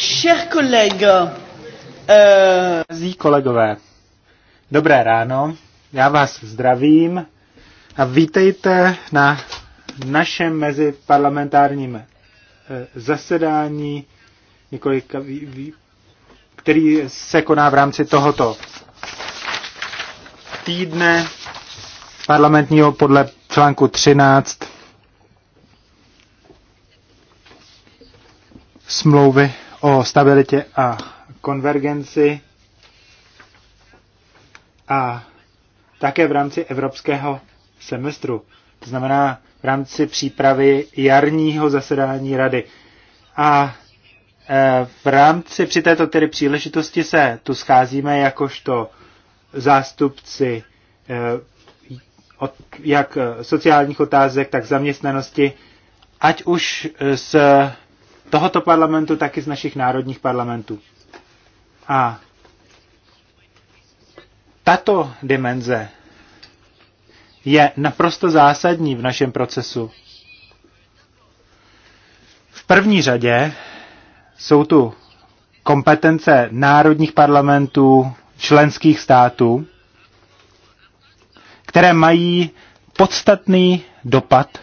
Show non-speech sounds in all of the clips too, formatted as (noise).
Chers kolego, euh, Zí kolegové, dobré ráno, já vás zdravím a vítejte na našem meziparlamentárním eh, zasedání, několika, eh, který se koná v rámci tohoto týdne parlamentního podle článku 13 smlouvy o stabilitě a konvergenci a také v rámci evropského semestru, to znamená v rámci přípravy jarního zasedání rady. A e, v rámci při této tedy příležitosti se tu scházíme jakožto zástupci e, od, jak sociálních otázek, tak zaměstnanosti, ať už s tohoto parlamentu, tak i z našich národních parlamentů. A tato dimenze je naprosto zásadní v našem procesu. V první řadě jsou tu kompetence národních parlamentů, členských států, které mají podstatný dopad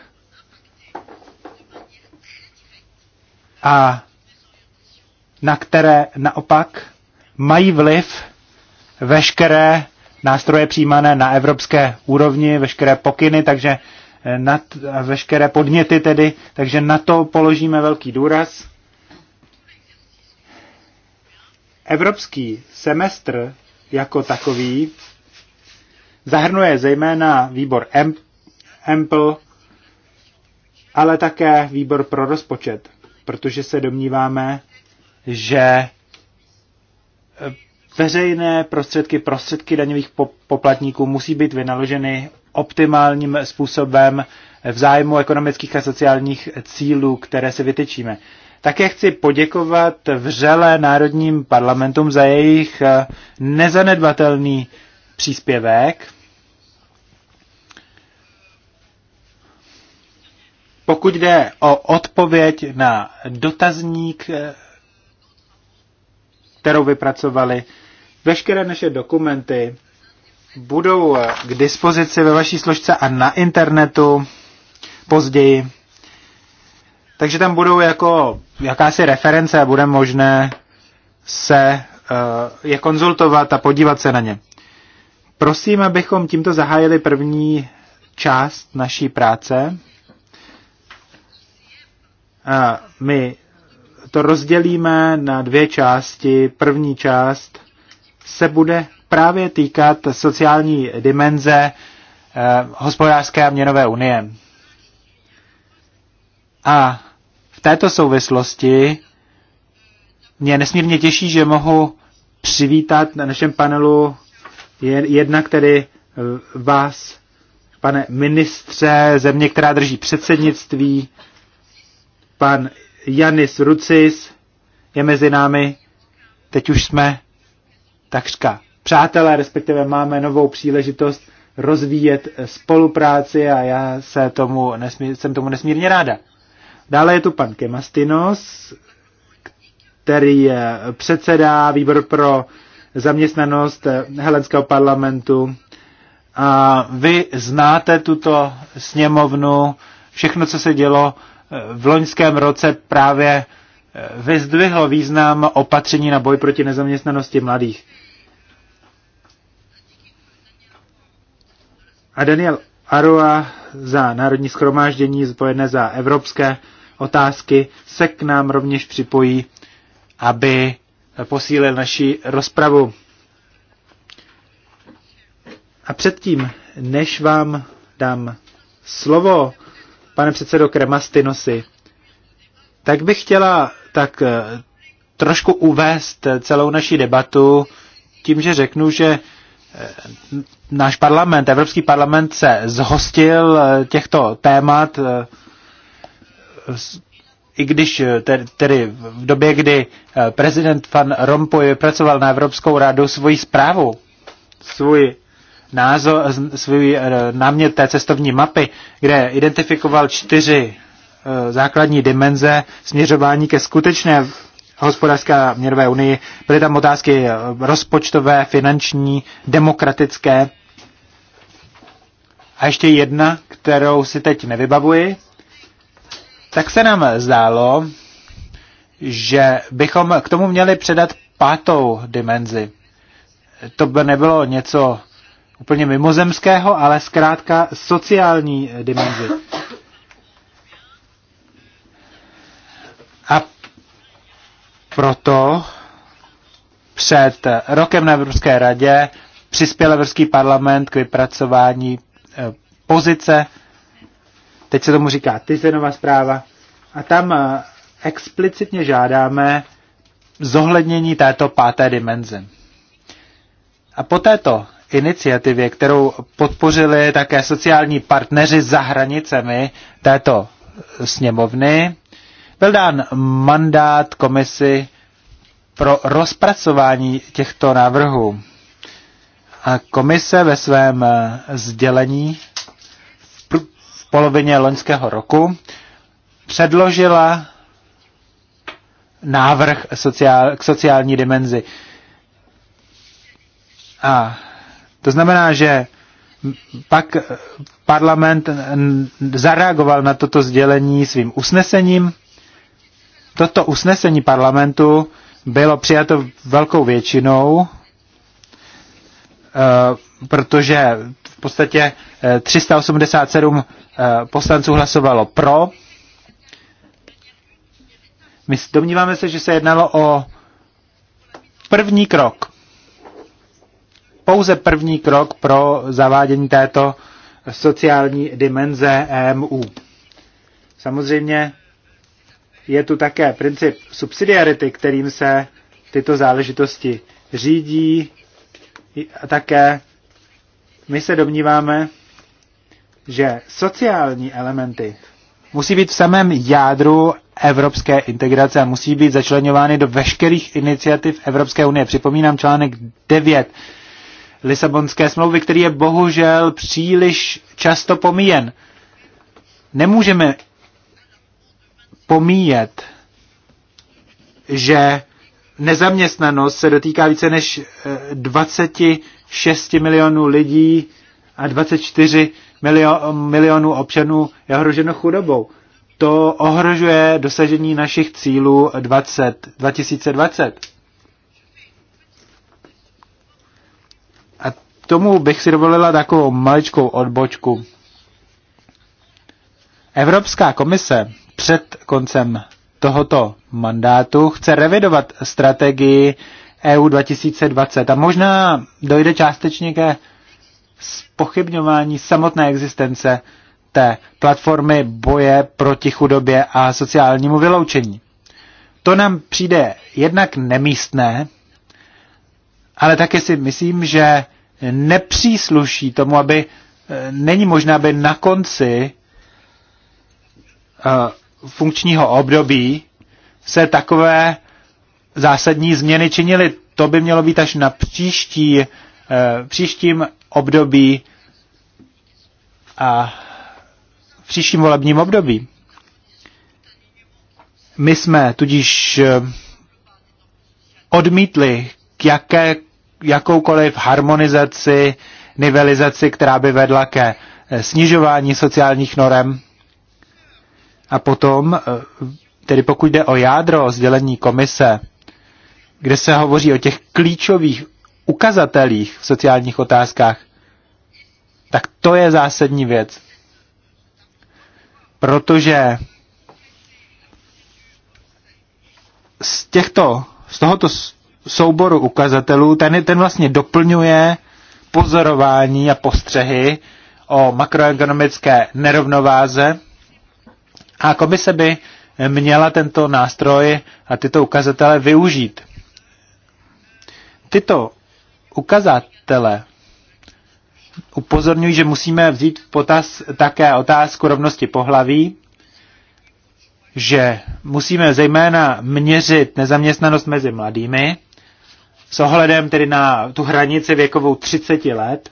a na které naopak mají vliv veškeré nástroje přijímané na evropské úrovni, veškeré pokyny, takže eh, nad, eh, veškeré podněty tedy, takže na to položíme velký důraz. Evropský semestr jako takový zahrnuje zejména výbor EMPL, ale také výbor pro rozpočet protože se domníváme, že eh, veřejné prostředky, prostředky daňových poplatníků musí být vynaloženy optimálním způsobem v zájmu ekonomických a sociálních cílů, které si vytečíme. Také chci poděkovat vřele národním parlamentům za jejich eh, nezanedbatelný příspěvek Pokud jde o odpověď na dotazník, eh, kterou vypracovali, veškeré naše dokumenty budou eh, k dispozici ve vaší složce a na internetu později. Takže tam budou jako jakási reference a bude možné se eh, je konzultovat a podívat se na ně. Prosím, abychom tímto zahájili první část naší práce my to rozdělíme na dvě části. První část se bude právě týkat sociální dimenze eh, hospodářské a měnové unie. A v této souvislosti mě nesmírně těší, že mohu přivítat na našem panelu jednak tedy eh, vás, pane ministře, země, která drží předsednictví, Pan Janis Rucis je mezi námi. Teď už jsme takřka přátelé, respektive máme novou příležitost rozvíjet spolupráci a já se tomu nesmír, jsem tomu nesmírně ráda. Dále je tu pan Kemastinos, který předsedá výbor pro zaměstnanost Helenského parlamentu. A vy znáte tuto sněmovnu, všechno, co se dělo v loňském roce právě eh, vyzdvihlo význam opatření na boj proti nezaměstnanosti mladých. A Daniel Arua za Národní schromáždění zpojené za evropské otázky se k nám rovněž připojí, aby posílil naši rozpravu. A předtím, než vám dám slovo, pane předsedo Kremastinosi, tak bych chtěla tak eh, trošku uvést celou naši debatu tím, že řeknu, že eh, náš parlament, Evropský parlament se zhostil eh, těchto témat, i když tedy v době, kdy prezident Van Rompuy pracoval na Evropskou radu svoji zprávu, svůj názor, svůj eh, námět té cestovní mapy, kde identifikoval čtyři eh, základní dimenze směřování ke skutečné hospodářské a měnové unii. Byly tam otázky eh, rozpočtové, finanční, demokratické. A ještě jedna, kterou si teď nevybavuji. Tak se nám zdálo, že bychom k tomu měli předat pátou dimenzi. To by nebylo něco úplně mimozemského, ale zkrátka sociální eh, dimenzi. A proto před eh, rokem na Evropské radě přispěl Evropský parlament k vypracování eh, pozice, teď se tomu říká Tysenová zpráva, a tam explicitně žádáme zohlednění této páté dimenze. A po této iniciativě, kterou podpořili také sociální partneři za hranicemi této sněmovny, byl dán mandát komisi pro rozpracování těchto návrhů. A komise ve svém sdělení v polovině loňského roku předložila návrh sociál, k sociální dimenzi. A to znamená, že pak parlament zareagoval na toto sdělení svým usnesením. Toto usnesení parlamentu bylo přijato velkou většinou, eh, protože v podstatě 387 eh, eh, poslanců hlasovalo pro. My domníváme se, že se jednalo o první krok pouze první krok pro zavádění této sociální dimenze EMU. Samozřejmě je tu také princip subsidiarity, kterým se tyto záležitosti řídí. A také my se domníváme, že sociální elementy musí být v samém jádru evropské integrace a musí být začlenovány do veškerých iniciativ Evropské unie. Připomínám článek 9 Lisabonské smlouvy, který je bohužel příliš často pomíjen. Nemůžeme pomíjet, že nezaměstnanost se dotýká více než 26 eh, milionů lidí a 24 milionů občanů je ohroženo chudobou. To ohrožuje dosažení našich cílů 20, 2020. tomu bych si dovolila takovou maličkou odbočku. Evropská komise před koncem tohoto mandátu chce revidovat strategii EU 2020 a možná dojde částečně ke spochybňování samotné existence té platformy boje proti chudobě a sociálnímu vyloučení. To nám přijde jednak nemístné, ale také si myslím, že nepřísluší tomu, aby eh, není možné, aby na konci eh, funkčního období se takové zásadní změny činily. To by mělo být až na příští, eh, příštím období a v příštím volebním období. My jsme tudíž odmítli k jaké, jakoukoliv harmonizaci, nivelizaci, která by vedla ke eh, snižování sociálních norem. A potom, eh, tedy pokud jde o jádro sdělení komise, kde se hovoří o těch klíčových ukazatelích v sociálních otázkách, tak to je zásadní věc. Protože z těchto, z tohoto, souboru ukazatelů, ten, ten vlastně doplňuje pozorování a postřehy o makroekonomické nerovnováze a komise by měla tento nástroj a tyto ukazatele využít. Tyto ukazatele upozorňují, že musíme vzít v potaz také otázku rovnosti pohlaví, že musíme zejména měřit nezaměstnanost mezi mladými s ohledem tedy na tu hranici věkovou 30 let,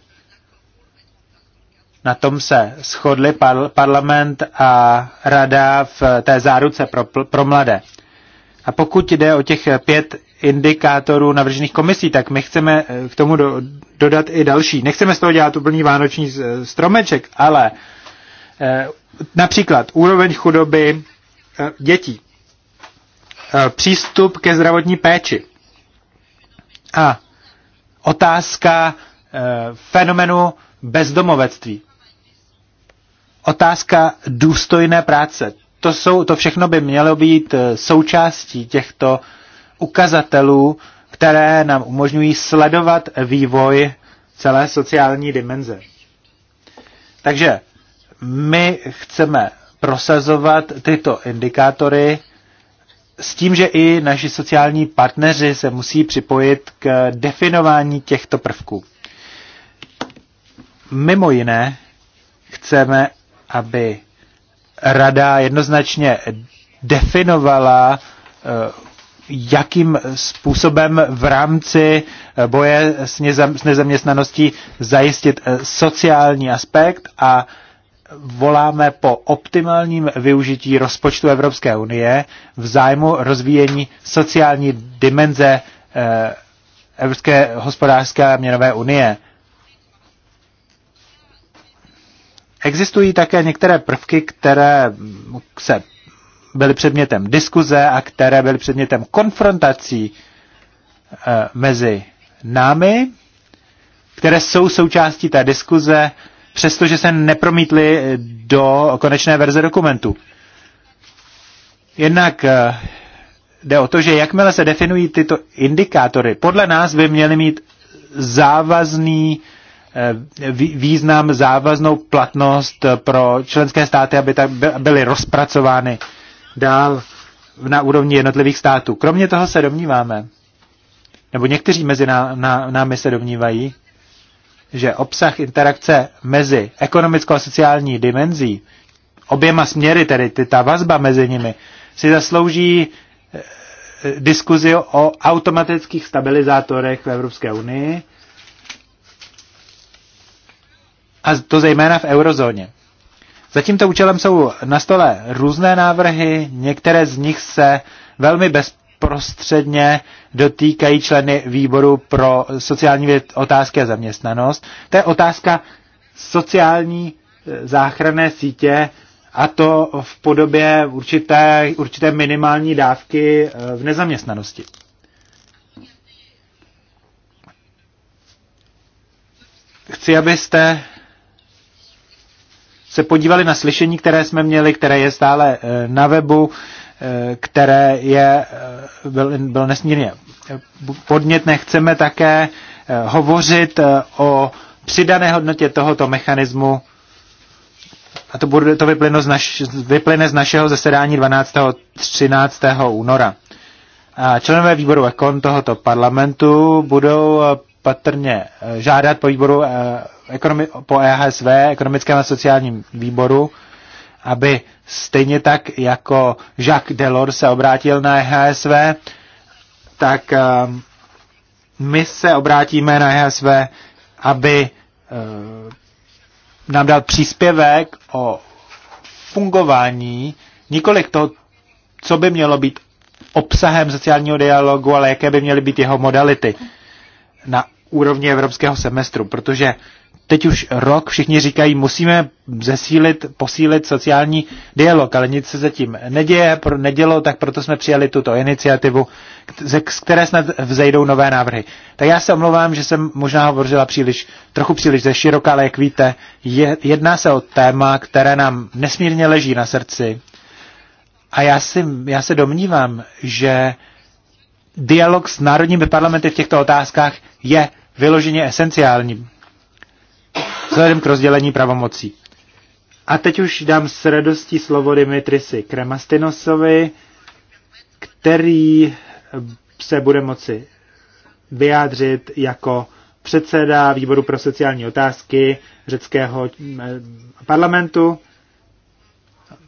na tom se shodli par- parlament a rada v té záruce pro, pro mladé. A pokud jde o těch pět indikátorů navržených komisí, tak my chceme eh, k tomu do, dodat i další. Nechceme z toho dělat úplný vánoční stromeček, ale eh, například úroveň chudoby eh, dětí, eh, přístup ke zdravotní péči, a otázka e, fenomenu bezdomovectví. Otázka důstojné práce. To, jsou, to všechno by mělo být e, součástí těchto ukazatelů, které nám umožňují sledovat vývoj celé sociální dimenze. Takže my chceme prosazovat tyto indikátory, s tím, že i naši sociální partneři se musí připojit k definování těchto prvků. Mimo jiné chceme, aby rada jednoznačně definovala, eh, jakým způsobem v rámci eh, boje s nezaměstnaností zajistit eh, sociální aspekt a voláme po optimálním využití rozpočtu Evropské unie v zájmu rozvíjení sociální dimenze eh, Evropské hospodářské a měnové unie. Existují také některé prvky, které se byly předmětem diskuze a které byly předmětem konfrontací eh, mezi námi, které jsou součástí té diskuze přestože se nepromítli do konečné verze dokumentu. Jednak eh, jde o to, že jakmile se definují tyto indikátory, podle nás by měly mít závazný eh, význam, závaznou platnost pro členské státy, aby tak byly rozpracovány dál na úrovni jednotlivých států. Kromě toho se domníváme, nebo někteří mezi námi se domnívají, že obsah interakce mezi ekonomickou a sociální dimenzí, oběma směry, tedy ta vazba mezi nimi, si zaslouží eh, eh, diskuzi o automatických stabilizátorech v Evropské unii, a to zejména v eurozóně. Za tímto účelem jsou na stole různé návrhy, některé z nich se velmi bez, bezprostředně dotýkají členy výboru pro sociální věd, otázky a zaměstnanost. To je otázka sociální eh, záchranné sítě a to v podobě určité, určité minimální dávky eh, v nezaměstnanosti. Chci, abyste se podívali na slyšení, které jsme měli, které je stále eh, na webu. Eh, které je, eh, byl, byl nesmírně eh, podnětné. Chceme také hovořit o přidané hodnotě tohoto mechanismu a to, bude, to vyplyne, z naš, vyplyne z našeho zasedání 12. 13. února. A členové výboru EKON tohoto parlamentu budou patrně žádat po výboru ekonomi, po EHSV, ekonomickém a sociálním výboru, aby stejně tak jako Jacques Delors se obrátil na EHSV, tak ehm, my se obrátíme na EHSV, aby ehm, nám dal příspěvek o fungování nikolik to, co by mělo být obsahem sociálního dialogu, ale jaké by měly být jeho modality na úrovni evropského semestru, protože teď už rok všichni říkají, musíme zesílit, posílit sociální dialog, ale nic se zatím neděje, pro, nedělo, tak proto jsme přijali tuto iniciativu, ze které snad vzejdou nové návrhy. Tak já se omlouvám, že jsem možná hovořila příliš, trochu příliš ze široka, ale jak víte, je, jedná se o téma, které nám nesmírně leží na srdci. A já, si, já se domnívám, že dialog s národními parlamenty v těchto otázkách je vyloženě esenciální vzhledem k rozdělení pravomocí. A teď už dám s radostí slovo Dimitrisi Kremastinosovi, který se bude moci vyjádřit jako předseda výboru pro sociální otázky řeckého eh, parlamentu.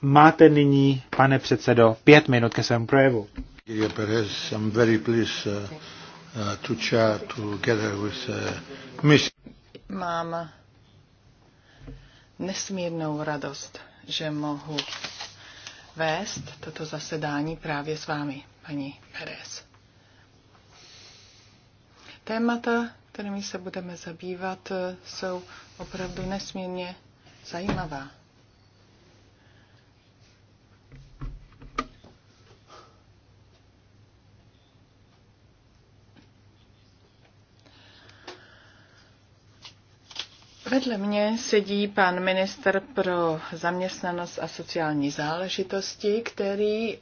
Máte nyní, pane předsedo, pět minut ke svému projevu. Uh, uh, uh, Mám nesmírnou radost, že mohu vést toto zasedání právě s vámi, paní Perez. Témata, kterými se budeme zabývat, jsou opravdu nesmírně zajímavá. Vedle mě sedí pan minister pro zaměstnanost a sociální záležitosti, který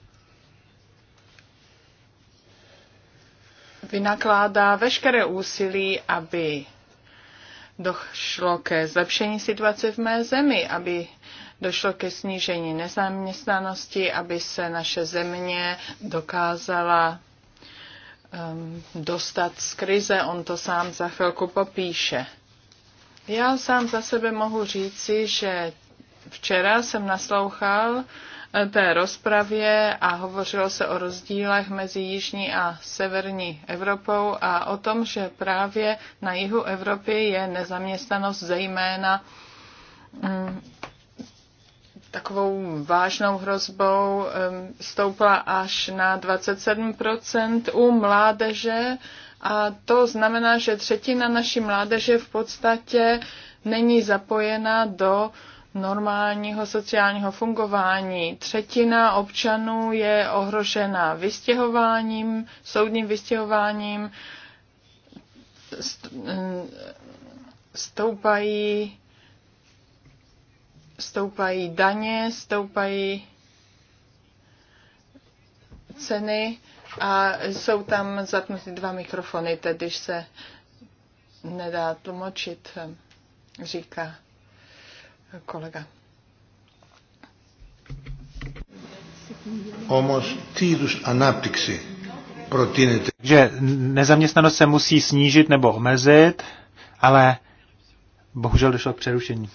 vynakládá veškeré úsilí, aby došlo ke zlepšení situace v mé zemi, aby došlo ke snížení nezaměstnanosti, aby se naše země dokázala um, dostat z krize. On to sám za chvilku popíše. Já sám za sebe mohu říci, že včera jsem naslouchal eh, té rozpravě a hovořilo se o rozdílech mezi Jižní a Severní Evropou a o tom, že právě na jihu Evropy je nezaměstnanost zejména mm, takovou vážnou hrozbou stoupla až na 27% u mládeže a to znamená, že třetina naší mládeže v podstatě není zapojena do normálního sociálního fungování. Třetina občanů je ohrožena vystěhováním, soudním vystěhováním, mm, stoupají, stoupají daně, stoupají ceny a jsou tam zapnuty dva mikrofony, tedy když se nedá tlumočit, říká kolega. Όμως τι είδους ανάπτυξη Že nezaměstnanost se musí snížit nebo omezit, ale bohužel došlo k přerušení.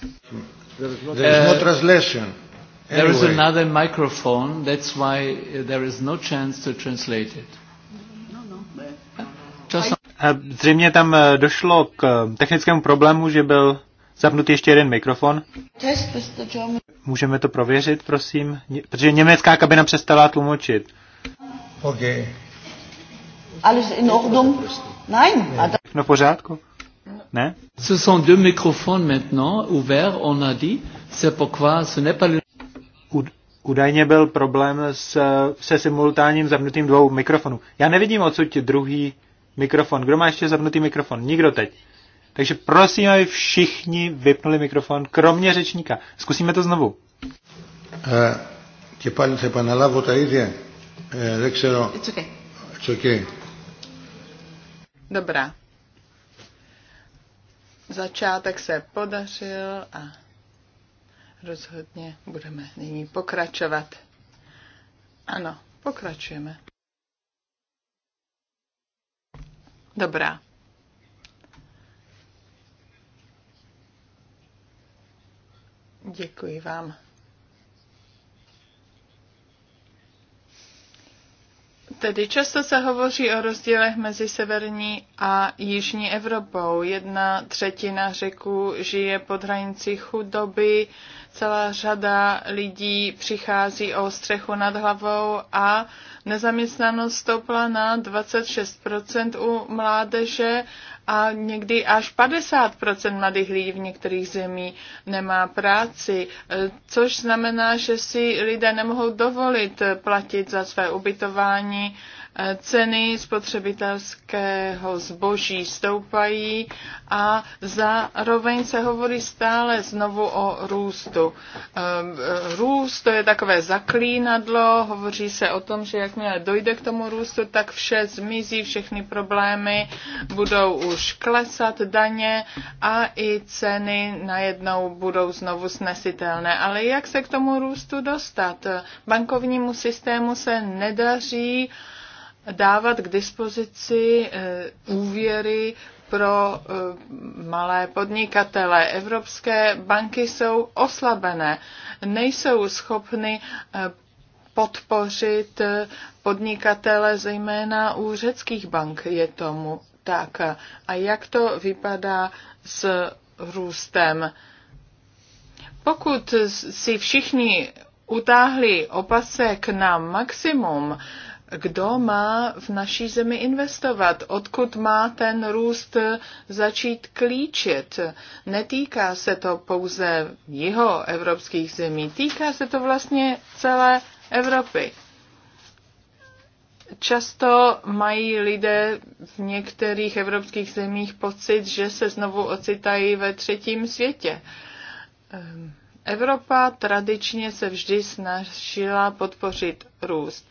There is no eh, translation. There is another microphone, that's why uh, there is no chance to translate it. No, no. Eh, zřejmě tam eh, došlo k eh, technickému problému, že byl zapnutý ještě jeden mikrofon. Můžeme to prověřit, prosím, protože německá kabina přestala tlumočit. Okay. Alles in Ordnung? Nein. Všechno v pořádku? Ne? Ce sont deux microphones maintenant ouverts, on a dit. C'est pourquoi ce n'est pas le údajně byl problém s, se simultánním zapnutým dvou mikrofonů. Já nevidím odsud druhý mikrofon. Kdo má ještě zapnutý mikrofon? Nikdo teď. Takže prosím, aby všichni vypnuli mikrofon, kromě řečníka. Zkusíme to znovu. Και eh, pan, se pan Lavo, ίδια. Ε, δεν ξέρω. It's okay. It's okay. Dobrá. Začátek se podařil a rozhodně budeme nyní pokračovat. Ano, pokračujeme. Dobrá. Děkuji vám. Tedy často se hovoří o rozdílech mezi severní a jižní Evropou. Jedna třetina řeků žije pod hranicí chudoby, celá řada lidí přichází o střechu nad hlavou a nezaměstnanost stoupla na 26% u mládeže a někdy až 50% mladých lidí v některých zemích nemá práci, e, což znamená, že si lidé nemohou dovolit platit za své ubytování, E, ceny spotřebitelského zboží stoupají a zároveň se hovorí stále znovu o růstu. E, růst to je takové zaklínadlo, hovoří se o tom, že jakmile dojde k tomu růstu, tak vše zmizí, všechny problémy budou už klesat daně a i ceny najednou budou znovu snesitelné. Ale jak se k tomu růstu dostat? Bankovnímu systému se nedaří dávat k dispozici eh, úvěry pro eh, malé podnikatele. Evropské banky jsou oslabené, nejsou schopny eh, podpořit podnikatele, zejména u řeckých bank je tomu tak. A jak to vypadá s růstem? Pokud si všichni utáhli opasek na maximum, kdo má v naší zemi investovat, odkud má ten růst začít klíčit. Netýká se to pouze jeho evropských zemí, týká se to vlastně celé Evropy. Často mají lidé v některých evropských zemích pocit, že se znovu ocitají ve třetím světě. Um Evropa tradičně se vždy snažila podpořit růst.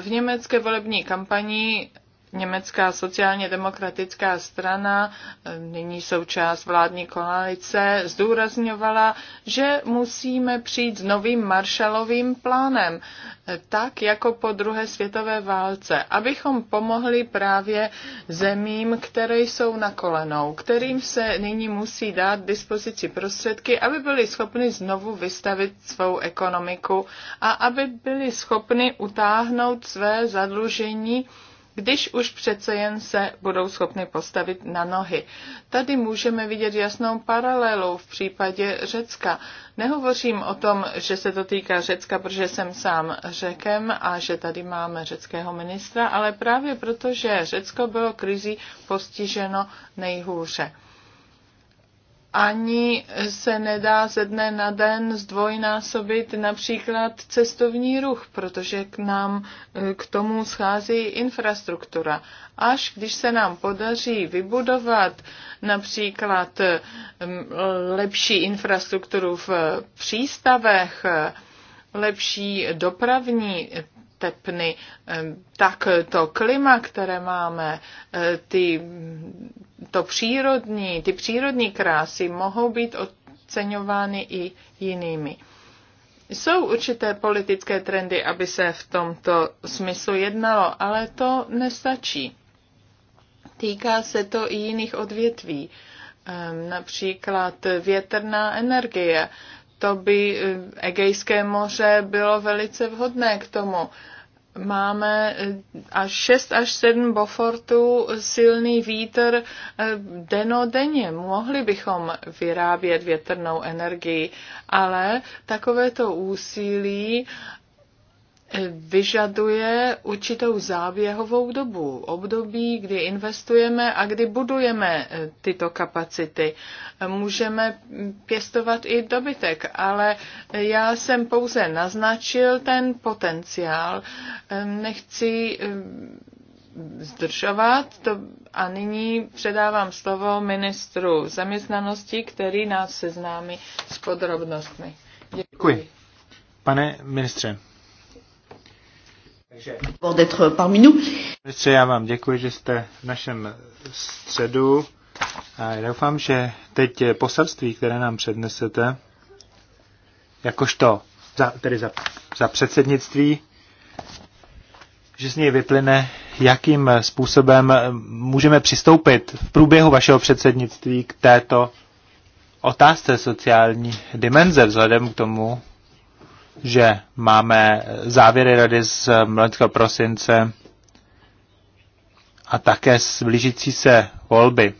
V německé volební kampani Německá sociálně demokratická strana, eh, nyní součást vládní koalice, zdůrazňovala, že musíme přijít s novým maršalovým plánem, eh, tak jako po druhé světové válce, abychom pomohli právě zemím, které jsou na kolenou, kterým se nyní musí dát dispozici prostředky, aby byli schopni znovu vystavit svou ekonomiku a aby byli schopni utáhnout své zadlužení když už přece jen se budou schopny postavit na nohy. Tady můžeme vidět jasnou paralelu v případě Řecka. Nehovořím o tom, že se to týká Řecka, protože jsem sám Řekem a že tady máme řeckého ministra, ale právě proto, že Řecko bylo krizí postiženo nejhůře ani se nedá ze dne na den zdvojnásobit například cestovní ruch, protože k nám eh, k tomu schází infrastruktura. Až když se nám podaří vybudovat například eh, lepší infrastrukturu v přístavech, eh, lepší dopravní tepny, eh, tak to klima, které máme, eh, ty, to přírodní, ty přírodní krásy mohou být oceňovány i jinými. Jsou určité politické trendy, aby se v tomto smyslu jednalo, ale to nestačí. Týká se to i jiných odvětví, eh, například větrná energie to by eh, Egejské moře bylo velice vhodné k tomu. Máme eh, až 6 až 7 bofortů silný vítr eh, denodenně. Mohli bychom vyrábět větrnou energii, ale takovéto úsilí vyžaduje určitou závěhovou dobu, období, kdy investujeme a kdy budujeme e, tyto kapacity. Můžeme pěstovat i dobytek, ale já jsem pouze naznačil ten potenciál. E, nechci e, zdržovat to a nyní předávám slovo ministru zaměstnanosti, který nás seznámí s podrobnostmi. Děkuji. Děkuji. Pane ministře, takže... já vám děkuji, že jste v našem středu a já doufám, že teď poselství, které nám přednesete, jakožto za, tedy za, za předsednictví, že z něj vyplyne, jakým způsobem můžeme přistoupit v průběhu vašeho předsednictví k této otázce sociální dimenze, vzhledem k tomu, že máme závěry rady z loňského prosince a také z blížící se volby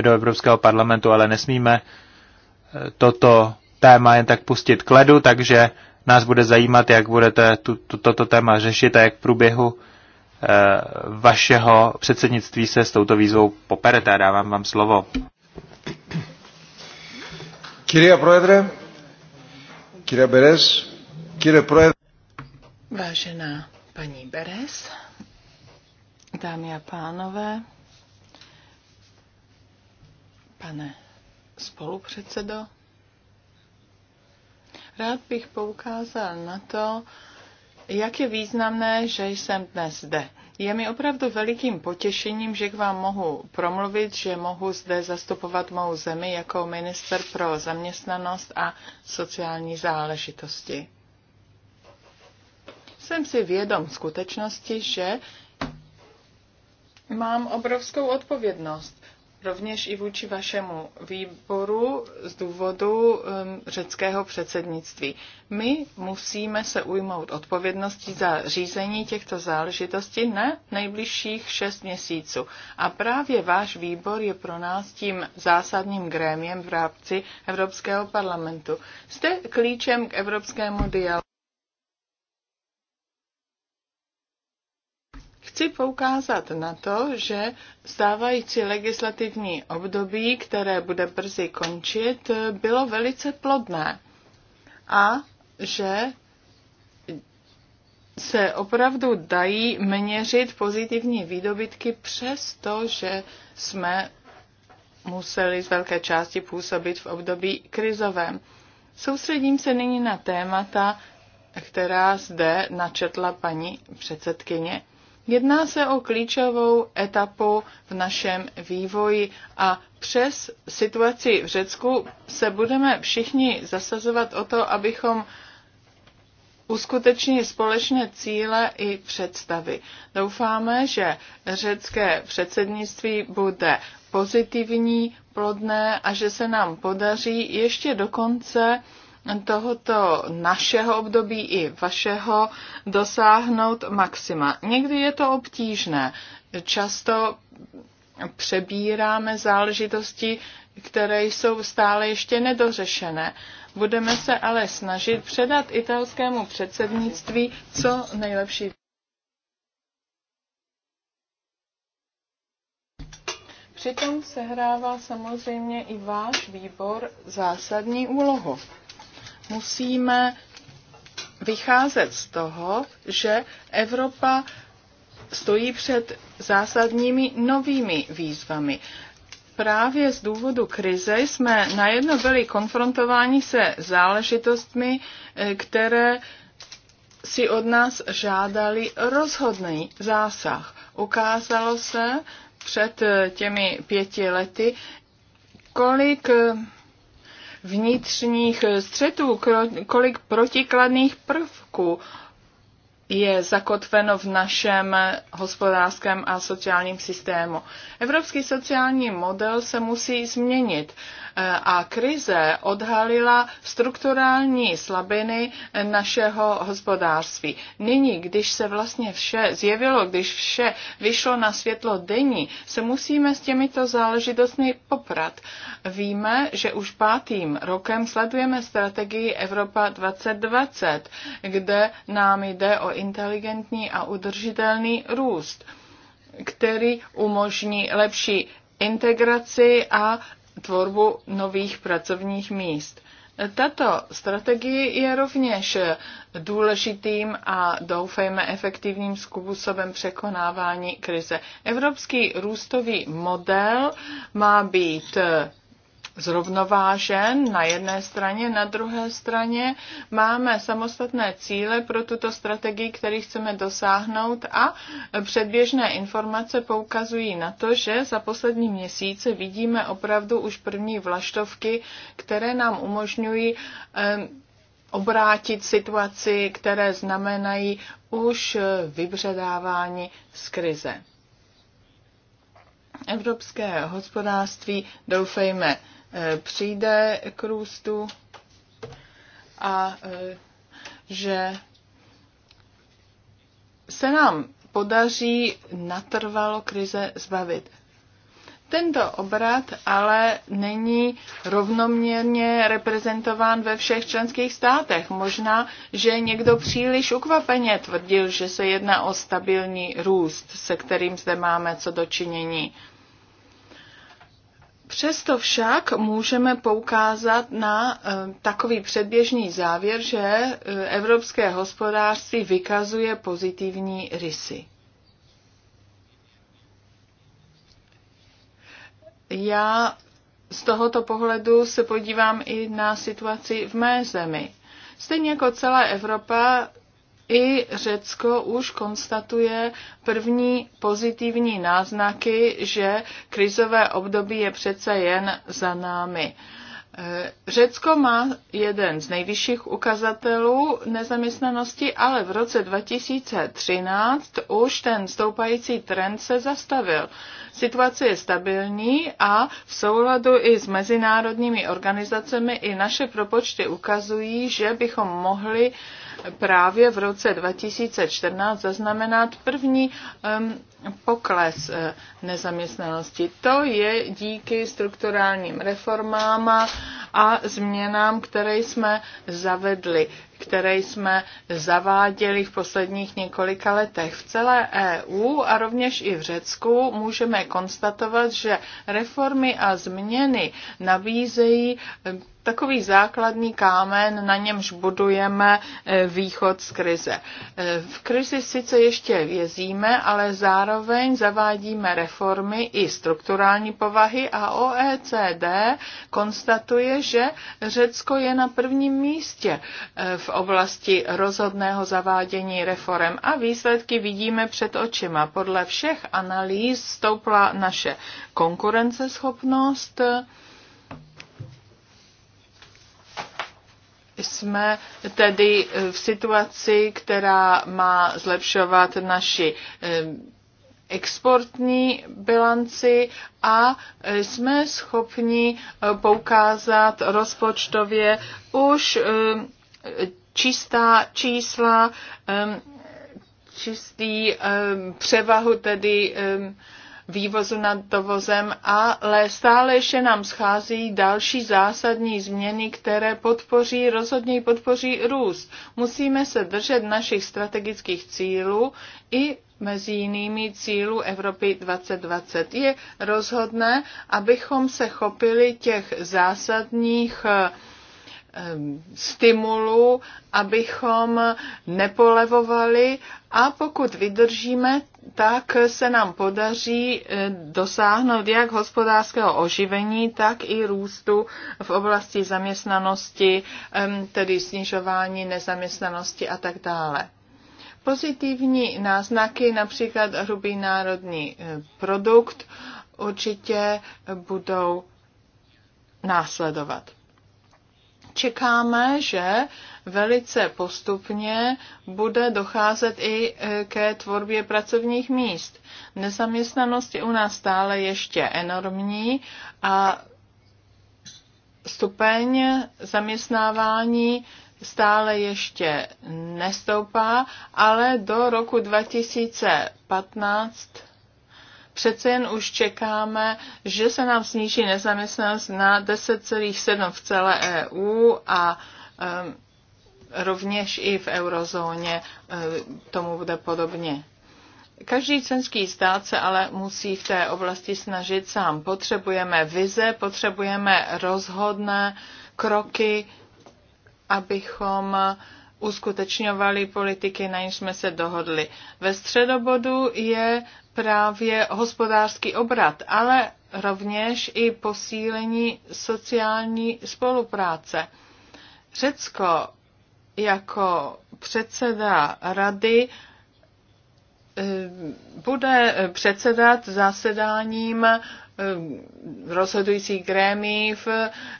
do Evropského parlamentu, ale nesmíme eh, toto téma jen tak pustit k ledu, takže nás bude zajímat, jak budete tu, tu, toto téma řešit a jak v průběhu eh, vašeho předsednictví se s touto výzvou poperete. Dávám vám slovo. Kyria Proedre, projev... Vážená paní Beres, dámy a pánové, pane spolupředsedo, rád bych poukázal na to, jak je významné, že jsem dnes zde. Je mi opravdu velikým potěšením, že k vám mohu promluvit, že mohu zde zastupovat mou zemi jako minister pro zaměstnanost a sociální záležitosti. Jsem si vědom skutečnosti, že mám obrovskou odpovědnost rovněž i vůči vašemu výboru z důvodu um, řeckého předsednictví. My musíme se ujmout odpovědnosti za řízení těchto záležitostí na nejbližších šest měsíců. A právě váš výbor je pro nás tím zásadním grémiem v rámci Evropského parlamentu. Jste klíčem k evropskému dialogu Chci poukázat na to, že stávající legislativní období, které bude brzy končit, bylo velice plodné a že se opravdu dají měřit pozitivní výdobytky přesto, že jsme museli z velké části působit v období krizovém. Soustředím se nyní na témata, která zde načetla paní předsedkyně. Jedná se o klíčovou etapu v našem vývoji a přes situaci v Řecku se budeme všichni zasazovat o to, abychom uskuteční společné cíle i představy. Doufáme, že řecké předsednictví bude pozitivní, plodné a že se nám podaří ještě do konce tohoto našeho období i vašeho dosáhnout maxima. Někdy je to obtížné. Často přebíráme záležitosti, které jsou stále ještě nedořešené. Budeme se ale snažit předat italskému předsednictví co nejlepší. Přitom sehrává samozřejmě i váš výbor zásadní úlohu musíme vycházet z toho, že Evropa stojí před zásadními novými výzvami. Právě z důvodu krize jsme najednou byli konfrontováni se záležitostmi, eh, které si od nás žádali rozhodný zásah. Ukázalo se před eh, těmi pěti lety, kolik eh, vnitřních eh, střetů, kolik protikladných prvků je zakotveno v našem hospodářském a sociálním systému. Evropský sociální model se musí změnit. A krize odhalila strukturální slabiny našeho hospodářství. Nyní, když se vlastně vše zjevilo, když vše vyšlo na světlo denní, se musíme s těmito záležitostmi poprat. Víme, že už pátým rokem sledujeme strategii Evropa 2020, kde nám jde o inteligentní a udržitelný růst který umožní lepší integraci a tvorbu nových pracovních míst. Tato strategie je rovněž důležitým a doufejme efektivním způsobem překonávání krize. Evropský růstový model má být zrovnovážen na jedné straně, na druhé straně máme samostatné cíle pro tuto strategii, který chceme dosáhnout a předběžné informace poukazují na to, že za poslední měsíce vidíme opravdu už první vlaštovky, které nám umožňují obrátit situaci, které znamenají už vybředávání z krize. Evropské hospodářství, doufejme, Eh, přijde k růstu a eh, že se nám podaří natrvalo krize zbavit. Tento obrat ale není rovnoměrně reprezentován ve všech členských státech. Možná, že někdo příliš ukvapeně tvrdil, že se jedná o stabilní růst, se kterým zde máme co dočinění. Přesto však můžeme poukázat na eh, takový předběžný závěr, že eh, evropské hospodářství vykazuje pozitivní rysy. Já z tohoto pohledu se podívám i na situaci v mé zemi. Stejně jako celá Evropa i Řecko už konstatuje první pozitivní náznaky, že krizové období je přece jen za námi. Eh, Řecko má jeden z nejvyšších ukazatelů nezaměstnanosti, ale v roce 2013 už ten stoupající trend se zastavil. Situace je stabilní a v souladu i s mezinárodními organizacemi i naše propočty ukazují, že bychom mohli právě v roce 2014 zaznamenat první um, pokles eh, nezaměstnanosti. To je díky strukturálním reformám a změnám, které jsme zavedli, které jsme zaváděli v posledních několika letech. V celé EU a rovněž i v Řecku můžeme konstatovat, že reformy a změny nabízejí takový základní kámen, na němž budujeme e, východ z krize. E, v krizi sice ještě vězíme, ale zároveň zavádíme reformy i strukturální povahy a OECD konstatuje, že Řecko je na prvním místě e, v oblasti rozhodného zavádění reform a výsledky vidíme před očima. Podle všech analýz stoupla naše konkurenceschopnost, jsme tedy eh, v situaci, která má zlepšovat naši eh, exportní bilanci a eh, jsme schopni poukázat rozpočtově už čistá čísla, čistý převahu tedy vývozu nad dovozem, ale stále ještě nám schází další zásadní změny, které podpoří, rozhodně podpoří růst. Musíme se držet našich strategických cílů i mezi jinými cílů Evropy 2020. Je rozhodné, abychom se chopili těch zásadních uh, Ehm, stimulu, abychom nepolevovali a pokud vydržíme, tak se nám podaří eh, dosáhnout jak hospodářského oživení, tak i růstu v oblasti zaměstnanosti, ehm, tedy snižování nezaměstnanosti a tak dále. Pozitivní náznaky, například hrubý národní eh, produkt, určitě budou následovat čekáme, že velice postupně bude docházet i eh, ke tvorbě pracovních míst. Nezaměstnanost je u nás stále ještě enormní a stupeň zaměstnávání stále ještě nestoupá, ale do roku 2015 přece jen už čekáme, že se nám sníží nezaměstnanost na 10,7 v celé EU a um, rovněž i v eurozóně um, tomu bude podobně. Každý členský stát se ale musí v té oblasti snažit sám. Potřebujeme vize, potřebujeme rozhodné kroky, abychom uskutečňovali politiky, na níž jsme se dohodli. Ve středobodu je právě hospodářský obrat, ale rovněž i posílení sociální spolupráce. Řecko jako předseda rady eh, bude předsedat zasedáním Eh, rozhodující grémy v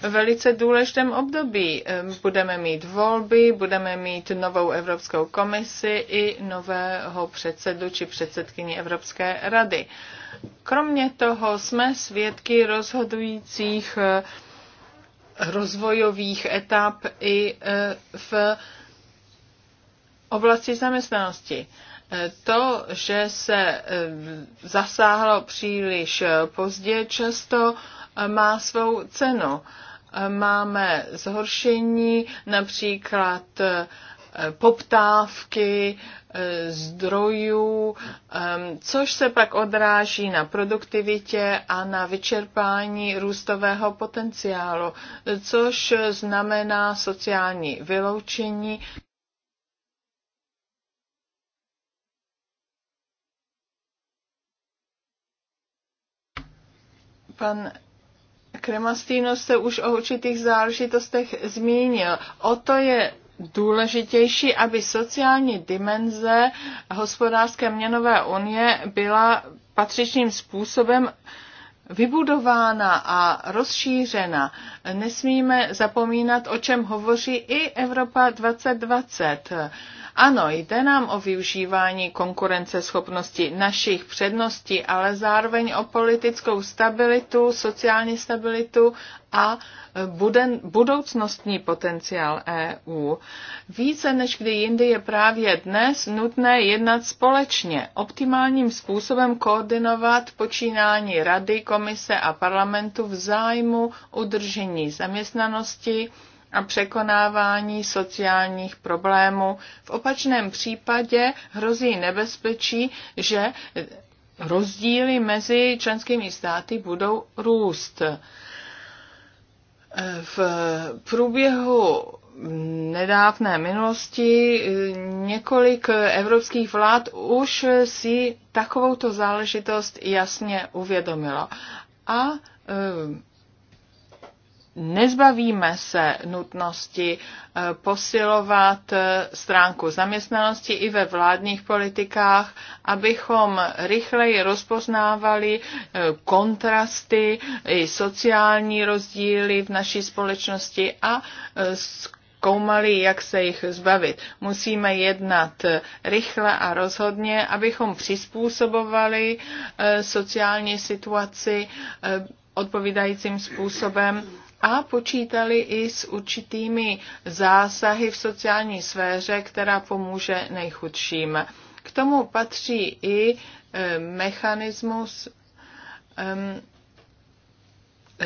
velice důležitém období. Eh, budeme mít volby, budeme mít novou Evropskou komisi i nového předsedu či předsedkyni Evropské rady. Kromě toho jsme svědky rozhodujících eh, rozvojových etap i v oblasti zaměstnanosti. To, že se eh, zasáhlo příliš pozdě, často eh, má svou cenu. Eh, máme zhoršení například poptávky, zdrojů, ehm, což se pak odráží na produktivitě a na vyčerpání růstového potenciálu, což znamená sociální vyloučení. Pan Kremastino se už o určitých záležitostech zmínil. O to je důležitější, aby sociální dimenze hospodářské měnové unie byla patřičným způsobem uh, vybudována a rozšířena. Nesmíme zapomínat, o čem hovoří i Evropa 2020. Ano, jde nám o využívání konkurenceschopnosti našich předností, ale zároveň o politickou stabilitu, sociální stabilitu a buden, budoucnostní potenciál EU. Více než kdy jindy je právě dnes nutné jednat společně, optimálním způsobem koordinovat počínání Rady, Komise a parlamentu v zájmu udržení zaměstnanosti a překonávání sociálních problémů. V opačném případě hrozí nebezpečí, že rozdíly mezi členskými státy budou růst. V průběhu nedávné minulosti několik evropských vlád už si takovouto záležitost jasně uvědomilo. A nezbavíme se nutnosti eh, posilovat eh, stránku zaměstnanosti i ve vládních politikách, abychom rychleji rozpoznávali eh, kontrasty i sociální rozdíly v naší společnosti a zkoumali, jak se jich zbavit. Musíme jednat rychle a rozhodně, abychom přizpůsobovali sociální situaci odpovídajícím způsobem a počítali i s určitými zásahy v sociální sféře, která pomůže nejchudším. K tomu patří i eh, mechanismus ehm,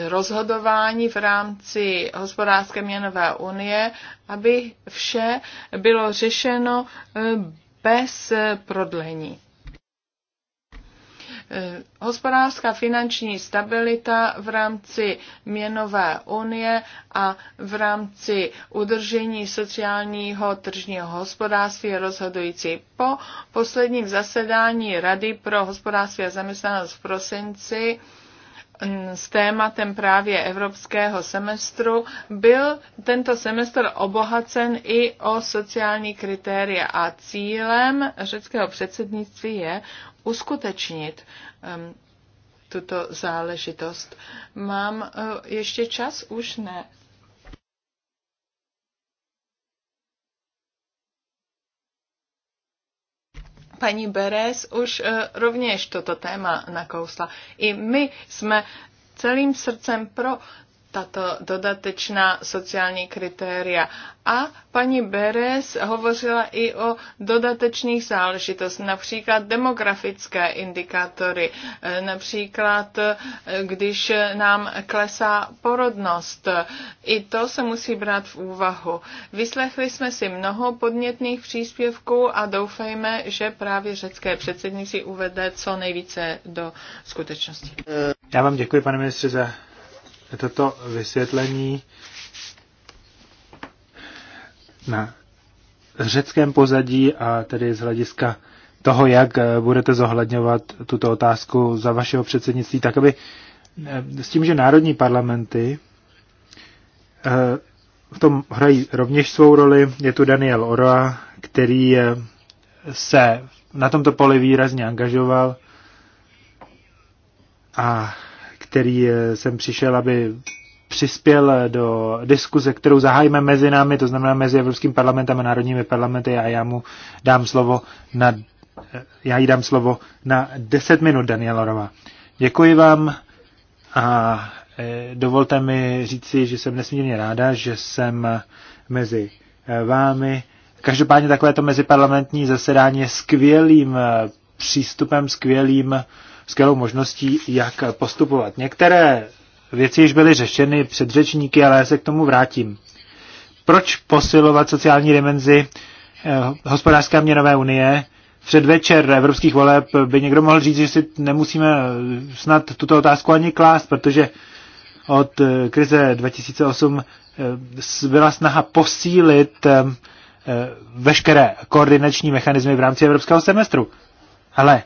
rozhodování v rámci hospodářské měnové unie, aby vše bylo řešeno eh, bez prodlení. Eh, hospodářská finanční stabilita v rámci měnové unie a v rámci udržení sociálního tržního hospodářství je rozhodující. Po posledním zasedání Rady pro hospodářství a zaměstnanost v prosinci s tématem právě evropského semestru, byl tento semestr obohacen i o sociální kritéria a cílem řeckého předsednictví je uskutečnit tuto záležitost. Mám e, ještě čas? Už ne. paní Beres už eh, rovněž toto téma nakousla. I my jsme celým srdcem pro tato dodatečná sociální kritéria. A paní Beres hovořila i o dodatečných záležitostech, například demografické indikátory, eh, například eh, když nám klesá porodnost. I to se musí brát v úvahu. Vyslechli jsme si mnoho podnětných příspěvků a doufejme, že právě řecké předsednictví uvede co nejvíce do skutečnosti. Já vám děkuji, pane ministře, za toto vysvětlení na řeckém pozadí a tedy z hlediska toho, jak eh, budete zohledňovat tuto otázku za vašeho předsednictví, tak aby eh, s tím, že národní parlamenty eh, v tom hrají rovněž svou roli. Je tu Daniel Oroa, který se na tomto poli výrazně angažoval a který jsem eh, přišel, aby přispěl do diskuze, kterou zahájíme mezi námi, to znamená mezi Evropským parlamentem a národními parlamenty a já mu dám slovo na, eh, já jí dám slovo na 10 minut, Rova. Děkuji vám a eh, dovolte mi říci, že jsem nesmírně ráda, že jsem mezi vámi. Každopádně takovéto meziparlamentní zasedání je skvělým přístupem, skvělým skvělou možností, jak postupovat. Některé věci již byly řešeny před řečníky, ale já se k tomu vrátím. Proč posilovat sociální dimenzi eh, hospodářské a měnové unie? V předvečer evropských voleb by někdo mohl říct, že si nemusíme eh, snad tuto otázku ani klást, protože od eh, krize 2008 byla snaha posílit veškeré koordinační mechanismy v rámci evropského semestru. Ale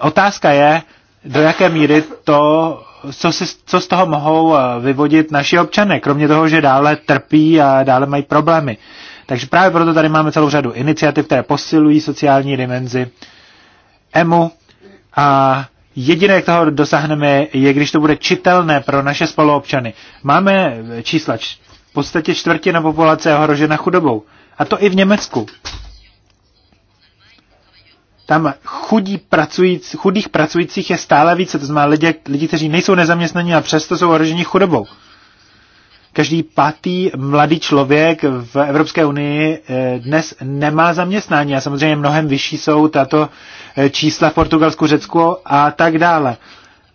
otázka je, do jaké míry to, co, si, co z toho mohou eh, vyvodit naši občané, kromě toho, že dále trpí a dále mají problémy. Takže právě proto tady máme celou řadu iniciativ, které posilují sociální dimenzi EMU a Jediné, jak toho dosáhneme, je, když to bude čitelné pro naše spoluobčany. Máme čísla, v podstatě čtvrtina populace je ohrožena chudobou. A to i v Německu tam chudí pracujíc, chudých pracujících je stále více, to znamená lidi, lidi, kteří nejsou nezaměstnaní a přesto jsou ohroženi chudobou. Každý pátý mladý člověk v Evropské unii eh, dnes nemá zaměstnání a samozřejmě mnohem vyšší jsou tato eh, čísla v Portugalsku, Řecku a tak dále.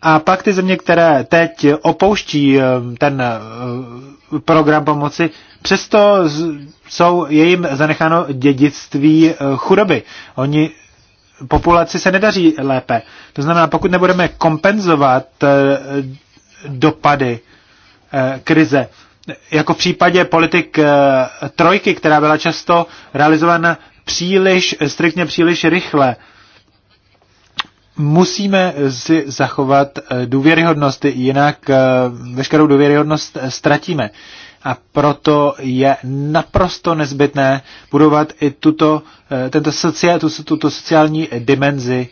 A pak ty země, které teď opouští eh, ten program pomoci, přesto jsou jejím zanecháno dědictví chudoby. Oni populaci se nedaří lépe. To znamená, pokud nebudeme kompenzovat eh, dopady eh, krize, jako v případě politik eh, trojky, která byla často realizována příliš, striktně příliš rychle, musíme si zachovat důvěryhodnost, jinak veškerou důvěryhodnost ztratíme a proto je naprosto nezbytné budovat i tuto, eh, tento sociál, tuto sociální dimenzi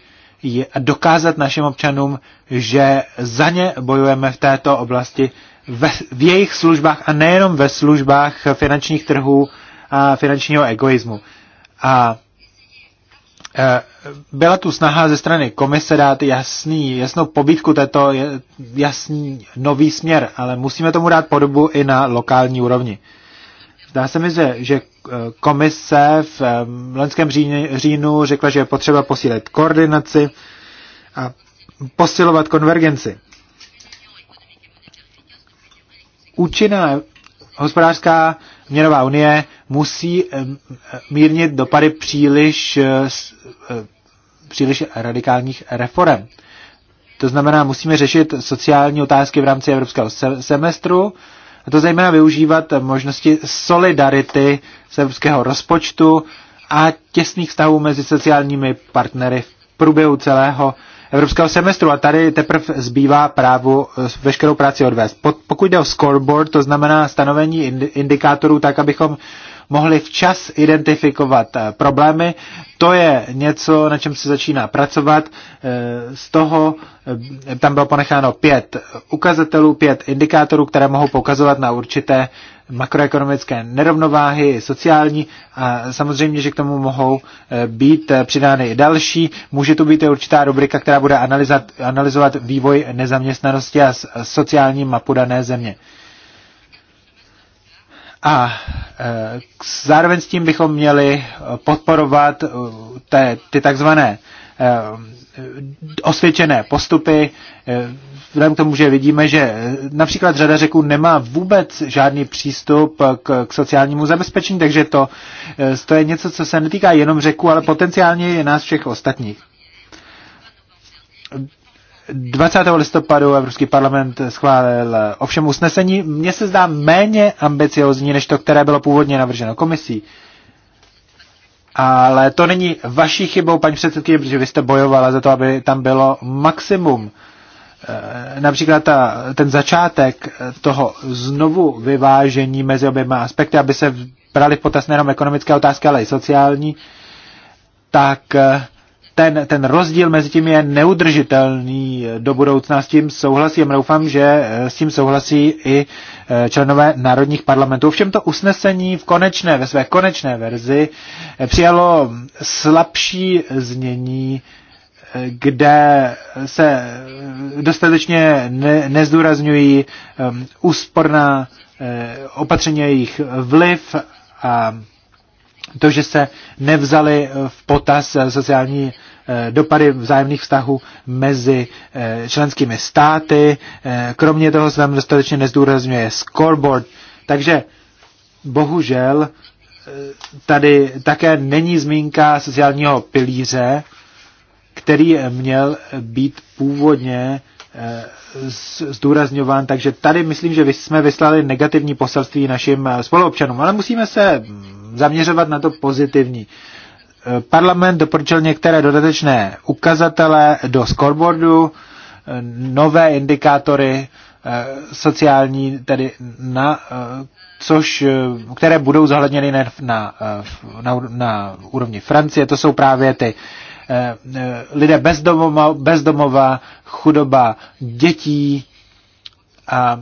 a dokázat našim občanům, že za ně bojujeme v této oblasti ve, v jejich službách a nejenom ve službách finančních trhů a finančního egoismu. A Eh, byla tu snaha ze strany komise dát jasný, jasnou pobítku této jasný nový směr, ale musíme tomu dát podobu i na lokální úrovni. Zdá se mi, že, že eh, komise v eh, loňském říjnu řekla, že je potřeba posílit koordinaci a posilovat konvergenci. Účinná hospodářská měnová unie musí eh, mírnit dopady příliš, eh, eh, příliš radikálních reform. To znamená, musíme řešit sociální otázky v rámci evropského semestru, a to zejména využívat možnosti solidarity z evropského rozpočtu a těsných vztahů mezi sociálními partnery v průběhu celého evropského semestru. A tady teprve zbývá právu veškerou práci odvést. Pokud jde o scoreboard, to znamená stanovení indikátorů tak, abychom mohli včas identifikovat eh, problémy. To je něco, na čem se začíná pracovat. Eh, z toho eh, tam bylo ponecháno pět ukazatelů, pět indikátorů, které mohou poukazovat na určité makroekonomické nerovnováhy, sociální a samozřejmě, že k tomu mohou být přidány i další. Může tu být i určitá rubrika, která bude analyzovat vývoj nezaměstnanosti a sociální mapu dané země. A e, zároveň s tím bychom měli podporovat te, ty takzvané e, osvědčené postupy, e, vzhledem k tomu, že vidíme, že například řada řeků nemá vůbec žádný přístup k, k sociálnímu zabezpečení, takže to, to je něco, co se netýká jenom řeků, ale potenciálně je nás všech ostatních. 20. listopadu Evropský parlament schválil eh, ovšem usnesení. Mně se zdá méně ambiciozní, než to, které bylo původně navrženo komisí. Ale to není vaší chybou, paní předsedkyně, protože vy jste bojovala za to, aby tam bylo maximum. Eh, například ta, ten začátek eh, toho znovu vyvážení mezi oběma aspekty, aby se brali v potaz nejenom ekonomické otázky, ale i sociální, tak ten, ten rozdíl mezi tím je neudržitelný do budoucna. S tím souhlasím, doufám, že eh, s tím souhlasí i eh, členové národních parlamentů. Všem to usnesení v konečné, ve své konečné verzi eh, přijalo slabší znění, kde se dostatečně ne, nezdůrazňují úsporná opatření jejich vliv a to, že se nevzali eh, v potaz eh, sociální eh, dopady vzájemných vztahů mezi členskými státy. Kromě toho se tam dostatečně nezdůrazňuje scoreboard. Takže bohužel tady také není zmínka sociálního pilíře, který měl být původně zdůrazňován, takže tady myslím, že jsme vyslali negativní poselství našim spoluobčanům, ale musíme se mm, zaměřovat na to pozitivní. E, Parlament doporučil některé dodatečné ukazatele do scoreboardu, e, nové indikátory e, sociální, tedy na, což, které budou zohledněny na, na, na, na úrovni Francie. To jsou právě ty lidé bezdomova, bezdomova chudoba dětí a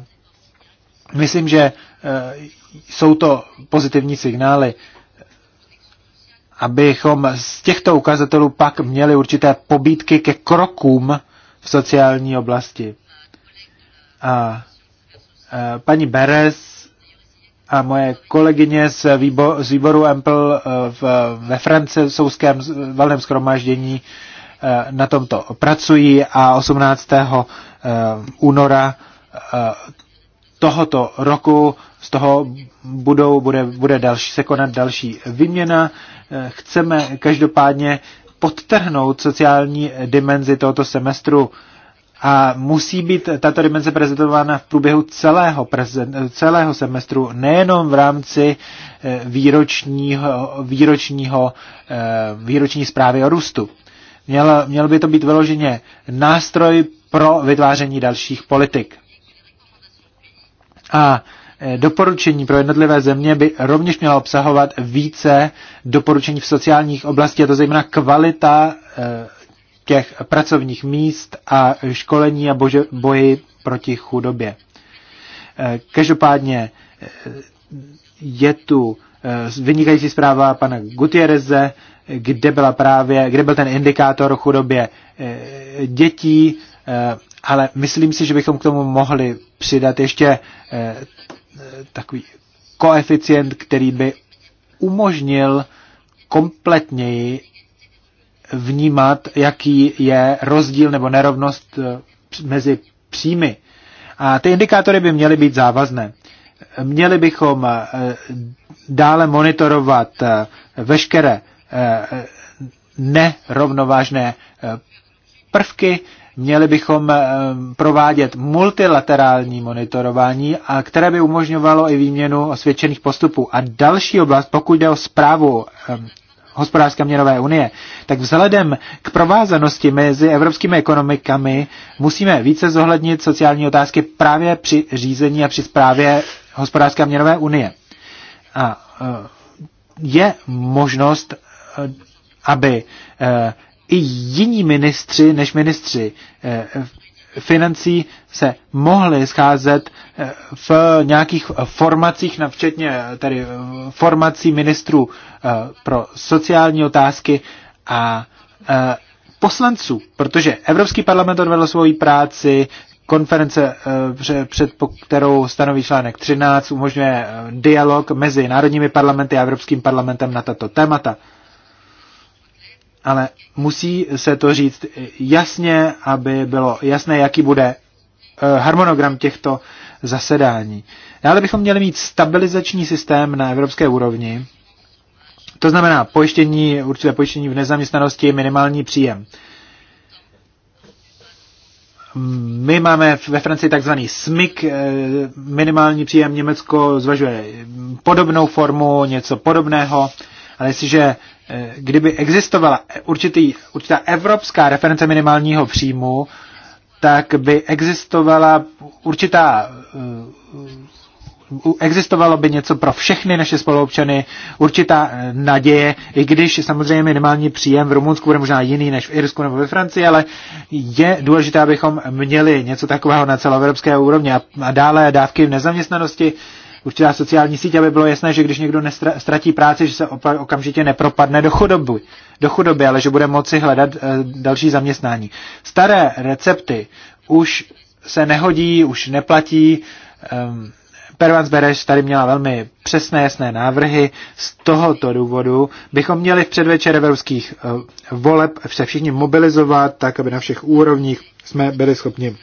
myslím, že jsou to pozitivní signály, abychom z těchto ukazatelů pak měli určité pobídky ke krokům v sociální oblasti. A e, paní Beres a moje kolegyně z, výbo, z výboru Empl e, v, ve francouzském valném schromáždění e, na tomto pracují a 18. února tohoto roku. Z toho budou, bude, bude další, se konat další výměna. Eh, chceme každopádně podtrhnout sociální dimenzi tohoto semestru a musí být tato dimenze prezentována v průběhu celého, celého semestru, nejenom v rámci eh, výročního, výročního, eh, výroční zprávy o růstu. Měl, měl by to být vyloženě nástroj pro vytváření dalších politik. A e, doporučení pro jednotlivé země by rovněž měla obsahovat více doporučení v sociálních oblasti, a to zejména kvalita e, těch pracovních míst a školení a bože, boji proti chudobě. E, každopádně je tu vynikající zpráva pana Gutierreze, kde, byla právě, kde byl ten indikátor chudobě dětí ale myslím si, že bychom k tomu mohli přidat ještě eh, takový koeficient, který by umožnil kompletněji vnímat, jaký je rozdíl nebo nerovnost eh, mezi příjmy. A ty indikátory by měly být závazné. Měli bychom eh, dále monitorovat veškeré nerovnovážné prvky Měli bychom eh, provádět multilaterální monitorování, a které by umožňovalo i výměnu osvědčených postupů. A další oblast, pokud jde o zprávu eh, hospodářské měnové unie, tak vzhledem k provázanosti mezi evropskými ekonomikami musíme více zohlednit sociální otázky právě při řízení a při zprávě hospodářské měnové unie. A eh, je možnost, aby i jiní ministři než ministři eh, financí se mohli scházet eh, v nějakých formacích, včetně eh, tedy formací ministrů pro sociální otázky a poslanců, protože Evropský parlament odvedl svoji práci, konference, před kterou stanoví článek 13, umožňuje dialog mezi národními parlamenty a Evropským parlamentem na tato témata ale musí se to říct jasně, aby bylo jasné, jaký bude eh, harmonogram těchto zasedání. Dále bychom měli mít stabilizační systém na evropské úrovni, to znamená pojištění, určité pojištění v nezaměstnanosti, minimální příjem. My máme ve Francii takzvaný SMIC, eh, minimální příjem Německo zvažuje podobnou formu, něco podobného, ale jestliže Eh, kdyby existovala určitý, určitá evropská reference minimálního příjmu, tak by existovala určitá eh, existovalo by něco pro všechny naše spoluobčany, určitá eh, naděje, i když samozřejmě minimální příjem v Rumunsku bude možná jiný než v Irsku nebo ve Francii, ale je důležité, abychom měli něco takového na celoevropské úrovni a, a dále dávky v nezaměstnanosti. Uh, určitá sociální síť, aby bylo jasné, že když někdo ztratí práci, že se okamžitě nepropadne do chudoby, do chudoby ale že bude moci hledat eh, další zaměstnání. Staré recepty už se nehodí, už neplatí. Ehm, Pervans Bereš tady měla velmi přesné, jasné návrhy. Z tohoto důvodu bychom měli v předvečer evropských eh, voleb se všichni mobilizovat, tak aby na všech úrovních jsme byli schopni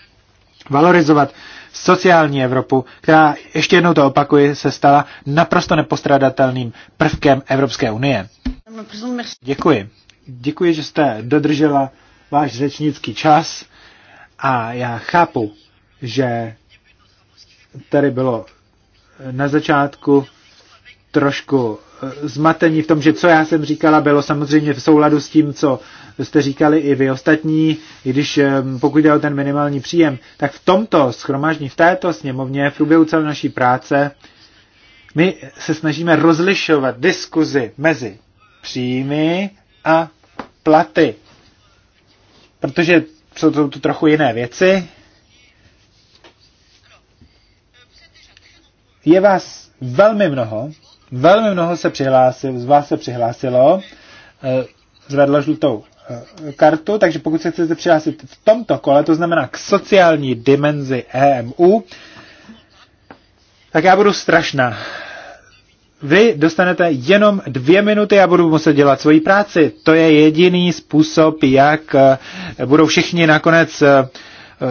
valorizovat sociální Evropu, která, ještě jednou to opakuji, se stala naprosto nepostradatelným prvkem Evropské unie. Děkuji. Děkuji, že jste dodržela váš řečnický čas a já chápu, že tady bylo na začátku trošku eh, zmatení v tom, že co já jsem říkala, bylo samozřejmě v souladu s tím, co jste říkali i vy ostatní, i když pokud jde o ten minimální příjem, tak v tomto schromáždění, v této sněmovně, v průběhu celé naší práce, my se snažíme rozlišovat diskuzi mezi příjmy a platy. Protože jsou to, to trochu jiné věci. Je vás velmi mnoho, velmi mnoho se přihlásilo, z vás se přihlásilo, eh, zvedlo žlutou Eh, kartu, takže pokud se chcete přihlásit v tomto kole, to znamená k sociální dimenzi EMU, tak já budu strašná. Vy dostanete jenom dvě minuty a budu muset dělat svoji práci. To je jediný způsob, jak eh, budou všichni nakonec eh,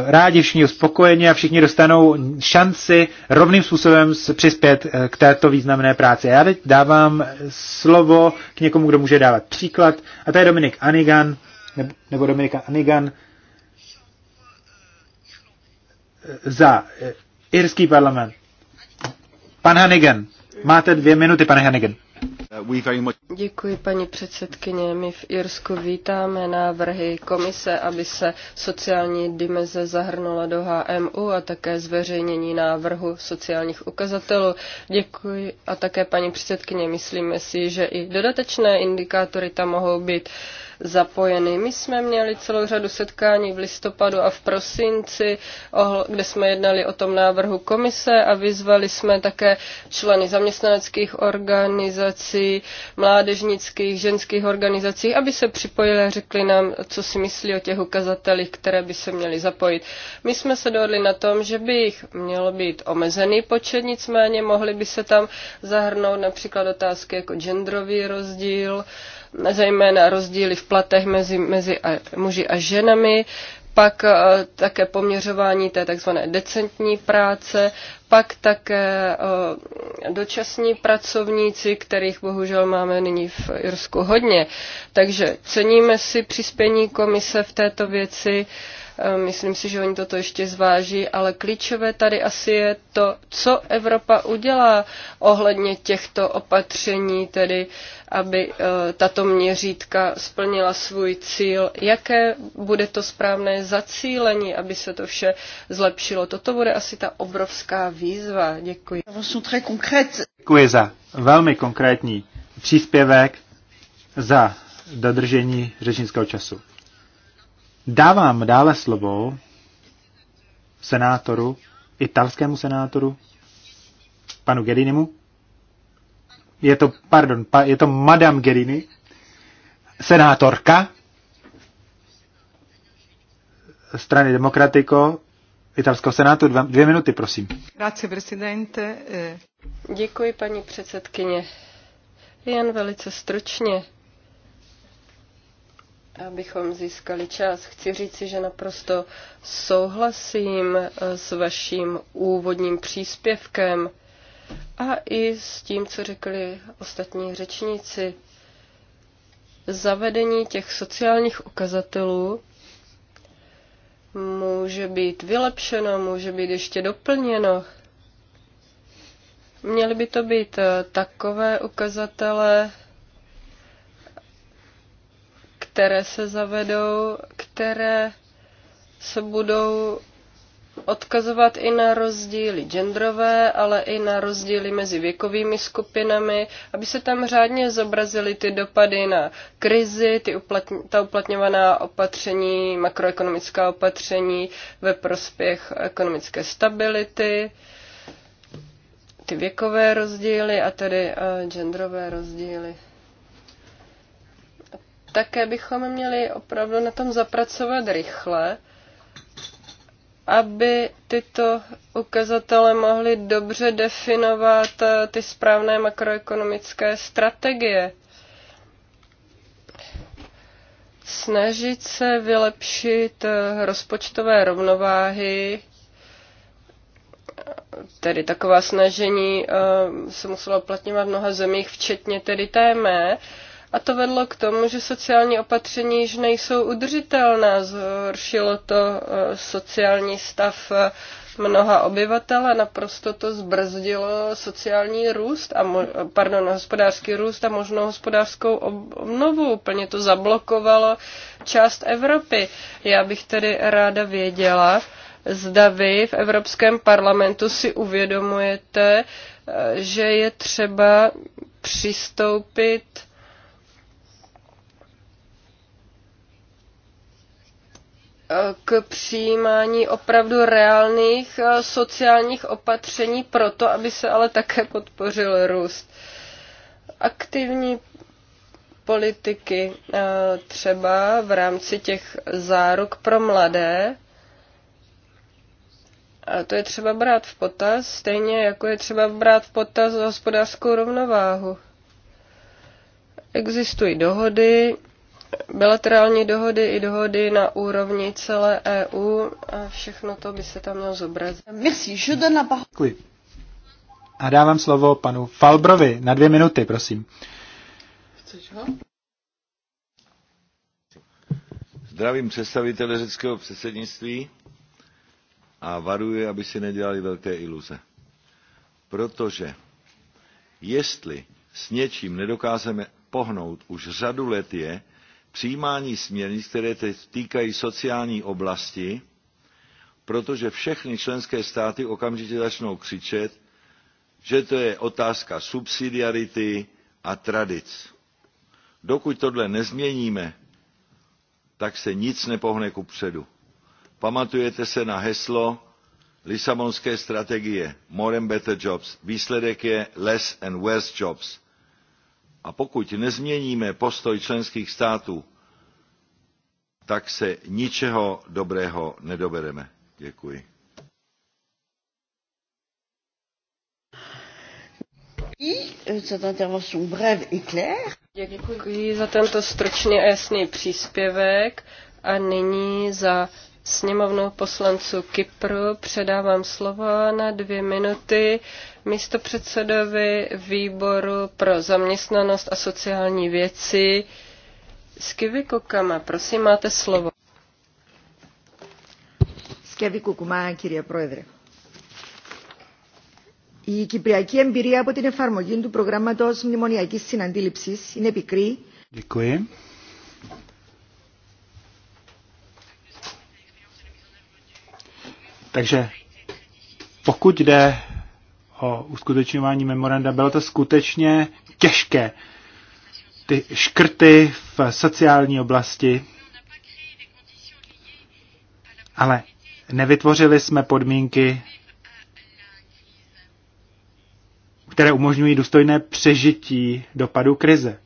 rádi, všichni spokojeni a všichni dostanou šanci rovným způsobem přispět eh, k této významné práci. Já teď dávám slovo k někomu, kdo může dávat příklad, a to je Dominik Anigan, nebo Dominika Anigan eh, za eh, irský parlament. Pan Hanigan, máte dvě minuty, pane Hanigan. Děkuji, paní předsedkyně. My v Irsku vítáme návrhy komise, aby se sociální dimenze zahrnula do HMU a také zveřejnění návrhu sociálních ukazatelů. Děkuji a také paní předsedkyně. Myslíme si, že i dodatečné indikátory tam mohou být uh, zapojeny. My jsme měli celou řadu setkání v listopadu a v prosinci, kde jsme jednali o tom návrhu komise a vyzvali jsme také členy zaměstnaneckých organizací, mládežnických, ženských organizací, aby se připojili a řekli nám, co si myslí o těch ukazatelích, které by se měly zapojit. My jsme se dohodli na tom, že by jich mělo být omezený počet, nicméně mohly by se tam zahrnout například otázky jako genderový rozdíl, zejména rozdíly v platech mezi, mezi a, muži a ženami, pak e, také poměřování té tzv. decentní práce, pak také e, dočasní pracovníci, kterých bohužel máme nyní v Irsku hodně. Takže ceníme si přispění komise v této věci. Eh, myslím si, že oni toto ještě zváží, ale klíčové tady asi je to, co Evropa udělá ohledně těchto opatření, tedy aby eh, tato měřítka splnila svůj cíl. Jaké bude to správné zacílení, aby se to vše zlepšilo? Toto bude asi ta obrovská výzva. Děkuji. Děkuji za velmi konkrétní příspěvek za dodržení řečnického času. Dávám dále slovo senátoru, italskému senátoru, panu Gerinimu. Je to, pardon, pa, je to Madame Gerini, senátorka strany Demokratiko, italského senátu. Dva, dvě minuty, prosím. Děkuji, paní předsedkyně. Jen velice stručně abychom získali čas. Chci říci, že naprosto souhlasím eh, s vaším úvodním příspěvkem a i s tím, co řekli ostatní řečníci. Zavedení těch sociálních ukazatelů může být vylepšeno, může být ještě doplněno. Měly by to být eh, takové ukazatele, které se zavedou, které se budou odkazovat i na rozdíly genderové, ale i na rozdíly mezi věkovými skupinami, aby se tam řádně zobrazily ty dopady na krizi, ty uplatň, ta uplatňovaná opatření, makroekonomická opatření ve prospěch ekonomické stability, ty věkové rozdíly a tedy uh, genderové rozdíly. Také bychom měli opravdu na tom zapracovat rychle, aby tyto ukazatele mohly dobře definovat eh, ty správné makroekonomické strategie. Snažit se vylepšit eh, rozpočtové rovnováhy, tedy taková snažení eh, se muselo uplatňovat v mnoha zemích, včetně tedy té mé, a to vedlo k tomu, že sociální opatření již nejsou udržitelná. Zhoršilo to eh, sociální stav eh, mnoha obyvatel a naprosto to zbrzdilo sociální růst, a mo, pardon, hospodářský růst a možnou hospodářskou obnovu. Úplně to zablokovalo část Evropy. Já bych tedy ráda věděla, zda vy v Evropském parlamentu si uvědomujete, eh, že je třeba přistoupit k přijímání opravdu reálných eh, sociálních opatření proto, aby se ale také podpořil růst. Aktivní politiky eh, třeba v rámci těch záruk pro mladé, a to je třeba brát v potaz, stejně jako je třeba brát v potaz hospodářskou rovnováhu. Existují dohody, bilaterální dohody i dohody na úrovni celé EU a všechno to by se tam mělo zobrazit. Merci, je donne la parole. A dávám slovo panu Falbrovi na dvě minuty, prosím. Chceš ho? Zdravím představitele řeckého předsednictví a varuji, aby si nedělali velké iluze. Protože jestli s něčím nedokážeme pohnout už řadu let je, přijímání směrnic, které teď týkají sociální oblasti, protože všechny členské státy okamžitě začnou křičet, že to je otázka subsidiarity a tradic. Dokud tohle nezměníme, tak se nic nepohne kupředu. Pamatujete se na heslo Lisabonské strategie More and Better Jobs. Výsledek je Less and Worse Jobs. A pokud nezměníme postoj členských států, tak se ničeho dobrého nedobereme. Děkuji. Euh, děkuji za tento stručný a jasný příspěvek a nyní za sněmovnou poslanců Kypru. Předávám slovo na dvě minuty místo předsedovi výboru pro zaměstnanost a sociální věci Skivy Kukama. Prosím, máte slovo. Skivy Kukuma, kyrie projedre. Η κυπριακή εμπειρία από την εφαρμογή του προγράμματος μνημονιακής συναντήληψης είναι πικρή. Děkuji. Takže pokud jde o uskutečňování memoranda, bylo to skutečně těžké. Ty škrty v sociální oblasti, ale nevytvořili jsme podmínky, které umožňují důstojné přežití dopadu krize.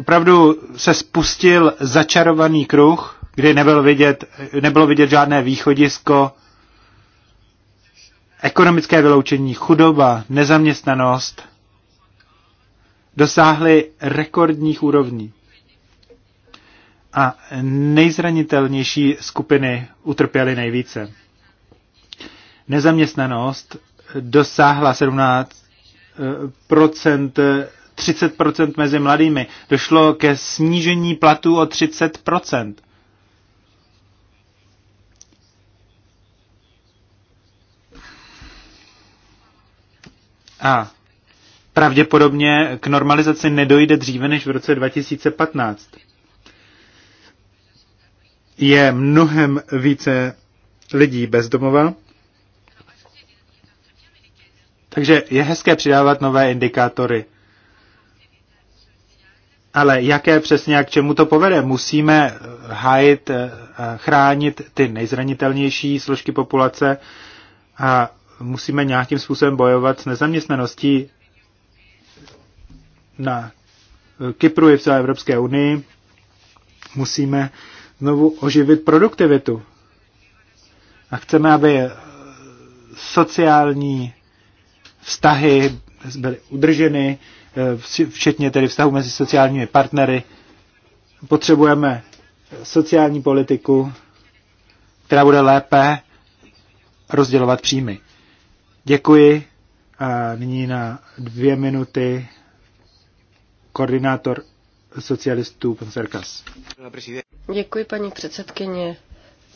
opravdu se spustil začarovaný kruh, kdy nebylo vidět, nebylo vidět žádné východisko, ekonomické vyloučení, chudoba, nezaměstnanost dosáhly rekordních úrovní. A nejzranitelnější skupiny utrpěly nejvíce. Nezaměstnanost dosáhla 17 eh, procent 30% mezi mladými. Došlo ke snížení platů o 30%. A pravděpodobně k normalizaci nedojde dříve než v roce 2015. Je mnohem více lidí bezdomova. Takže je hezké přidávat nové indikátory. Ale jaké přesně a k čemu to povede? Musíme eh, hájit, eh, chránit ty nejzranitelnější složky populace a musíme nějakým způsobem bojovat s nezaměstnaností na eh, Kypru i v celé Evropské unii. Musíme znovu oživit produktivitu. A chceme, aby sociální vztahy byly udrženy, Eh, včetně tedy vztahu mezi sociálními partnery. Potřebujeme sociální politiku, která bude lépe rozdělovat příjmy. Děkuji. A nyní na dvě minuty koordinátor socialistů, pan Serkas. Děkuji, paní předsedkyně.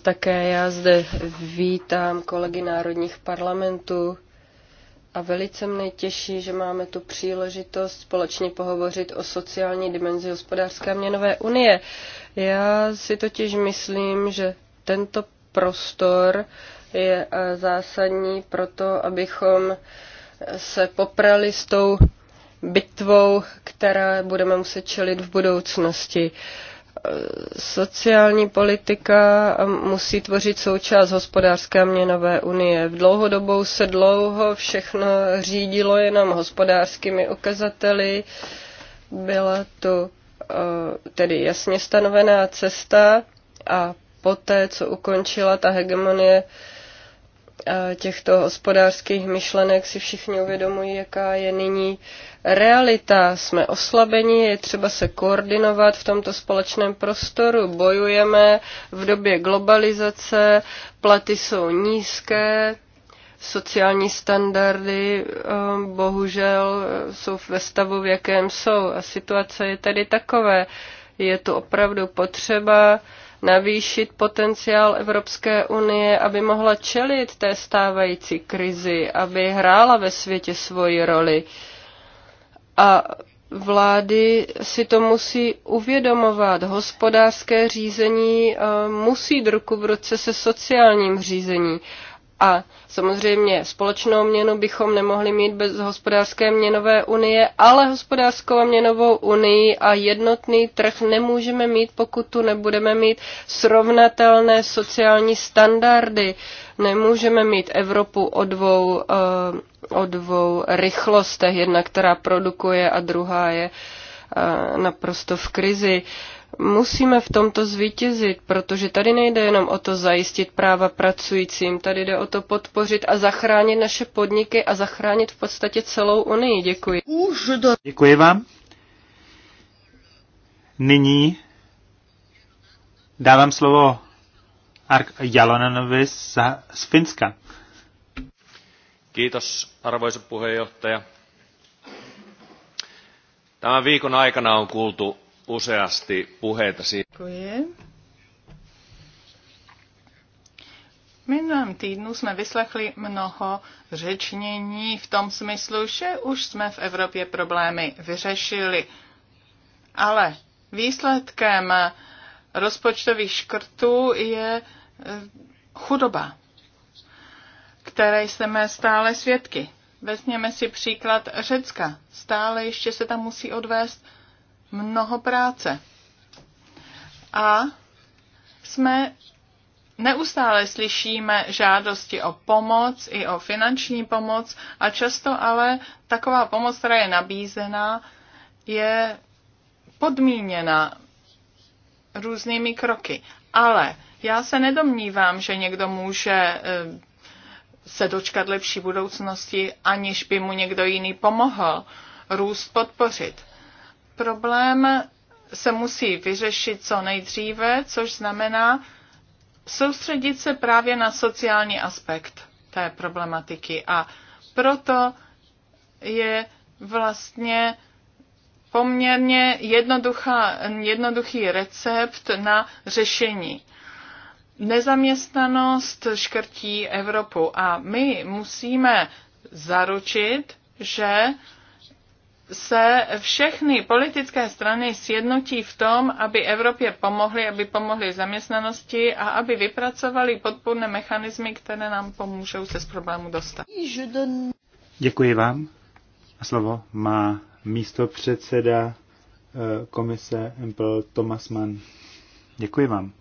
Také já zde vítám kolegy národních parlamentů, a velice mne těší, že máme tu příležitost společně pohovořit o sociální dimenzi hospodářské a měnové unie. Já si totiž myslím, že tento prostor je eh, zásadní pro to, abychom se poprali s tou bitvou, které budeme muset čelit v budoucnosti. Uh, sociální politika musí tvořit součást hospodářské a měnové unie. V dlouhodobou se dlouho všechno řídilo jenom hospodářskými ukazateli. Byla tu eh, tedy jasně stanovená cesta a poté, co ukončila ta hegemonie těchto hospodářských myšlenek si všichni uvědomují, jaká je nyní realita. Jsme oslabeni, je třeba se koordinovat v tomto společném prostoru. Bojujeme v době globalizace, platy jsou nízké, sociální standardy ehm, bohužel eh, jsou ve stavu, v jakém jsou. A situace je tedy takové. Je to opravdu potřeba navýšit potenciál Evropské unie, aby mohla čelit té stávající krizi, aby hrála ve světě svoji roli. A vlády si to musí uvědomovat. Hospodářské řízení eh, musí jít ruku v ruce se sociálním řízením. A samozřejmě společnou měnu bychom nemohli mít bez hospodářské měnové unie, ale hospodářskou a měnovou unii a jednotný trh nemůžeme mít, pokud tu nebudeme mít srovnatelné sociální standardy. Nemůžeme mít Evropu o dvou, eh, o dvou rychlostech, jedna, která produkuje a druhá je eh, naprosto v krizi. Musíme v tomto zvítězit, protože tady nejde jenom o to zajistit práva pracujícím, tady jde o to podpořit a zachránit naše podniky a zachránit v podstatě celou Unii. Děkuji. Děkuji vám. Nyní dávám slovo Ark Jalonenovi z, z Finska. Kiitos, arvoisa puheenjohtaja. Tämän viikon aikana on kuultu useasti puheita siitä. Minulém týdnu jsme vyslechli mnoho řečnění v tom smyslu, že už jsme v Evropě problémy vyřešili. Ale výsledkem rozpočtových škrtů je eh, chudoba, které jsme stále svědky. Vezměme si příklad Řecka. Stále ještě se tam musí odvést mnoho práce. A jsme Neustále slyšíme žádosti o pomoc i o finanční pomoc a často ale taková pomoc, která je nabízená, je podmíněna různými kroky. Ale já se nedomnívám, že někdo může eh, se dočkat lepší budoucnosti, aniž by mu někdo jiný pomohl růst podpořit. Problém se musí vyřešit co nejdříve, což znamená soustředit se právě na sociální aspekt té problematiky. A proto je vlastně poměrně jednoduchá, jednoduchý recept na řešení. Nezaměstnanost škrtí Evropu a my musíme zaručit, že se všechny politické strany sjednotí v tom, aby Evropě pomohly, aby pomohly zaměstnanosti a aby vypracovali podpůrné mechanismy, které nám pomůžou se z problému dostat. Děkuji vám. A slovo má místo předseda eh, komise Empel Thomas Mann. Děkuji vám.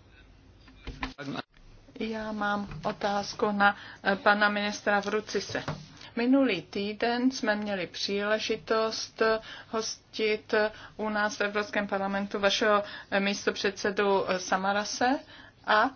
Já mám otázku na eh, pana ministra Vrucise. Minulý týden jsme měli příležitost hostit u nás v Evropském parlamentu vašeho místopředsedu Samarase a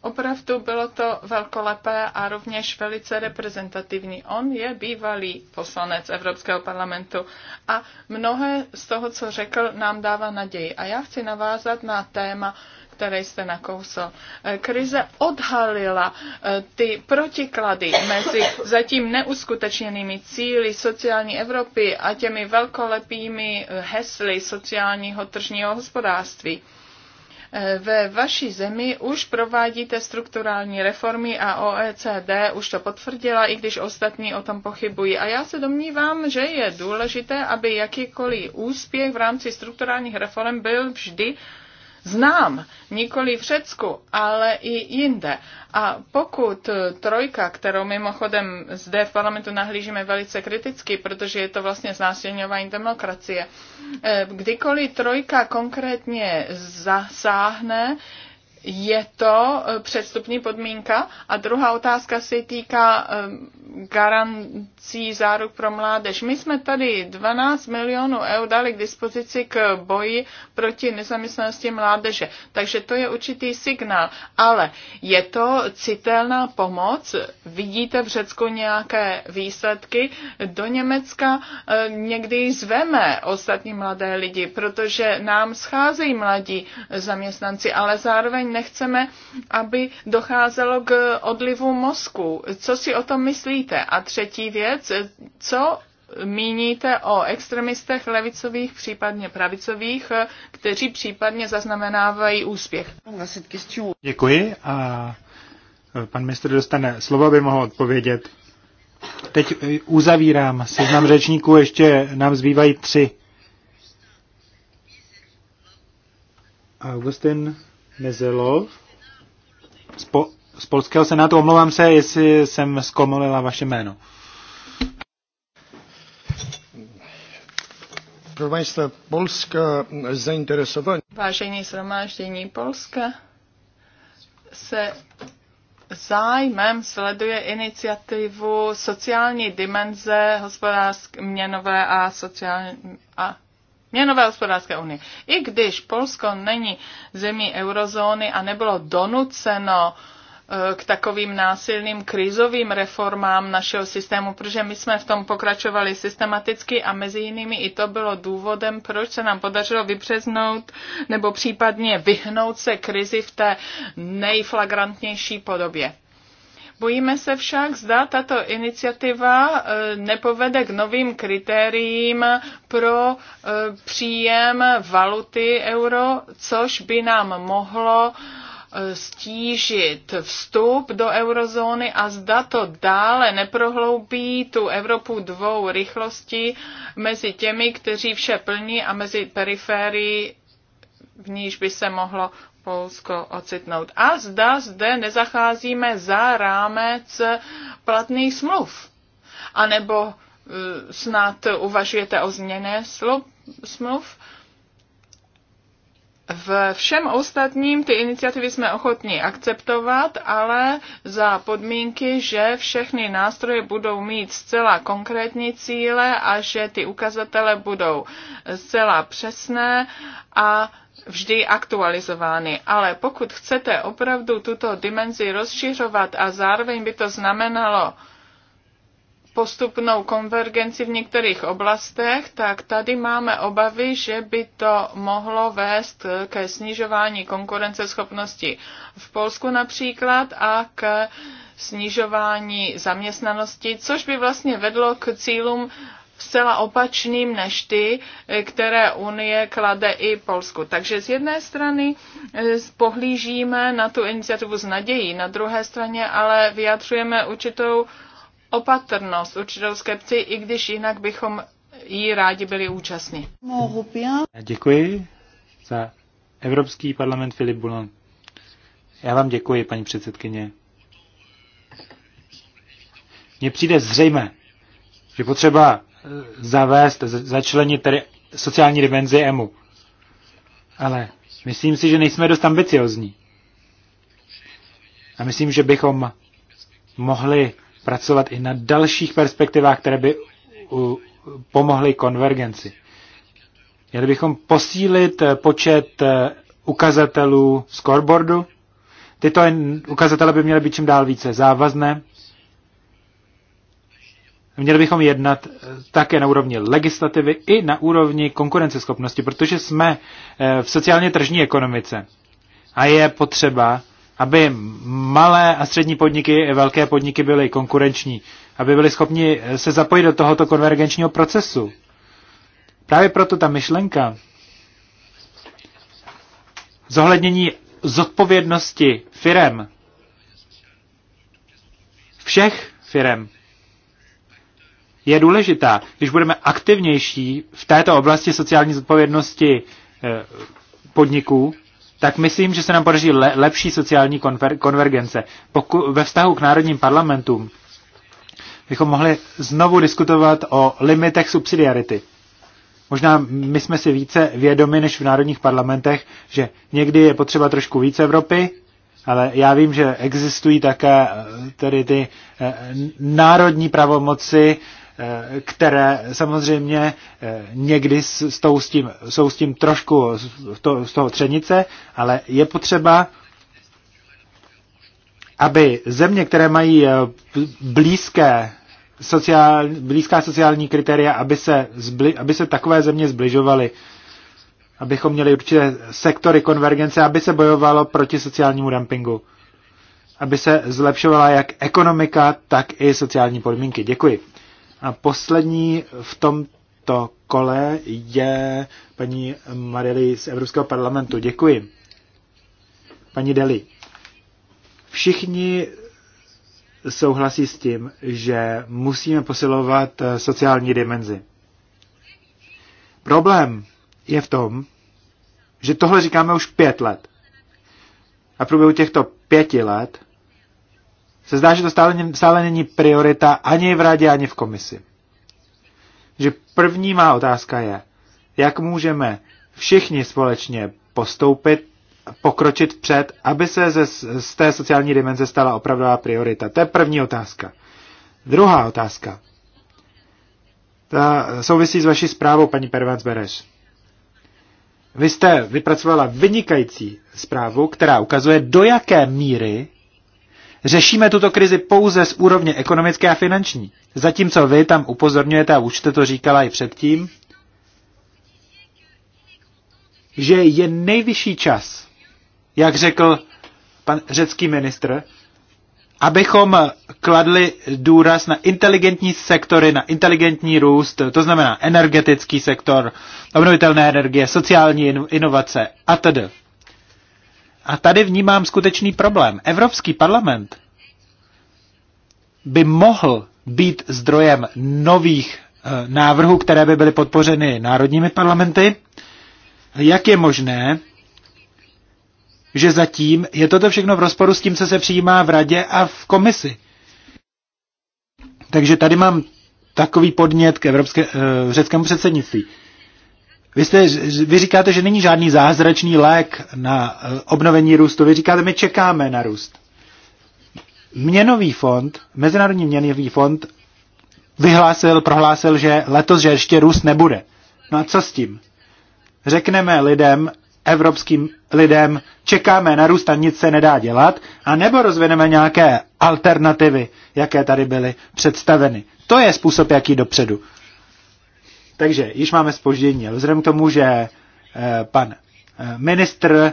Opravdu bylo to velkolepé a rovněž velice reprezentativní. On je bývalý poslanec Evropského parlamentu a mnohé z toho, co řekl, nám dává naději. A já chci navázat na téma které jste nakousl. Eh, krize odhalila eh, ty protiklady mezi zatím neuskutečněnými cíly sociální Evropy a těmi velkolepými eh, hesly sociálního tržního hospodářství. Ve vaší zemi už provádíte strukturální reformy a OECD už to potvrdila, i když ostatní o tom pochybují. A já se domnívám, že je důležité, aby jakýkoliv úspěch v rámci strukturálních reform byl vždy znám, nikoli v Řecku, ale i jinde. A pokud trojka, kterou mimochodem zde v parlamentu nahlížíme velice kriticky, protože je to vlastně znásilňování demokracie, eh, kdykoliv trojka konkrétně zasáhne, je to eh, předstupní podmínka? A druhá otázka se týká eh, garancí záruk pro mládež. My jsme tady 12 milionů eur dali k dispozici k boji proti nezaměstnanosti mládeže. Takže to je určitý signál. Ale je to citelná pomoc? Vidíte v Řecku nějaké výsledky? Do Německa eh, někdy zveme ostatní mladé lidi, protože nám scházejí mladí zaměstnanci, ale zároveň nechceme, aby docházelo k odlivu mozku. Co si o tom myslíte? A třetí věc, co míníte o extremistech levicových, případně pravicových, kteří případně zaznamenávají úspěch? Děkuji a pan ministr dostane slovo, aby mohl odpovědět. Teď uzavírám seznam řečníků, ještě nám zbývají tři. Augustin Mezelov. z, po, z polského senátu. Omlouvám se, jestli jsem zkomolila vaše jméno. Pro Państwa, Polska zainteresowanie. Vážení zhromáždění Polska se zájmem sleduje iniciativu sociální dimenze hospodářské, měnové a, sociální, a Měnové hospodářské unie. I když Polsko není zemí eurozóny a nebylo donuceno eh, k takovým násilným krizovým reformám našeho systému, protože my jsme v tom pokračovali systematicky a mezi jinými i to bylo důvodem, proč se nám podařilo vypřeznout nebo případně vyhnout se krizi v té nejflagrantnější podobě. Bojíme se však, zda tato iniciativa e, nepovede k novým kritériím pro e, příjem valuty euro, což by nám mohlo e, stížit vstup do eurozóny a zda to dále neprohloubí tu Evropu dvou rychlostí mezi těmi, kteří vše plní a mezi periférií v níž by se mohlo Polsko ocitnout. A zda zde nezacházíme za rámec platných smluv. A nebo e, snad uvažujete o změně smluv? V všem ostatním ty iniciativy jsme ochotní akceptovat, ale za podmínky, že všechny nástroje budou mít zcela konkrétní cíle a že ty ukazatele budou zcela přesné a vždy aktualizovány, ale pokud chcete opravdu tuto dimenzi rozšiřovat a zároveň by to znamenalo postupnou konvergenci v některých oblastech, tak tady máme obavy, že by to mohlo vést ke snižování konkurenceschopnosti v Polsku například a k snižování zaměstnanosti, což by vlastně vedlo k cílům zcela opačným než ty, které Unie klade i Polsku. Takže z jedné strany eh, pohlížíme na tu iniciativu s nadějí, na druhé straně ale vyjadřujeme určitou opatrnost, určitou skepci, i když jinak bychom jí rádi byli účastní. Děkuji za Evropský parlament Filip Bulon. Já vám děkuji, paní předsedkyně. Mně přijde zřejmé, že potřeba zavést, začlenit tedy sociální dimenzi EMU. Ale myslím si, že nejsme dost ambiciozní. A myslím, že bychom mohli pracovat i na dalších perspektivách, které by pomohly konvergenci. Měli bychom posílit eh, počet eh, ukazatelů scoreboardu. Tyto ukazatele by měly být čím dál více závazné Měli bychom jednat eh, také na úrovni legislativy i na úrovni konkurenceschopnosti, protože jsme eh, v sociálně tržní ekonomice a je potřeba, aby malé a střední podniky i velké podniky byly konkurenční, aby byli schopni eh, se zapojit do tohoto konvergenčního procesu. Právě proto ta myšlenka zohlednění zodpovědnosti firem, všech firem, je důležitá. Když budeme aktivnější v této oblasti sociální zodpovědnosti eh, podniků, tak myslím, že se nám podaří le, lepší sociální konver, konvergence. Poku, ve vztahu k národním parlamentům bychom mohli znovu diskutovat o limitech subsidiarity. Možná my jsme si více vědomi než v národních parlamentech, že někdy je potřeba trošku více Evropy, ale já vím, že existují také eh, tedy ty eh, národní pravomoci Eh, které samozřejmě eh, někdy jsou s tím, jsou s tím trošku z toho třenice, ale je potřeba, aby země, které mají eh, blízké sociál, blízká sociální kritéria, aby se, zbli, aby se takové země zbližovaly, abychom měli určité sektory konvergence, aby se bojovalo proti sociálnímu dumpingu, aby se zlepšovala jak ekonomika, tak i sociální podmínky. Děkuji. A poslední v tomto kole je paní Marieli z Evropského parlamentu. Děkuji. Paní Deli, všichni souhlasí s tím, že musíme posilovat eh, sociální dimenzi. Problém je v tom, že tohle říkáme už pět let. A v průběhu těchto pěti let se zdá, že to stále, stále není priorita ani v radě, ani v komisi. Že první má otázka je, jak můžeme všichni společně postoupit, pokročit před, aby se ze, z té sociální dimenze stala opravdová priorita. To je první otázka. Druhá otázka. Ta souvisí s vaší zprávou, paní Pervans Bereš. Vy jste vypracovala vynikající zprávu, která ukazuje, do jaké míry Řešíme tuto krizi pouze z úrovně ekonomické a finanční. Zatímco vy tam upozorňujete, a už jste to říkala i předtím, že je nejvyšší čas, jak řekl pan řecký ministr, abychom kladli důraz na inteligentní sektory, na inteligentní růst, to znamená energetický sektor, obnovitelné energie, sociální inovace a tedy. A tady vnímám skutečný problém. Evropský parlament by mohl být zdrojem nových eh, návrhů, které by byly podpořeny národními parlamenty. Jak je možné, že zatím je toto všechno v rozporu s tím, co se přijímá v radě a v komisi? Takže tady mám takový podnět k evropské, eh, řeckému předsednictví. Vy, jste, vy říkáte, že není žádný zázračný lék na eh, obnovení růstu. Vy říkáte, my čekáme na růst. Měnový fond, Mezinárodní měnový fond, vyhlásil, prohlásil, že letos, že ještě růst nebude. No a co s tím? Řekneme lidem, evropským lidem, čekáme na růst a nic se nedá dělat, a nebo rozvineme nějaké alternativy, jaké tady byly představeny. To je způsob, jaký dopředu. Takže již máme spoždění. Vzhledem k tomu, že eh, pan eh, ministr eh,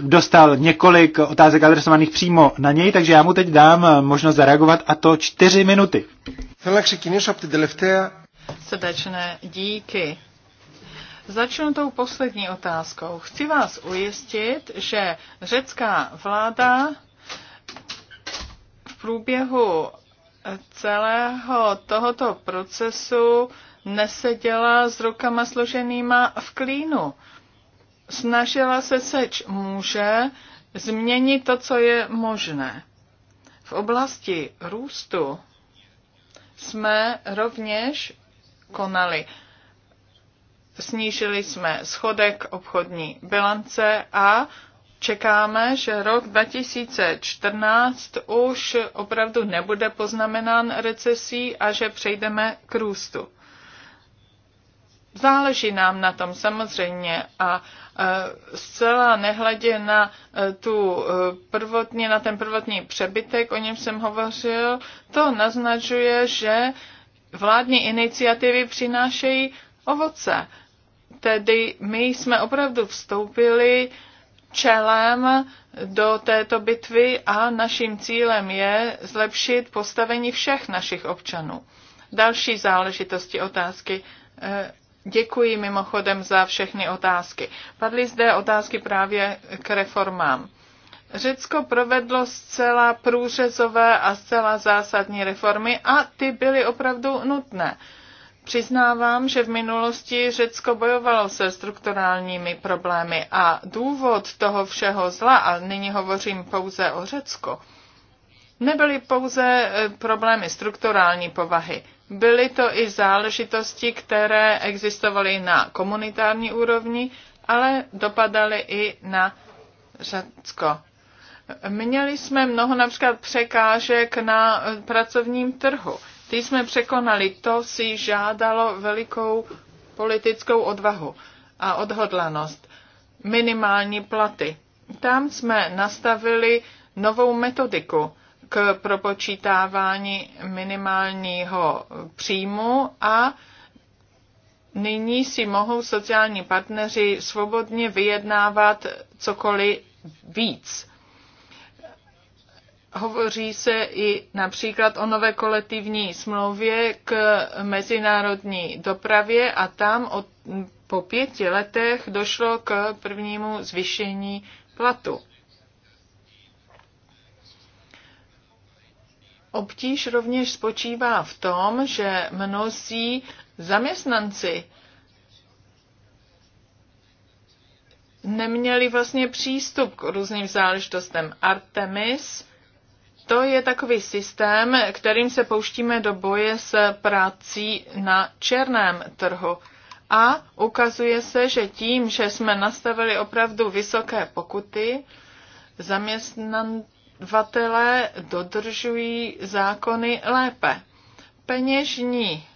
dostal několik otázek adresovaných přímo na něj, takže já mu teď dám možnost zareagovat a to čtyři minuty. Srdečné díky. Začnu tou poslední otázkou. Chci vás ujistit, že řecká vláda v průběhu celého tohoto procesu neseděla s rukama složenýma v klínu. Snažila se seč muže změnit to, co je možné. V oblasti růstu jsme rovněž konali. Snížili jsme schodek obchodní bilance a čekáme, že rok 2014 už opravdu nebude poznamenán recesí a že přejdeme k růstu. Záleží nám na tom samozřejmě a e, zcela nehledě na e, tu e, prvotní, na ten prvotní přebytek, o něm jsem hovořil, to naznačuje, že vládní iniciativy přinášejí ovoce. Tedy my jsme opravdu vstoupili čelem do této bitvy a naším cílem je zlepšit postavení všech našich občanů. Další záležitosti otázky Děkuji mimochodem za všechny otázky. Padly zde otázky právě k reformám. Řecko provedlo zcela průřezové a zcela zásadní reformy a ty byly opravdu nutné. Přiznávám, že v minulosti Řecko bojovalo se strukturálními problémy a důvod toho všeho zla, a nyní hovořím pouze o Řecku, nebyly pouze eh, problémy strukturální povahy. Byly to i záležitosti, které existovaly na komunitární úrovni, ale dopadaly i na Řecko. Měli jsme mnoho například překážek na pracovním trhu. Ty jsme překonali, to si žádalo velikou politickou odvahu a odhodlanost. Minimální platy. Tam jsme nastavili novou metodiku, k propočítávání minimálního příjmu a nyní si mohou sociální partneři svobodně vyjednávat cokoliv víc. Hovoří se i například o nové kolektivní smlouvě k mezinárodní dopravě a tam od, po pěti letech došlo k prvnímu zvýšení platu. Obtíž rovněž spočívá v tom, že mnozí zaměstnanci neměli vlastně přístup k různým záležitostem. Artemis, to je takový systém, kterým se pouštíme do boje s prací na černém trhu. A ukazuje se, že tím, že jsme nastavili opravdu vysoké pokuty, zaměstnanci obyvatelé dodržují zákony lépe. Peněžní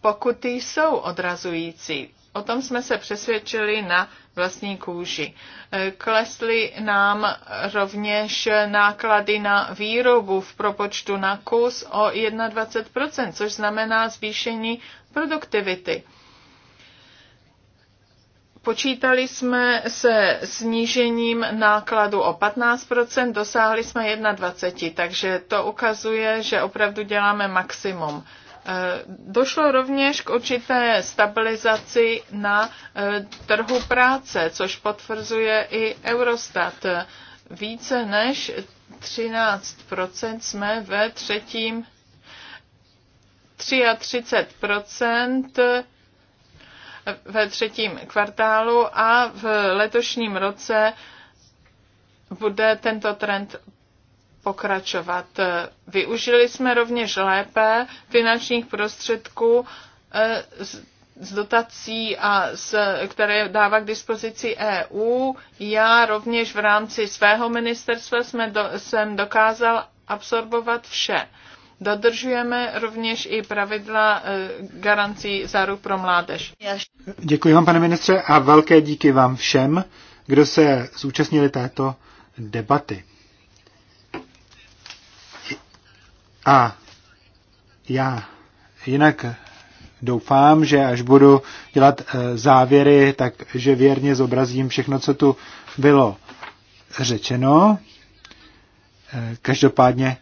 pokuty jsou odrazující. O tom jsme se přesvědčili na vlastní kůži. E, Klesly nám rovněž náklady na výrobu v propočtu na kus o 21%, což znamená zvýšení produktivity. Počítali jsme se snížením nákladu o 15%, dosáhli jsme 21%, takže to ukazuje, že opravdu děláme maximum. E, došlo rovněž k určité stabilizaci na e, trhu práce, což potvrzuje i Eurostat. Více než 13% jsme ve třetím 33% ve třetím kvartálu a v letošním roce bude tento trend pokračovat. Využili jsme rovněž lépe finančních prostředků eh, z dotací, a z, které dává k dispozici EU. Já rovněž v rámci svého ministerstva jsme do, jsem dokázal absorbovat vše. Dodržujeme rovněž i pravidla eh, garancí záruk pro mládež. Děkuji vám, pane ministře, a velké díky vám všem, kdo se zúčastnili této debaty. A já jinak doufám, že až budu dělat eh, závěry, takže věrně zobrazím všechno, co tu bylo řečeno. Eh, každopádně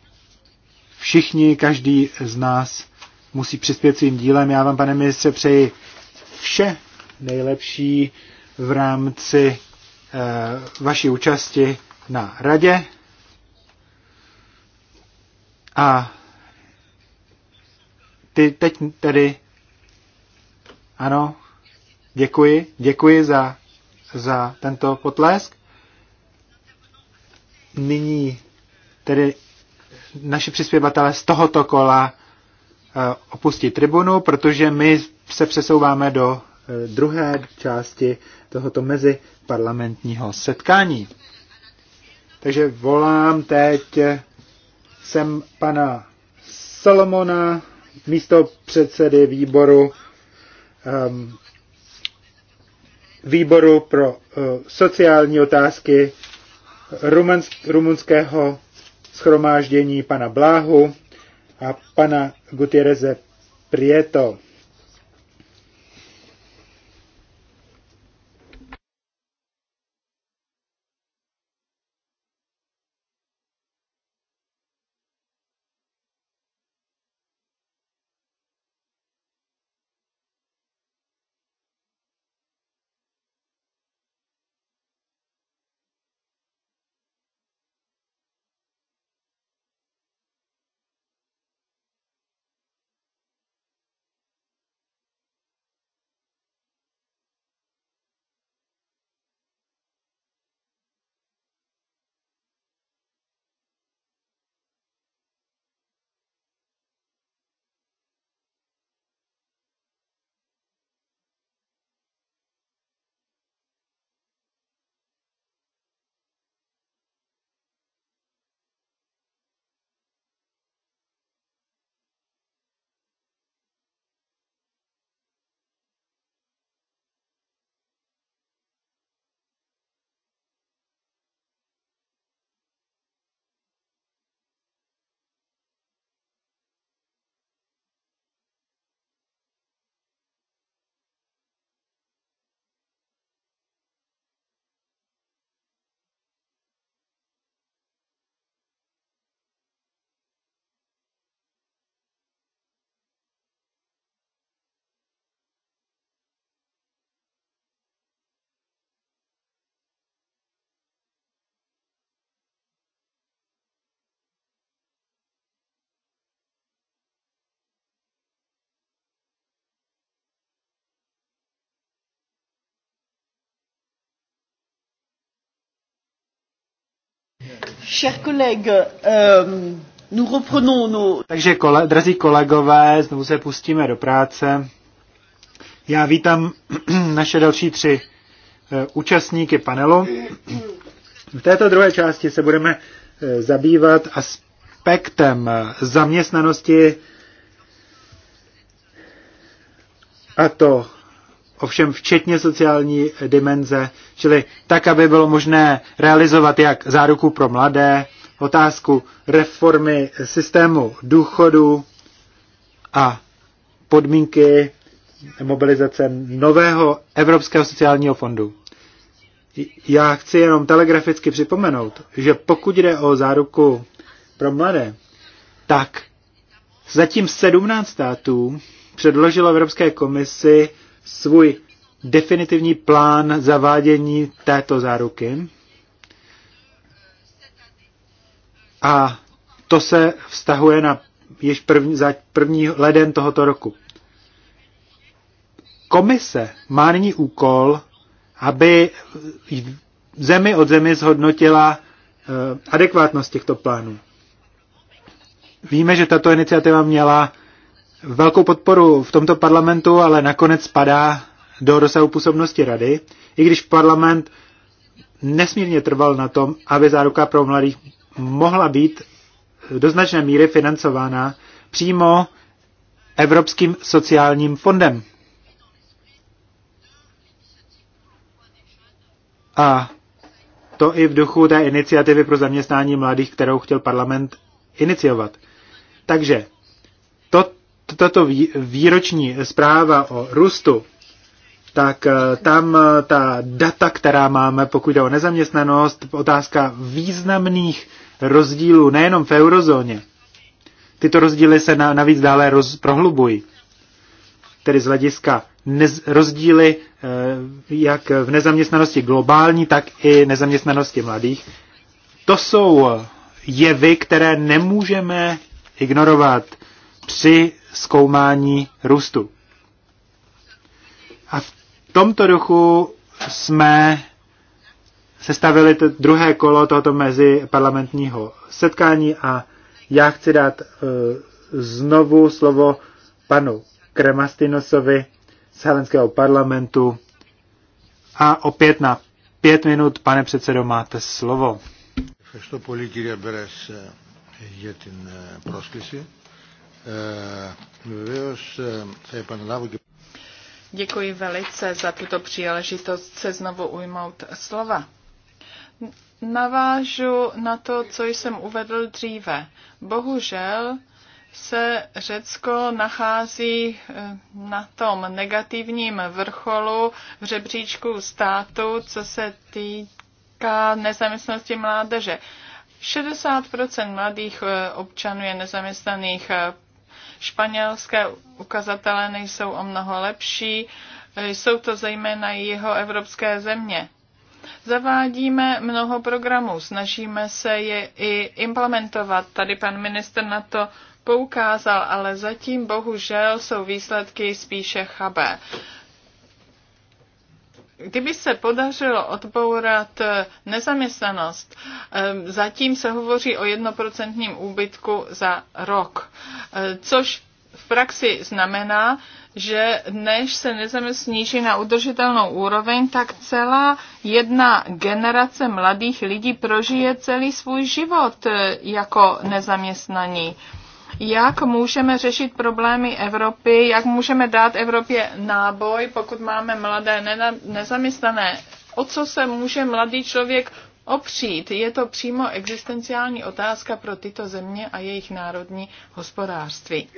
všichni, každý z nás musí přispět svým dílem. Já vám, pane ministře, přeji vše nejlepší v rámci eh, vaší účasti na radě. A ty teď tedy, ano, děkuji, děkuji za, za tento potlesk. Nyní tedy naši přispěvatele z tohoto kola eh, opustit tribunu, protože my se přesouváme do eh, druhé části tohoto meziparlamentního setkání. Takže volám teď eh, sem pana Salomona, místo předsedy výboru um, výboru pro uh, sociální otázky rumunského schromáždění pana Bláhu a pana Gutiereze Prieto. Euh, Takže, kole, drazí kolegové, znovu se pustíme do práce. Já vítám (clears throat) naše další tři eh, účastníky panelu. V této druhé části se budeme eh, zabývat aspektem eh, zaměstnanosti a to ovšem včetně sociální dimenze, čili tak, aby bylo možné realizovat jak záruku pro mladé, otázku reformy systému důchodu a podmínky mobilizace nového Evropského sociálního fondu. Já chci jenom telegraficky připomenout, že pokud jde o záruku pro mladé, tak zatím 17 států předložilo Evropské komisi svůj definitivní plán zavádění této záruky. A to se vztahuje na již první, za první leden tohoto roku. Komise má nyní úkol, aby zemi od zemi zhodnotila eh, adekvátnost těchto plánů. Víme, že tato iniciativa měla velkou podporu v tomto parlamentu, ale nakonec spadá do rozsahu působnosti rady, i když parlament nesmírně trval na tom, aby záruka pro mladých mohla být do značné míry financována přímo Evropským sociálním fondem. A to i v duchu té iniciativy pro zaměstnání mladých, kterou chtěl parlament iniciovat. Takže tato výroční zpráva o růstu, tak eh, tam eh, ta data, která máme, pokud jde o nezaměstnanost, otázka významných rozdílů nejenom v eurozóně. Tyto rozdíly se navíc dále roz, prohlubují. Tedy z hlediska nez, rozdíly eh, jak v nezaměstnanosti globální, tak i nezaměstnanosti mladých. To jsou jevy, které nemůžeme ignorovat při zkoumání růstu. A v tomto duchu jsme sestavili to druhé kolo tohoto mezi parlamentního setkání a já chci dát e, znovu slovo panu Kremastinosovi z Helenského parlamentu a opět na pět minut, pane předsedo, máte slovo. Eh, eh, Děkuji velice za tuto příležitost se znovu ujmout slova. Navážu na to, co jsem uvedl dříve. Bohužel se Řecko nachází eh, na tom negativním vrcholu v řebříčku státu, co se týká nezaměstnosti mládeže. 60 mladých občanů je nezaměstnaných, Španělské ukazatele nejsou o mnoho lepší, jsou to zejména jeho evropské země. Zavádíme mnoho programů, snažíme se je i implementovat. Tady pan minister na to poukázal, ale zatím bohužel jsou výsledky spíše chabé. Kdyby se podařilo odbourat eh, nezaměstnanost, eh, zatím se hovoří o jednoprocentním úbytku za rok, eh, což v praxi znamená, že než se nezaměstnanost sníží na udržitelnou úroveň, tak celá jedna generace mladých lidí prožije celý svůj život jako nezaměstnaní jak můžeme řešit problémy Evropy, jak můžeme dát Evropě náboj, pokud máme mladé nezaměstnané. O co se může mladý člověk opřít? Je to přímo existenciální otázka pro tyto země a jejich národní hospodářství.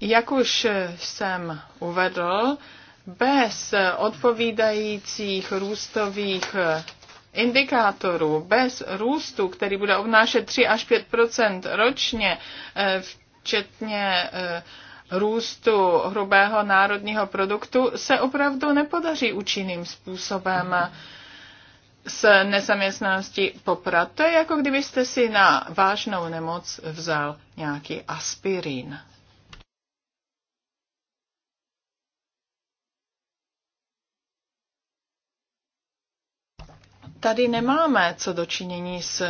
Jak už jsem uvedl, bez odpovídajících růstových indikátorů bez růstu, který bude obnášet 3 až 5 ročně, eh, včetně eh, růstu hrubého národního produktu, se opravdu nepodaří účinným způsobem s nezaměstnaností poprat. To je jako kdybyste si na vážnou nemoc vzal nějaký aspirín. Tady nemáme co dočinění s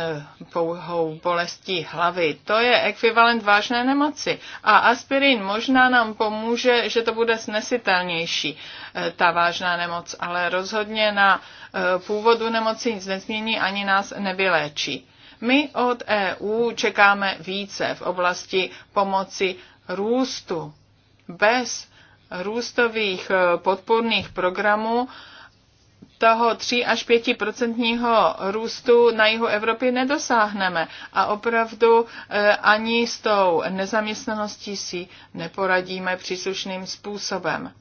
pouhou bolestí hlavy. To je ekvivalent vážné nemoci. A aspirin možná nám pomůže, že to bude snesitelnější, eh, ta vážná nemoc, ale rozhodně na eh, původu nemoci nic nezmění ani nás nevyléčí. My od EU čekáme více v oblasti pomoci růstu. Bez růstových eh, podporných programů toho 3 až 5 procentního růstu na jihu Evropy nedosáhneme. A opravdu e, ani s tou nezaměstnaností si neporadíme příslušným způsobem.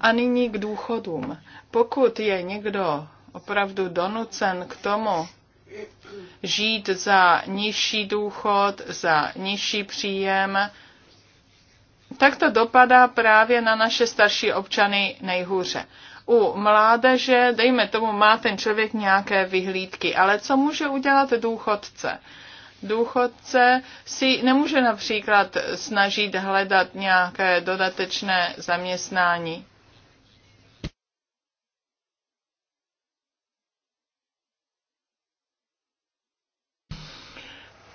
A nyní k důchodům. Pokud je někdo opravdu donucen k tomu, žít za nižší důchod, za nižší příjem, tak to dopadá právě na naše starší občany nejhůře. U mládeže, dejme tomu, má ten člověk nějaké vyhlídky, ale co může udělat důchodce? Důchodce si nemůže například snažit hledat nějaké dodatečné zaměstnání.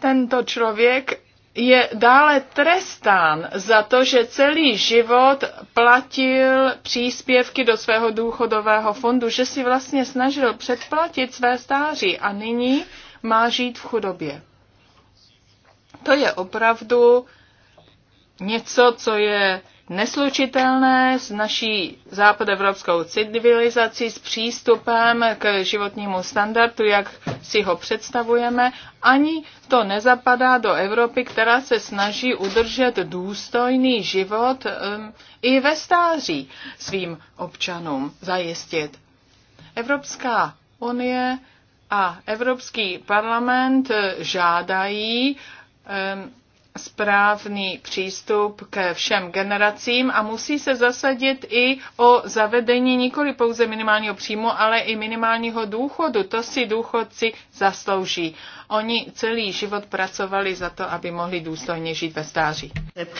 tento člověk je dále trestán za to, že celý život platil příspěvky do svého důchodového fondu, že si vlastně snažil předplatit své stáří a nyní má žít v chudobě. To je opravdu něco, co je neslučitelné s naší západoevropskou civilizací, s přístupem k životnímu standardu, jak si ho představujeme, ani to nezapadá do Evropy, která se snaží udržet důstojný život um, i ve stáří svým občanům zajistit. Evropská unie a Evropský parlament eh, žádají um, správný přístup ke všem generacím a musí se zasadit i o zavedení nikoli pouze minimálního příjmu, ale i minimálního důchodu. To si důchodci zaslouží. Oni celý život pracovali za to, aby mohli důstojně žít ve stáří.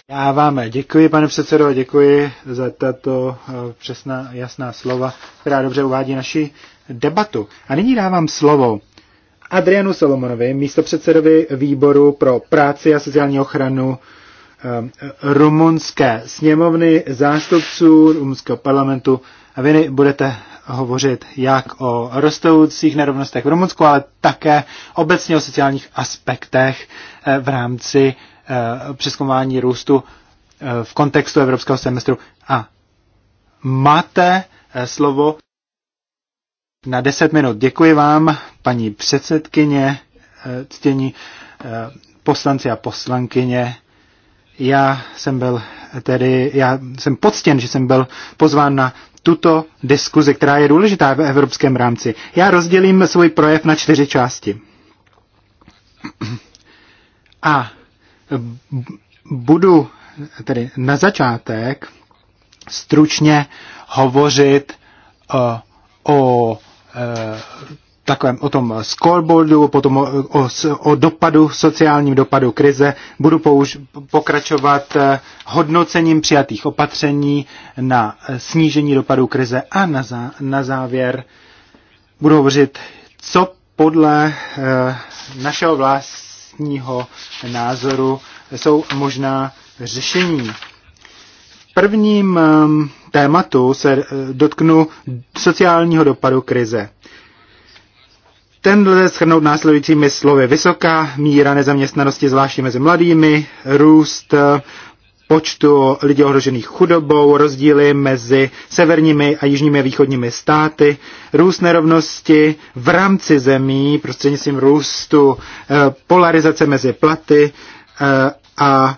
Já vám děkuji, pane předsedo, děkuji za tato eh, přesná, jasná slova, která dobře uvádí naši debatu. A nyní dávám slovo Adrianu Solomonovi, místopředsedovi výboru pro práci a sociální ochranu eh, rumunské sněmovny, zástupců rumunského parlamentu. A vy budete hovořit jak o rostoucích nerovnostech v Rumunsku, ale také obecně o sociálních aspektech eh, v rámci eh, přeskumování růstu v kontextu evropského semestru. A máte slovo. Na deset minut. Děkuji vám, paní předsedkyně, eh, ctění eh, poslanci a poslankyně. Já jsem byl tedy, já jsem poctěn, že jsem byl pozván na tuto diskuzi, která je důležitá v evropském rámci. Já rozdělím svůj projev na čtyři části. A budu tedy na začátek stručně hovořit eh, o Eh, takovém o tom scoreboardu, potom o, o, o dopadu, sociálním dopadu krize. Budu použ, pokračovat eh, hodnocením přijatých opatření na eh, snížení dopadu krize a na, zá, na závěr budu hovořit, co podle našeho vlastního názoru jsou možná řešení. Prvním prvním tématu se eh, dotknu sociálního dopadu krize. Ten lze shrnout následujícími slovy. Vysoká míra nezaměstnanosti, zvláště mezi mladými, růst počtu lidí ohrožených chudobou, rozdíly mezi severními a jižními a východními státy, růst nerovnosti v rámci zemí prostřednictvím růstu, eh, polarizace mezi platy eh, a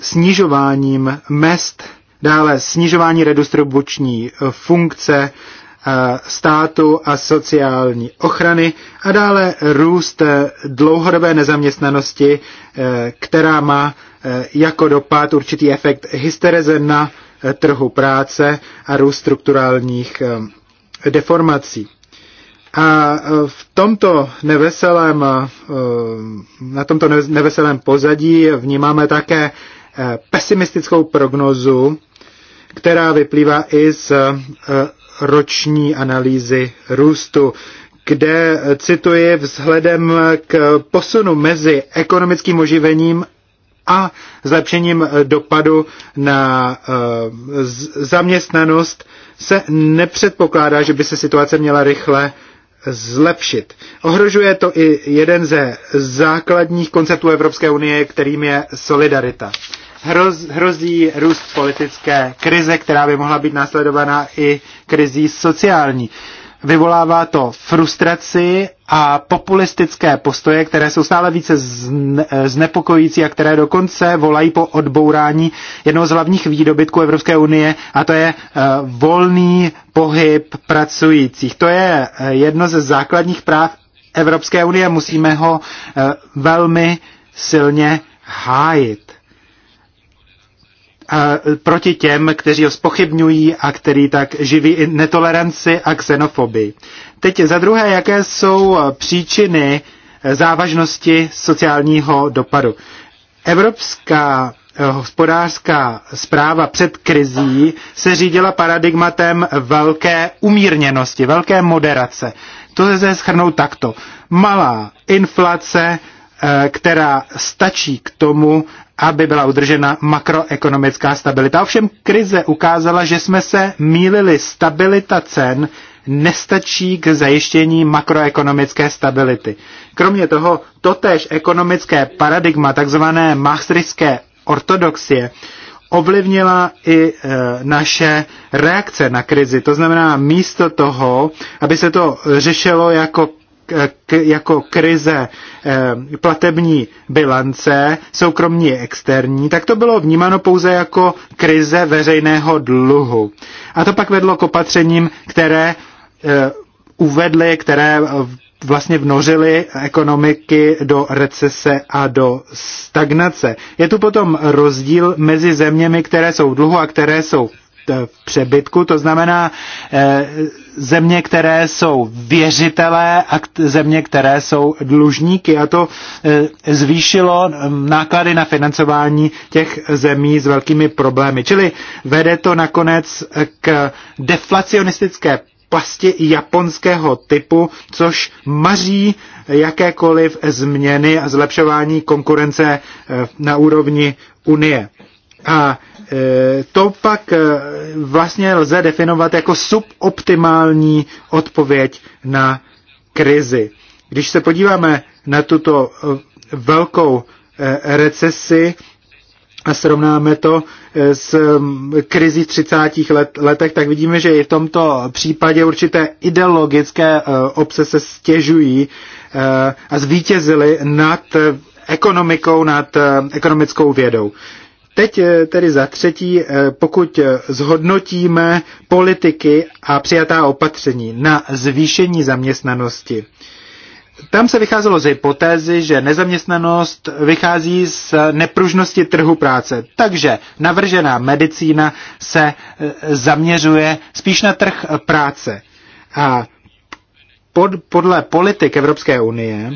snižováním mest Dále snižování redistribuční eh, funkce eh, státu a sociální ochrany a dále růst eh, dlouhodobé nezaměstnanosti, která má jako dopad určitý efekt hystereze na trhu práce a růst strukturálních deformací. A v tomto neveselém, na tomto neveselém pozadí vnímáme také pesimistickou prognozu která vyplývá i z eh, roční analýzy růstu, kde eh, cituji vzhledem k posunu mezi ekonomickým oživením a zlepšením eh, dopadu na zaměstnanost se nepředpokládá, že by se situace měla rychle zlepšit. Ohrožuje to i jeden ze základních konceptů Evropské unie, kterým je solidarita hroz, hrozí růst politické krize, která by mohla být následovaná i krizí sociální. Vyvolává to frustraci a populistické postoje, které jsou stále více znepokojící a které dokonce volají po odbourání jednoho z hlavních výdobytků Evropské unie, a to je eh, volný pohyb pracujících. To je eh, jedno ze základních práv Evropské unie, musíme ho eh, velmi silně hájit. E, proti těm, kteří ho spochybňují a který tak živí netoleranci a xenofobii. Teď za druhé, jaké jsou příčiny e, závažnosti sociálního dopadu. Evropská e, hospodářská zpráva před krizí se řídila paradigmatem velké umírněnosti, velké moderace. To se schrnout takto. Malá inflace, která stačí k tomu, aby byla udržena makroekonomická stabilita. Ovšem krize ukázala, že jsme se mýlili. Stabilita cen nestačí k zajištění makroekonomické stability. Kromě toho, totéž ekonomické paradigma, takzvané maastrichtské ortodoxie, ovlivnila i e, naše reakce na krizi. To znamená, místo toho, aby se to řešilo jako jako krize eh, platební bilance, soukromní i externí, tak to bylo vnímáno pouze jako krize veřejného dluhu. A to pak vedlo k opatřením, které eh, uvedly, které vlastně vnořily ekonomiky do recese a do stagnace. Je tu potom rozdíl mezi zeměmi, které jsou v dluhu a které jsou v eh, přebytku, to znamená eh, země, které jsou věřitelé a země, které jsou dlužníky. A to eh, zvýšilo mm, náklady na financování těch zemí s velkými problémy. Čili vede to nakonec k deflacionistické pasti japonského typu, což maří jakékoliv změny a zlepšování konkurence na úrovni Unie. A Eh, to pak eh, vlastně lze definovat jako suboptimální odpověď na krizi. Když se podíváme na tuto eh, velkou recesi a srovnáme to s mm, krizí v 30. Let, letech, tak vidíme, že i v tomto případě určité ideologické obce se stěžují a zvítězily nad ekonomikou, nad ekonomickou vědou. Teď eh, tedy za třetí, eh, pokud eh, zhodnotíme politiky a přijatá opatření na zvýšení zaměstnanosti, tam se vycházelo z hypotézy, že nezaměstnanost vychází z nepružnosti trhu práce. Takže navržená medicína se zaměřuje spíš na trh práce. A pod, podle politik Evropské unie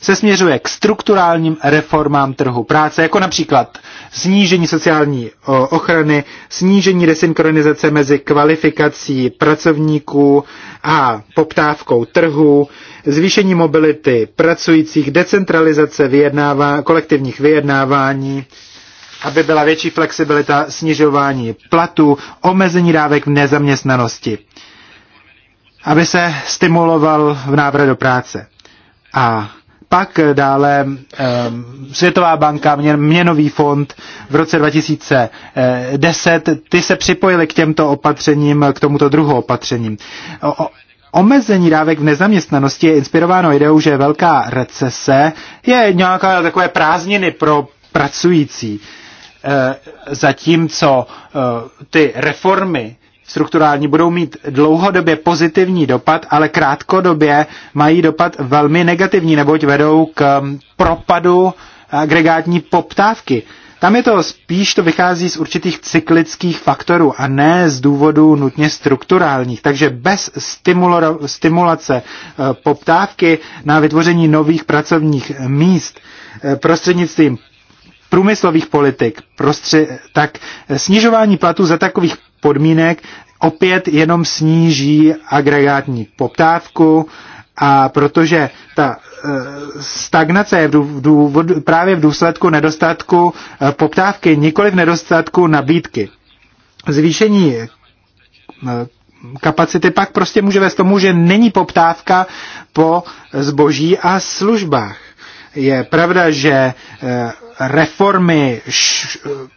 se směřuje k strukturálním reformám trhu práce, jako například snížení sociální eh, ochrany, snížení desynchronizace mezi kvalifikací pracovníků a poptávkou trhu, zvýšení mobility pracujících, decentralizace vyjednává, kolektivních vyjednávání, aby byla větší flexibilita snižování platů, omezení dávek v nezaměstnanosti, aby se stimuloval v návrat do práce. A pak dále eh, Světová banka, Měnový fond v roce 2010, ty se připojily k těmto opatřením, k tomuto druhu opatřením. O, omezení dávek v nezaměstnanosti je inspirováno ideou, že velká recese je nějaká takové prázdniny pro pracující. Eh, zatímco eh, ty reformy strukturální budou mít dlouhodobě pozitivní dopad, ale krátkodobě mají dopad velmi negativní, neboť vedou k mm, propadu eh, agregátní poptávky. Tam je to spíš, to vychází z určitých cyklických faktorů a ne z důvodů nutně strukturálních. Takže bez stimulace eh, poptávky na vytvoření nových pracovních míst eh, prostřednictvím průmyslových politik, prostře- tak snižování platů za takových podmínek opět jenom sníží agregátní poptávku a protože ta e, stagnace je v důvod, právě v důsledku nedostatku e, poptávky, nikoli v nedostatku nabídky. Zvýšení e, kapacity pak prostě může vést tomu, že není poptávka po zboží a službách. Je pravda, že reformy,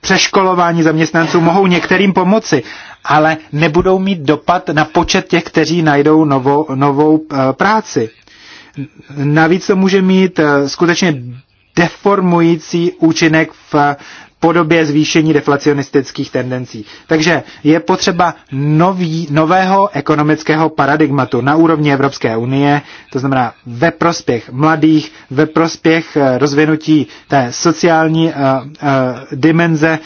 přeškolování zaměstnanců mohou některým pomoci, ale nebudou mít dopad na počet těch, kteří najdou novou, novou eh, práci. Navíc to může mít eh, skutečně deformující účinek v podobě zvýšení deflacionistických tendencí. Takže je potřeba nový, nového ekonomického paradigmatu na úrovni Evropské unie, to znamená ve prospěch mladých, ve prospěch eh, rozvinutí té sociální uh, uh, dimenze,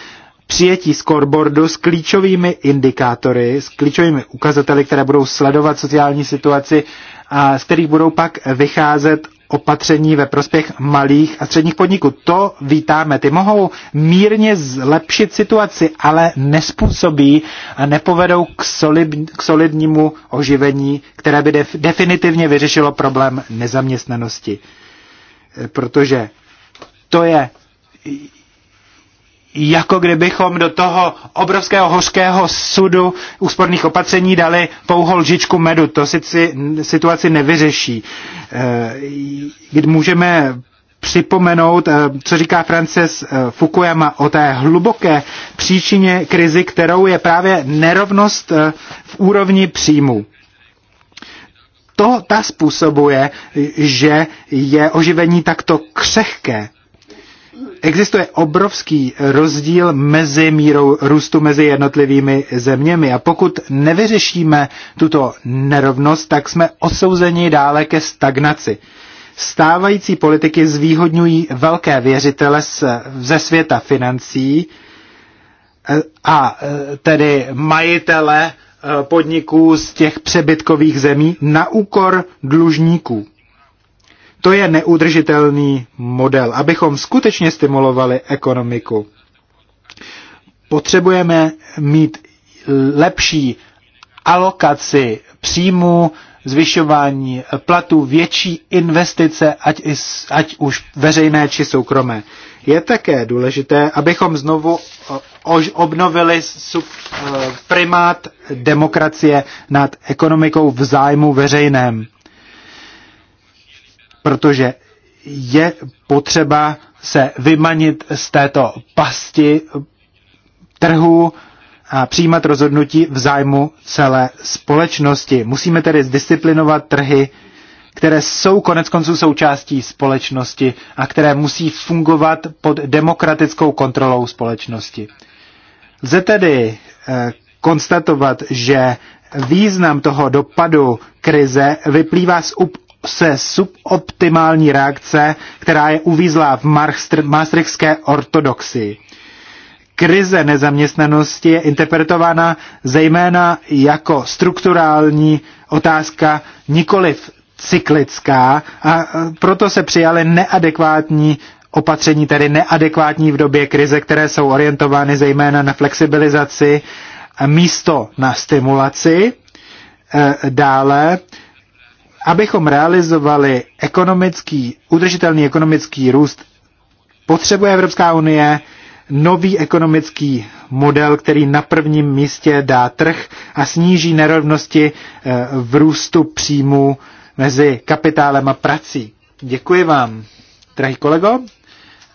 přijetí scoreboardu s klíčovými indikátory, s klíčovými ukazateli, které budou sledovat sociální situaci a z kterých budou pak vycházet opatření ve prospěch malých a středních podniků. To vítáme. Ty mohou mírně zlepšit situaci, ale nespůsobí a nepovedou k, solid, k solidnímu oživení, které by def, definitivně vyřešilo problém nezaměstnanosti. E, protože to je jako kdybychom do toho obrovského hořkého sudu úsporných opatření dali pouhou lžičku medu. To si situaci nevyřeší. Eh, můžeme připomenout, eh, co říká Frances eh, Fukuyama o té hluboké příčině krizi, kterou je právě nerovnost v úrovni příjmu. To ta způsobuje, že je oživení takto křehké existuje obrovský rozdíl mezi mírou růstu mezi jednotlivými zeměmi a pokud nevyřešíme tuto nerovnost, tak jsme osouzeni dále ke stagnaci. Stávající politiky zvýhodňují velké věřitele ze světa financí eh, a eh, tedy majitele eh, podniků z těch přebytkových zemí na úkor dlužníků. To je neudržitelný model. Abychom skutečně stimulovali ekonomiku, potřebujeme mít lepší alokaci příjmů, zvyšování platů, větší investice, ať, i, ať už veřejné či soukromé. Je také důležité, abychom znovu obnovili eh, primát demokracie nad ekonomikou v zájmu veřejném protože je potřeba se vymanit z této pasti trhu a přijímat rozhodnutí v zájmu celé společnosti. Musíme tedy zdisciplinovat trhy, které jsou konec konců součástí společnosti a které musí fungovat pod demokratickou kontrolou společnosti. Lze tedy eh, konstatovat, že význam toho dopadu krize vyplývá z se suboptimální reakce, která je uvízlá v maastrichtské ortodoxii. Krize nezaměstnanosti je interpretována zejména jako strukturální otázka, nikoliv cyklická a proto se přijaly neadekvátní opatření, tedy neadekvátní v době krize, které jsou orientovány zejména na flexibilizaci místo na stimulaci. E, dále abychom realizovali ekonomický, udržitelný ekonomický růst, potřebuje Evropská unie nový ekonomický model, který na prvním místě dá trh a sníží nerovnosti eh, v růstu příjmů mezi kapitálem a prací. Děkuji vám, drahý kolego.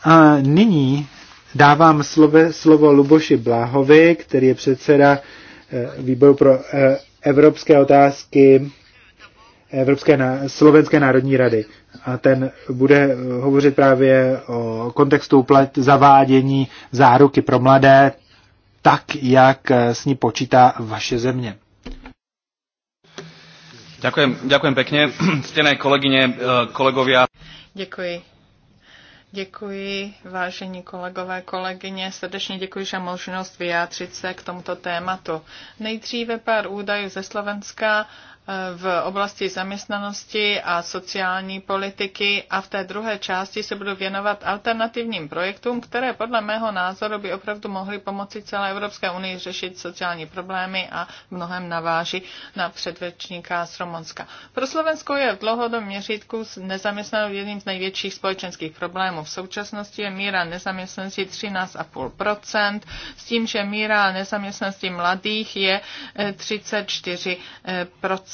A nyní dávám slovo, slovo Luboši Bláhovi, který je předseda eh, výboru pro eh, evropské otázky Evropské, Slovenské národní rady. A ten bude eh, hovořit právě o kontextu plet zavádění záruky pro mladé, tak, jak eh, s ní počítá vaše země. Ďakujem, ďakujem pekne. (clears throat) Ctené kolegyne, eh, kolegovia. Děkuji. Děkuji, vážení kolegové, kolegyně. Srdečně děkuji za možnost vyjádřit se k tomuto tématu. Nejdříve pár údajů ze Slovenska v oblasti zaměstnanosti a sociální politiky a v té druhé části se budu věnovat alternativním projektům, které podle mého názoru by opravdu mohly pomoci celé Evropské unii řešit sociální problémy a mnohem naváží na předvečníka z Romonska. Pro Slovensko je v dlouhodobém měřítku nezaměstnanost jedním z největších společenských problémů. V současnosti je míra nezaměstnanosti 13,5%, s tím, že míra nezaměstnanosti mladých je 34%. Eh,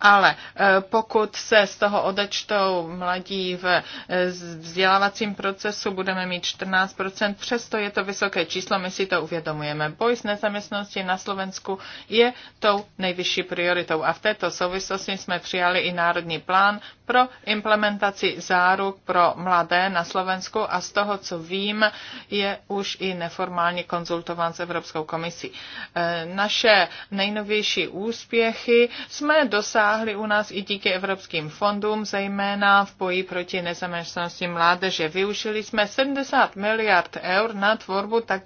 Ale eh, pokud se z toho odečtou mladí v eh, vzdělávacím procesu, budeme mít 14%, přesto je to vysoké číslo, my si to uvědomujeme. Boj s nezaměstností na Slovensku je tou nejvyšší prioritou a v této souvislosti jsme přijali i národní plán pro implementaci záruk pro mladé na Slovensku a z toho, co vím, je už i neformálně konzultován s Evropskou komisí. Eh, naše nejnovější úspěchy jsme dosáhli dosáhli u nás i díky evropským fondům, zejména v boji proti nezaměstnanosti mládeže. Využili jsme 70 miliard eur na tvorbu tak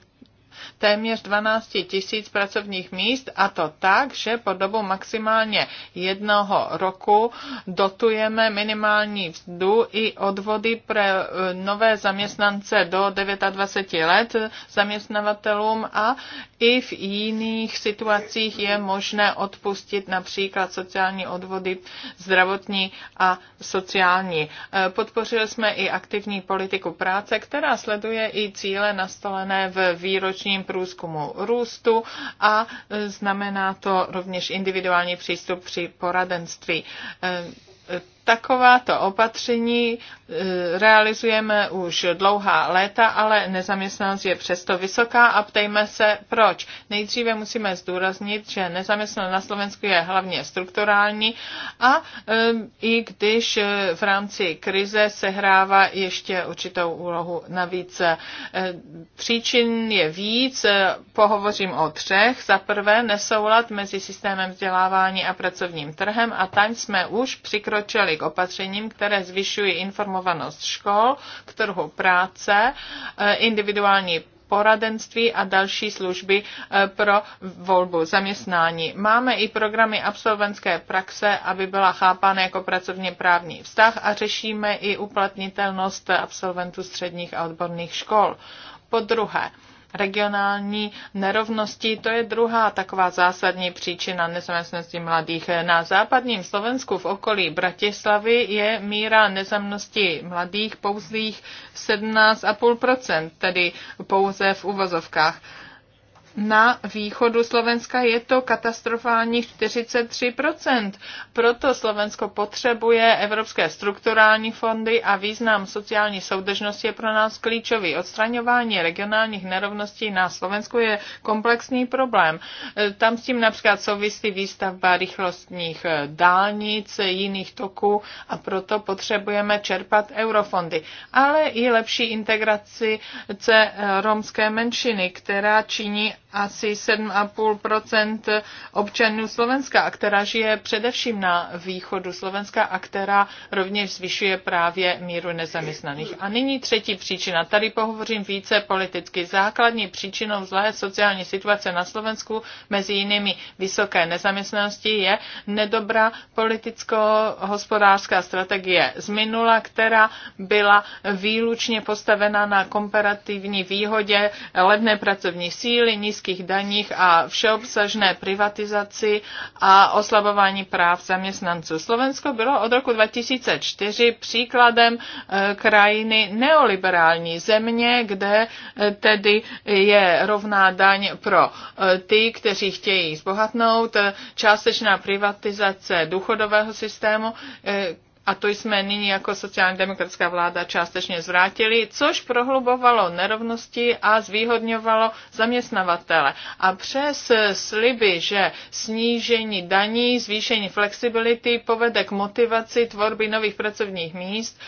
téměř 12 tisíc pracovních míst a to tak, že po dobu maximálně jednoho roku dotujeme minimální vzdu i odvody pro e, nové zaměstnance do 29 let zaměstnavatelům a i v jiných situacích je možné odpustit například sociální odvody zdravotní a sociální. E, podpořili jsme i aktivní politiku práce, která sleduje i cíle nastolené v výroční výročním průzkumu růstu a e, znamená to rovněž individuální přístup při poradenství e, e, takováto opatření e, realizujeme už dlouhá léta, ale nezaměstnanost je přesto vysoká a ptejme se, proč. Nejdříve musíme zdůraznit, že nezaměstnanost na Slovensku je hlavně strukturální a e, i když e, v rámci krize sehrává ještě určitou úlohu navíc. Příčin je víc, pohovořím o třech. Za prvé nesoulad mezi systémem vzdělávání a pracovním trhem a tam jsme už přikročili přistupovali k opatřením, které zvyšují informovanost škol k trhu práce, eh, individuální poradenství a další služby eh, pro volbu zaměstnání. Máme i programy absolventské praxe, aby byla chápána jako pracovně právní vztah a řešíme i uplatnitelnost absolventů středních a odborných škol. Po druhé, regionální nerovnosti, to je druhá taková zásadní příčina nezaměstnanosti mladých. Na západním Slovensku v okolí Bratislavy je míra nezaměstnanosti mladých pouzlých 17,5%, tedy pouze v uvozovkách na východu Slovenska je to katastrofálních 43%. Proto Slovensko potřebuje evropské strukturální fondy a význam sociální soudržnosti je pro nás klíčový. Odstraňování regionálních nerovností na Slovensku je komplexní problém. E, tam s tím například souvisí výstavba rychlostních e, dálnic, jiných toků a proto potřebujeme čerpat eurofondy. Ale i lepší integraci e, romské menšiny, která činí asi 7,5 občanů Slovenska, a která žije především na východu Slovenska a která rovněž zvyšuje právě míru nezaměstnaných. A nyní třetí příčina. Tady pohovořím více politicky. Základní příčinou zlé sociální situace na Slovensku, mezi jinými vysoké nezaměstnanosti, je nedobrá politicko-hospodářská strategie z minula, která byla výlučně postavena na komparativní výhodě levné pracovní síly, nízké nízkých daních a všeobsažné privatizaci a oslabování práv zaměstnanců. Slovensko bylo od roku 2004 příkladem eh, krajiny neoliberální země, kde eh, tedy je rovná daň pro eh, ty, kteří chtějí zbohatnout, částečná privatizace důchodového systému, a to jsme nyní jako sociálně demokratická vláda částečně zvrátili, což prohlubovalo nerovnosti a zvýhodňovalo zaměstnavatele. A přes sliby, že snížení daní, zvýšení flexibility povede k motivaci tvorby nových pracovních míst,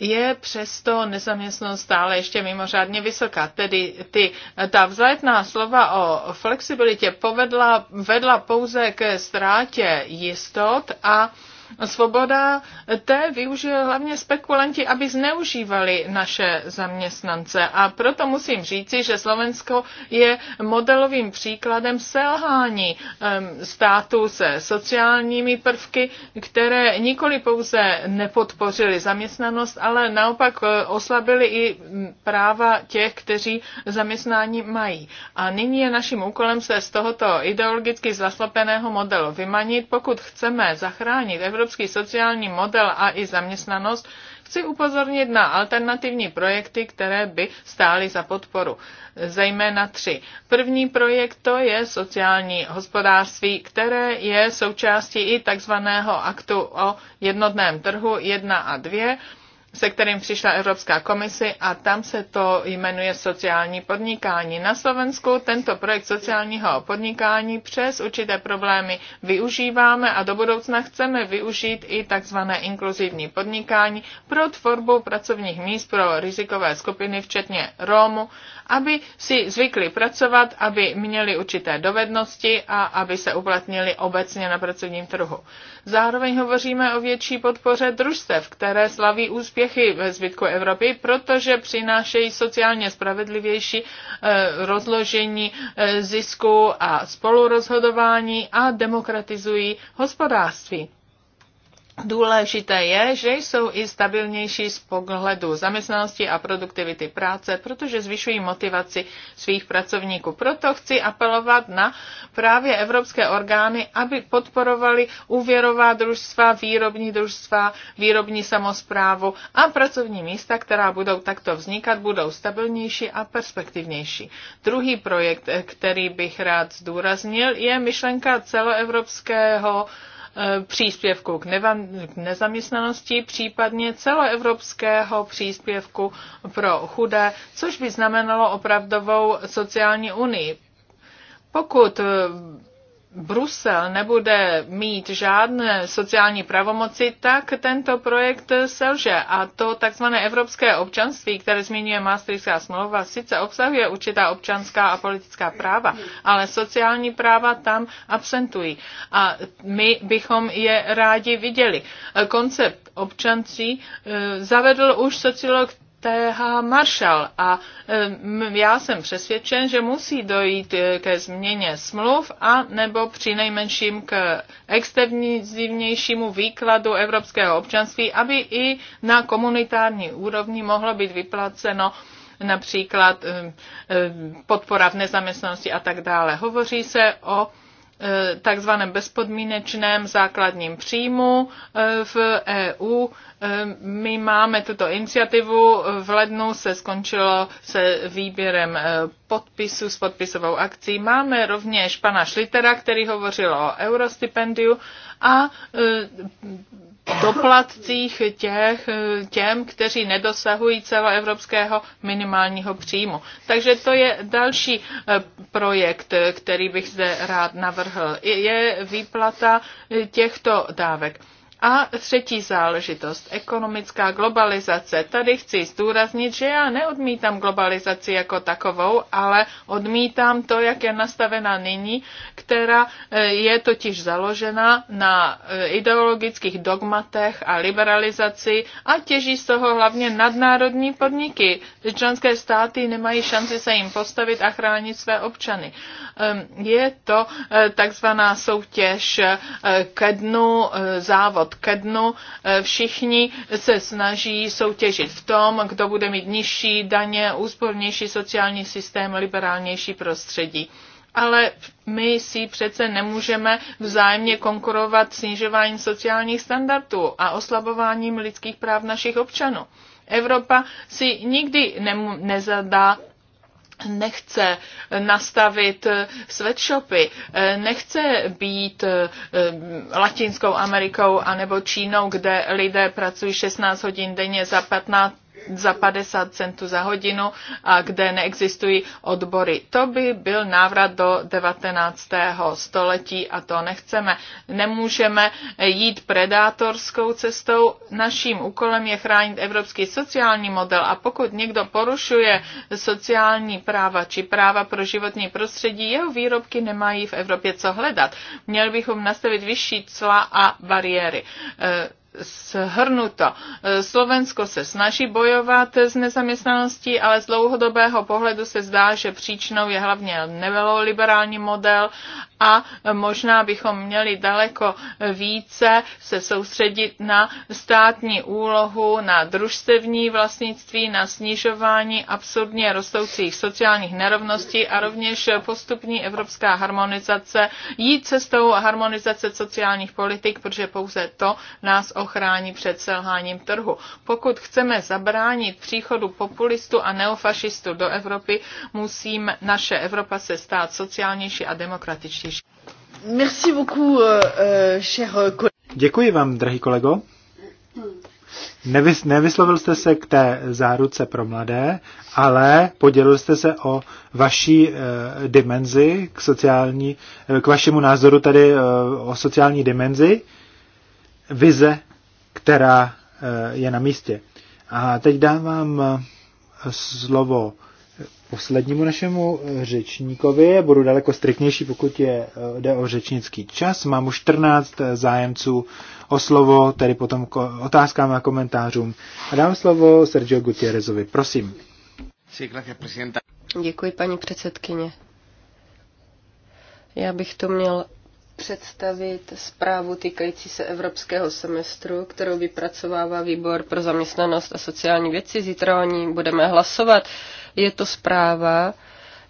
je přesto nezaměstnanost stále ještě mimořádně vysoká. Tedy ty, ta vzletná slova o flexibilitě povedla, vedla pouze k ztrátě jistot a svoboda, té využili hlavně spekulanti, aby zneužívali naše zaměstnance. A proto musím říci, že Slovensko je modelovým příkladem selhání státu se sociálními prvky, které nikoli pouze nepodpořili zaměstnanost, ale naopak e, oslabili i práva těch, kteří zaměstnání mají. A nyní je naším úkolem se z tohoto ideologicky zaslopeného modelu vymanit, pokud chceme zachránit Evropu evropský sociální model a i zaměstnanost, chci upozornit na alternativní projekty, které by stály za podporu. Zejména tři. První projekt to je sociální hospodářství, které je součástí i takzvaného aktu o jednotném trhu 1 a 2 se kterým přišla Evropská komisi a tam se to jmenuje sociální podnikání. Na Slovensku tento projekt sociálního podnikání přes určité problémy využíváme a do budoucna chceme využít i tzv. inkluzivní podnikání pro tvorbu pracovních míst pro rizikové skupiny, včetně Rómu aby si zvykli pracovat, aby měli určité dovednosti a aby se uplatnili obecně na pracovním trhu. Zároveň hovoříme o větší podpoře družstev, které slaví úspěchy ve zbytku Evropy, protože přinášejí sociálně spravedlivější eh, rozložení eh, zisku a spolurozhodování a demokratizují hospodářství. Důležité je, že jsou i stabilnější z pohledu zaměstnanosti a produktivity práce, protože zvyšují motivaci svých pracovníků. Proto chci apelovat na právě evropské orgány, aby podporovali úvěrová družstva, výrobní družstva, výrobní samozprávu a pracovní místa, která budou takto vznikat, budou stabilnější a perspektivnější. Druhý projekt, který bych rád zdůraznil, je myšlenka celoevropského Eh, příspěvku k, k nezaměstnanosti, případně celoevropského příspěvku pro chudé, což by znamenalo opravdovou sociální unii. Pokud eh, Brusel nebude mít žádné sociální pravomoci, tak tento projekt selže. A to takzvané evropské občanství, které zmiňuje Maastrichtská smlouva, sice obsahuje určitá občanská a politická práva, ale sociální práva tam absentují. A my bychom je rádi viděli. Koncept občanství eh, zavedl už sociolog T.H. Marshall a já jsem přesvědčen, že musí dojít eh, ke změně smluv a nebo přinejmenším k extenzivnějšímu výkladu evropského občanství, aby i na komunitární úrovni mohlo být vyplaceno například podpora v nezaměstnanosti a tak dále. Hovoří se o Eh, takzvaném bezpodmínečném základním příjmu eh, v EU. Eh, my máme tuto iniciativu. V lednu se skončilo se výběrem podpisu s podpisovou akcí. Máme rovněž pana Šlitera, který hovořil o eurostipendiu a doplatcích těch, těm, kteří nedosahují celoevropského minimálního příjmu. Takže to je další eh, projekt, který bych zde rád navrhl. Je výplata těchto dávek. A třetí záležitost, ekonomická globalizace. Tady chci zdůraznit, že já neodmítám globalizaci jako takovou, ale odmítám to, jak je nastavena nyní, která e, je totiž založena na e, ideologických dogmatech a liberalizaci a těží z toho hlavně nadnárodní podniky. Členské státy nemají šanci se jim postavit a chránit své občany. Je to e, takzvaná soutěž ke dnu závod od ke dnu. E, všichni se snaží soutěžit v tom, kdo bude mít nižší daně, úspornější sociální systém, liberálnější prostředí ale my si přece nemůžeme vzájemně konkurovat snižováním sociálních standardů a oslabováním lidských práv našich občanů. Evropa si nikdy ne- nezadá nechce nastavit sweatshopy, nechce být eh, Latinskou Amerikou anebo Čínou, kde lidé pracují 16 hodin denně za 15 za 50 centů za hodinu a kde neexistují odbory. To by byl návrat do 19. století a to nechceme. Nemůžeme jít predátorskou cestou. Naším úkolem je chránit evropský sociální model a pokud někdo porušuje sociální práva či práva pro životní prostředí, jeho výrobky nemají v Evropě co hledat. Měli bychom nastavit vyšší cla a bariéry shrnuto. Slovensko se snaží bojovat s nezaměstnaností, ale z dlouhodobého pohledu se zdá, že příčinou je hlavně neveloliberální model a možná bychom měli daleko více se soustředit na státní úlohu, na družstevní vlastnictví, na snižování absurdně rostoucích sociálních nerovností a rovněž postupní evropská harmonizace, jít cestou harmonizace sociálních politik, protože pouze to nás ochrání ochrání před selháním trhu. Pokud chceme zabránit příchodu populistů a neofašistů do Evropy, musí naše Evropa se stát sociálnější a demokratičtější. Merci beaucoup, uh, cher Děkuji vám, drahý kolego. Nevys, nevyslovil jste se k té záruce pro mladé, ale podělil jste se o vaší e, dimenzi k sociální, eh, k vašemu názoru tady e, o sociální dimenzi vize která eh, je na místě. A teď dávám eh, slovo poslednímu našemu eh, řečníkovi. Budu daleko striktnější, pokud je, jde o řečnický čas. Mám už 14 zájemců o slovo, tedy potom k otázkám a komentářům. A dám slovo Sergio Gutierrezovi. Prosím. Děkuji, paní předsedkyně. Já bych to měl představit zprávu týkající se evropského semestru, kterou vypracovává výbor pro zaměstnanost a sociální věci. Zítra o ní budeme hlasovat. Je to zpráva,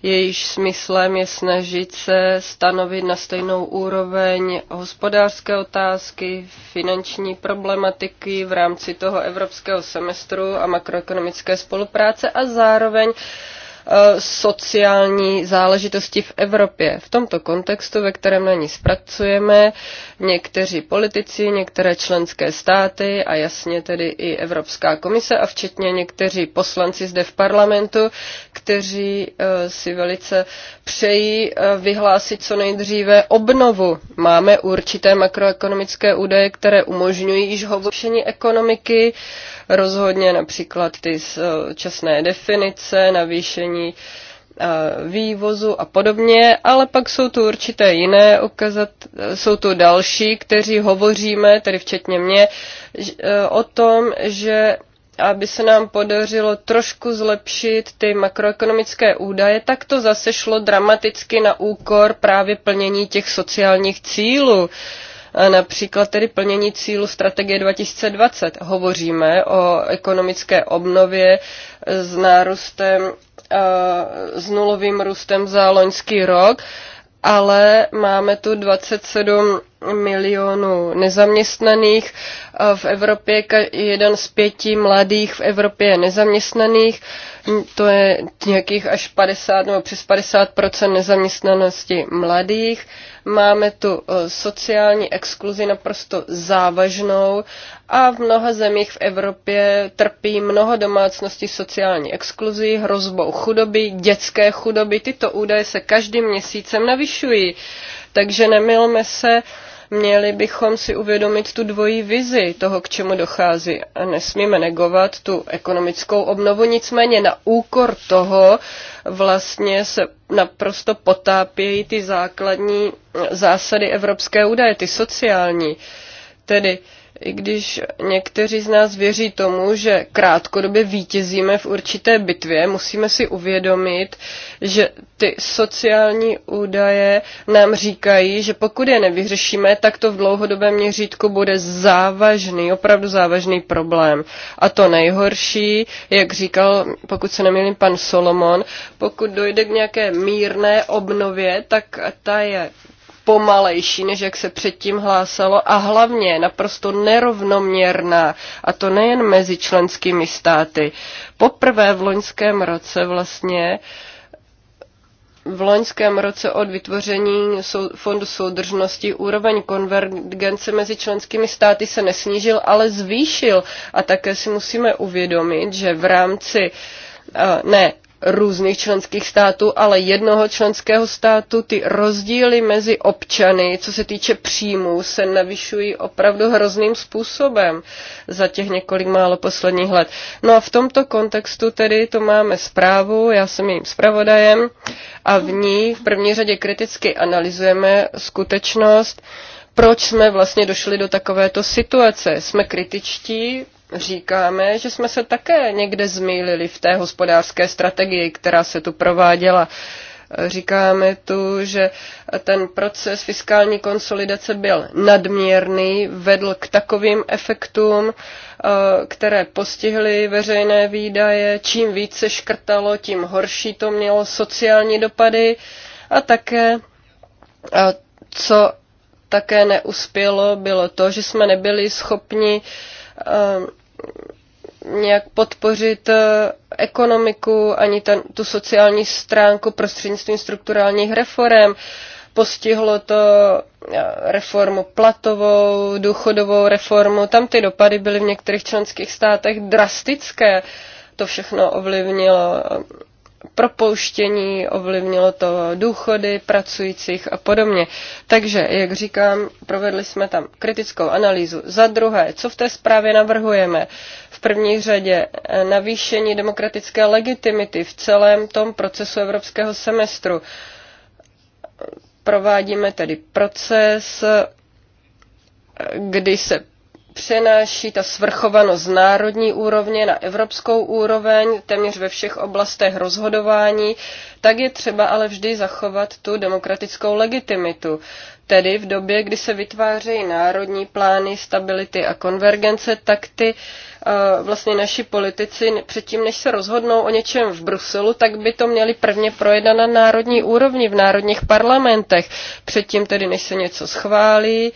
jejíž smyslem je snažit se stanovit na stejnou úroveň hospodářské otázky, finanční problematiky v rámci toho evropského semestru a makroekonomické spolupráce a zároveň uh, Eh, sociální záležitosti v Evropě. V tomto kontextu, ve kterém na ní zpracujeme, někteří politici, některé členské státy a jasně tedy i Evropská komise a včetně někteří poslanci zde v parlamentu, kteří eh, si velice přejí eh, vyhlásit co nejdříve obnovu. Máme určité makroekonomické údaje, které umožňují již hovoření ekonomiky, rozhodně například ty časné definice, navýšení snižování eh, vývozu a podobně, ale pak jsou tu určité jiné ukazat, jsou tu další, kteří hovoříme, tedy včetně mě, eh, o tom, že aby se nám podařilo trošku zlepšit ty makroekonomické údaje, tak to zase šlo dramaticky na úkor právě plnění těch sociálních cílů. Například tedy plnění cílu strategie 2020. Hovoříme o ekonomické obnově s nárůstem s nulovým růstem za loňský rok, ale máme tu 27 milionů nezaměstnaných. E, v Evropě jeden z pěti mladých v Evropě je nezaměstnaných. To je nějakých až 50 nebo přes 50 nezaměstnanosti mladých. Máme tu eh, sociální exkluzi naprosto závažnou a v mnoha zemích v Evropě trpí mnoho domácností sociální exkluzí, hrozbou chudoby, dětské chudoby. Tyto údaje se každým měsícem navyšují. Takže nemilme se, Měli bychom si uvědomit tu dvojí vizi toho, k čemu dochází. A nesmíme negovat tu ekonomickou obnovu, nicméně na úkor toho vlastně se naprosto potápějí ty základní zásady evropské údaje, ty sociální. Tedy uh, i když někteří z nás věří tomu, že krátkodobě vítězíme v určité bitvě, musíme si uvědomit, že ty sociální údaje nám říkají, že pokud je nevyřešíme, tak to v dlouhodobém měřítku bude závažný, opravdu závažný problém. A to nejhorší, jak říkal, pokud se nemýlím pan Solomon, pokud dojde k nějaké mírné obnově, tak ta je pomalejší, než jak se předtím hlásalo a hlavně naprosto nerovnoměrná a to nejen mezi členskými státy. Poprvé v loňském roce vlastně v loňském roce od vytvoření fondu soudržnosti úroveň konvergence mezi členskými státy se nesnížil, ale zvýšil. A také si musíme uvědomit, že v rámci eh, ne různých členských států, ale jednoho členského státu ty rozdíly mezi občany, co se týče příjmů, se navyšují opravdu hrozným způsobem za těch několik málo posledních let. No a v tomto kontextu tedy to máme zprávu, já jsem jejím zpravodajem a v ní v první řadě kriticky analyzujeme skutečnost, proč jsme vlastně došli do takovéto situace. Jsme kritičtí, říkáme, že jsme se také někde zmýlili v té hospodářské strategii, která se tu prováděla. Říkáme tu, že ten proces fiskální konsolidace byl nadměrný, vedl k takovým efektům, eh, které postihly veřejné výdaje. Čím více škrtalo, tím horší to mělo sociální dopady a také, eh, co také neuspělo, bylo to, že jsme nebyli schopni uh, Eh, nějak podpořit eh, ekonomiku, ani ten, tu sociální stránku prostřednictvím strukturálních reform. Postihlo to eh, reformu platovou, důchodovou reformu. Tam ty dopady byly v některých členských státech drastické. To všechno ovlivnilo propouštění, ovlivnilo to důchody pracujících a podobně. Takže, jak říkám, provedli jsme tam kritickou analýzu. Za druhé, co v té zprávě navrhujeme? V první řadě eh, navýšení demokratické legitimity v celém tom procesu evropského semestru. Provádíme tedy proces, eh, kdy se přenáší ta svrchovanost z národní úrovně na evropskou úroveň, téměř ve všech oblastech rozhodování, tak je třeba ale vždy zachovat tu demokratickou legitimitu. Tedy v době, kdy se vytvářejí národní plány stability a konvergence, tak ty eh, vlastně naši politici předtím, než se rozhodnou o něčem v Bruselu, tak by to měli prvně projednat na národní úrovni, v národních parlamentech, předtím tedy, než se něco schválí,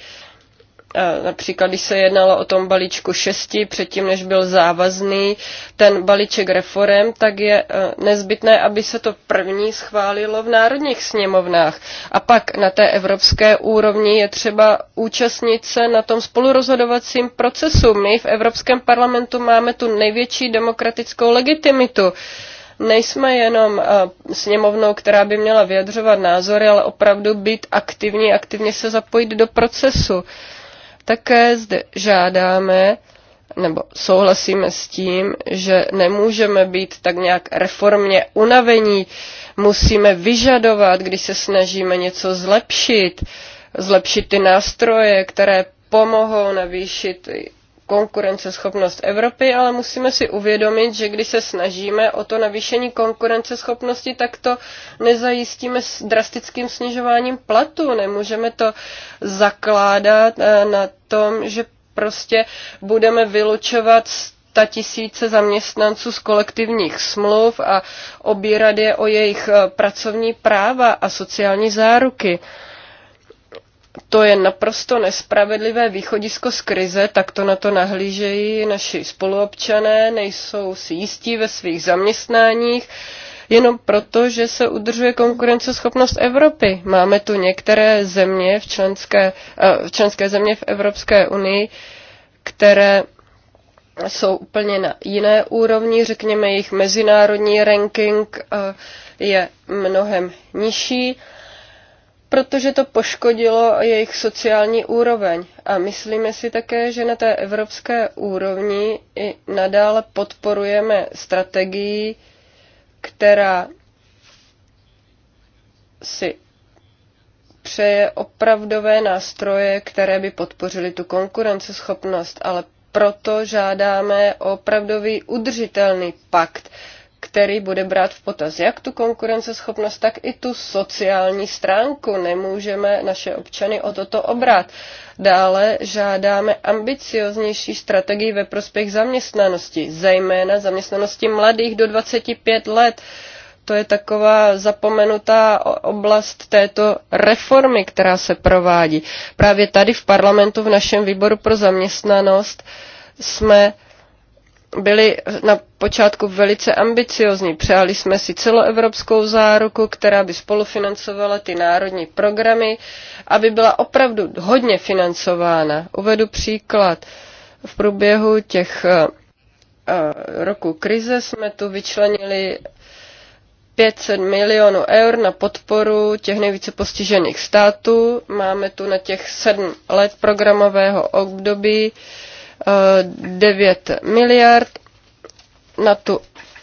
Například, když se jednalo o tom balíčku 6, předtím, než byl závazný ten balíček reform, tak je e, nezbytné, aby se to první schválilo v národních sněmovnách. A pak na té evropské úrovni je třeba účastnit se na tom spolurozhodovacím procesu. My v Evropském parlamentu máme tu největší demokratickou legitimitu nejsme jenom e, sněmovnou, která by měla vyjadřovat názory, ale opravdu být aktivní, aktivně se zapojit do procesu. Také zde žádáme nebo souhlasíme s tím, že nemůžeme být tak nějak reformně unavení, musíme vyžadovat, když se snažíme něco zlepšit, zlepšit ty nástroje, které pomohou navýšit konkurenceschopnost Evropy, ale musíme si uvědomit, že když se snažíme o to navýšení konkurenceschopnosti, tak to nezajistíme s drastickým snižováním platu. Nemůžeme to zakládat eh, na tom, že prostě budeme vylučovat ta tisíce zaměstnanců z kolektivních smluv a obírat je o jejich eh, pracovní práva a sociální záruky. To je naprosto nespravedlivé východisko z krize, tak to na to nahlížejí naši spoluobčané, nejsou si jistí ve svých zaměstnáních, jenom proto, že se udržuje konkurenceschopnost Evropy. Máme tu některé země v členské, eh, v členské země v Evropské unii, které jsou úplně na jiné úrovni, řekněme, jejich mezinárodní ranking eh, je mnohem nižší protože to poškodilo jejich sociální úroveň. A myslíme si také, že na té evropské úrovni i nadále podporujeme strategii, která si přeje opravdové nástroje, které by podpořily tu konkurenceschopnost, ale proto žádáme opravdový udržitelný pakt, který bude brát v potaz jak tu konkurenceschopnost, tak i tu sociální stránku. Nemůžeme naše občany o toto obrat. Dále žádáme ambicioznější strategii ve prospěch zaměstnanosti, zejména zaměstnanosti mladých do 25 let. To je taková zapomenutá oblast této reformy, která se provádí. Právě tady v parlamentu, v našem výboru pro zaměstnanost, jsme byli na počátku velice ambiciozní. Přáli jsme si celoevropskou záruku, která by spolufinancovala ty národní programy, aby byla opravdu hodně financována. Uvedu příklad. V průběhu těch eh, eh, roku krize jsme tu vyčlenili 500 milionů eur na podporu těch nejvíce postižených států. Máme tu na těch sedm let programového období 9 eh, miliard na tu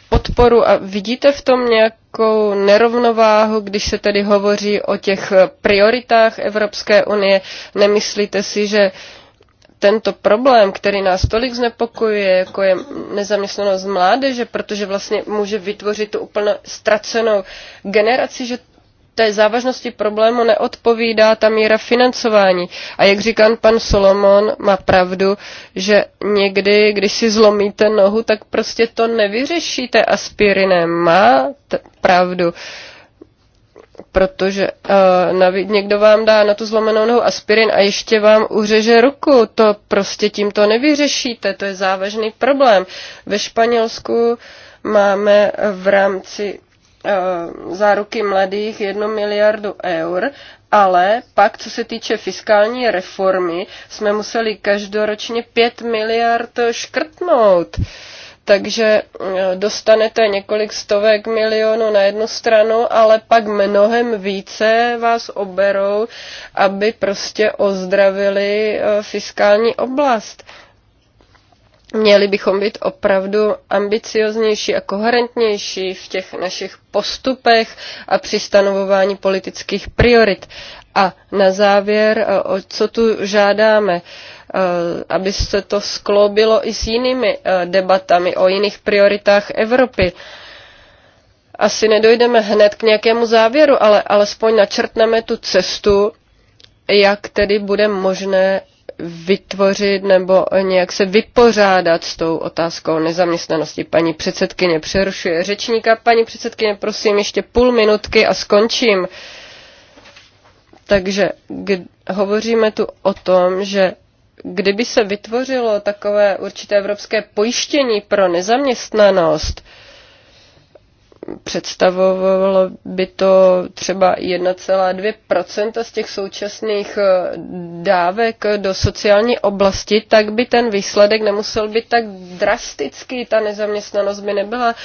podporu a vidíte v tom nějakou nerovnováhu, když se tedy hovoří o těch prioritách Evropské unie? Nemyslíte si, že tento problém, který nás tolik znepokojuje, jako je nezaměstnanost mládeže, protože vlastně může vytvořit tu úplně ztracenou generaci, že té závažnosti problému neodpovídá ta míra financování. A jak říká pan Solomon má pravdu, že někdy, když si zlomíte nohu, tak prostě to nevyřešíte aspirinem. Má pravdu protože uh, eh, navíc někdo vám dá na tu zlomenou nohu aspirin a ještě vám uřeže ruku. To prostě tím to nevyřešíte, to je závažný problém. Ve Španělsku máme v rámci Eh, záruky mladých 1 miliardu eur, ale pak, co se týče fiskální reformy, jsme museli každoročně 5 miliard škrtnout. Takže eh, dostanete několik stovek milionů na jednu stranu, ale pak mnohem více vás oberou, aby prostě ozdravili eh, fiskální oblast. Měli bychom být opravdu ambicioznější a koherentnější v těch našich postupech a při stanovování politických priorit. A na závěr, eh, o co tu žádáme, eh, aby se to skloubilo i s jinými eh, debatami o jiných prioritách Evropy asi nedojdeme hned k nějakému závěru, ale alespoň načrtneme tu cestu, jak tedy bude možné vytvořit nebo nějak se vypořádat s tou otázkou nezaměstnanosti. Paní předsedkyně přerušuje řečníka. Paní předsedkyně, prosím, ještě půl minutky a skončím. Takže hovoříme tu o tom, že kdyby se vytvořilo takové určité evropské pojištění pro nezaměstnanost, představovalo by to třeba 1,2 z těch současných eh, dávek do sociální oblasti, tak by ten výsledek nemusel být tak drastický, ta nezaměstnanost by nebyla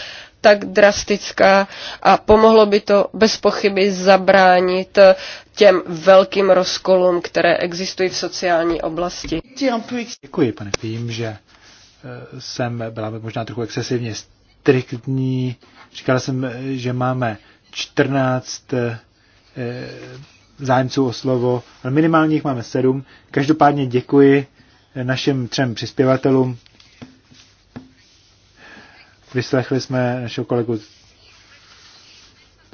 tak drastická a pomohlo by to bez pochyby zabránit eh, těm velkým rozkolům, které existují v sociální oblasti. Děkuji, pane. Vím, že eh, jsem byla možná trochu excesivně striktní Říkal jsem, eh, že máme 14 eh, eh, zájemců o slovo, ale minimálně jich máme 7. Každopádně děkuji našim třem přispěvatelům. Vyslechli jsme našeho kolegu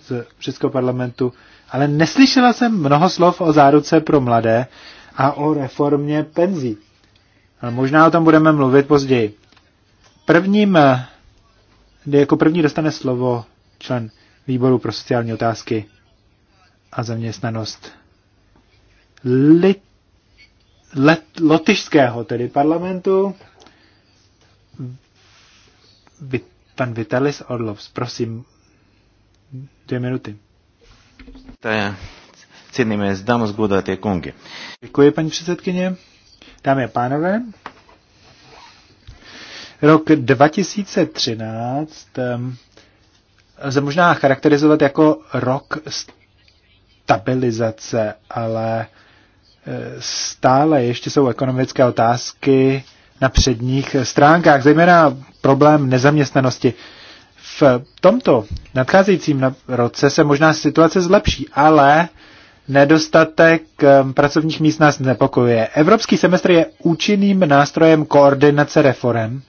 z Českého parlamentu, ale neslyšela jsem mnoho slov o záruce pro mladé a o reformě penzí. Ale možná o tom budeme mluvit později. Prvním kde jako první dostane slovo člen výboru pro sociální otázky a zaměstnanost Lit, let, lotyšského tedy parlamentu. Vy, pan Vitalis Orlovs, prosím, dvě minuty. Ceníme, dámas, godaté kungi. Děkuji, paní předsedkyně. Dámy a pánové, rok 2013 lze možná charakterizovat jako rok stabilizace, ale e, stále ještě jsou ekonomické otázky na předních stránkách, zejména problém nezaměstnanosti. V tomto nadcházejícím roce se možná situace zlepší, ale nedostatek pracovních míst nás nepokojuje. Evropský semestr je účinným nástrojem koordinace reform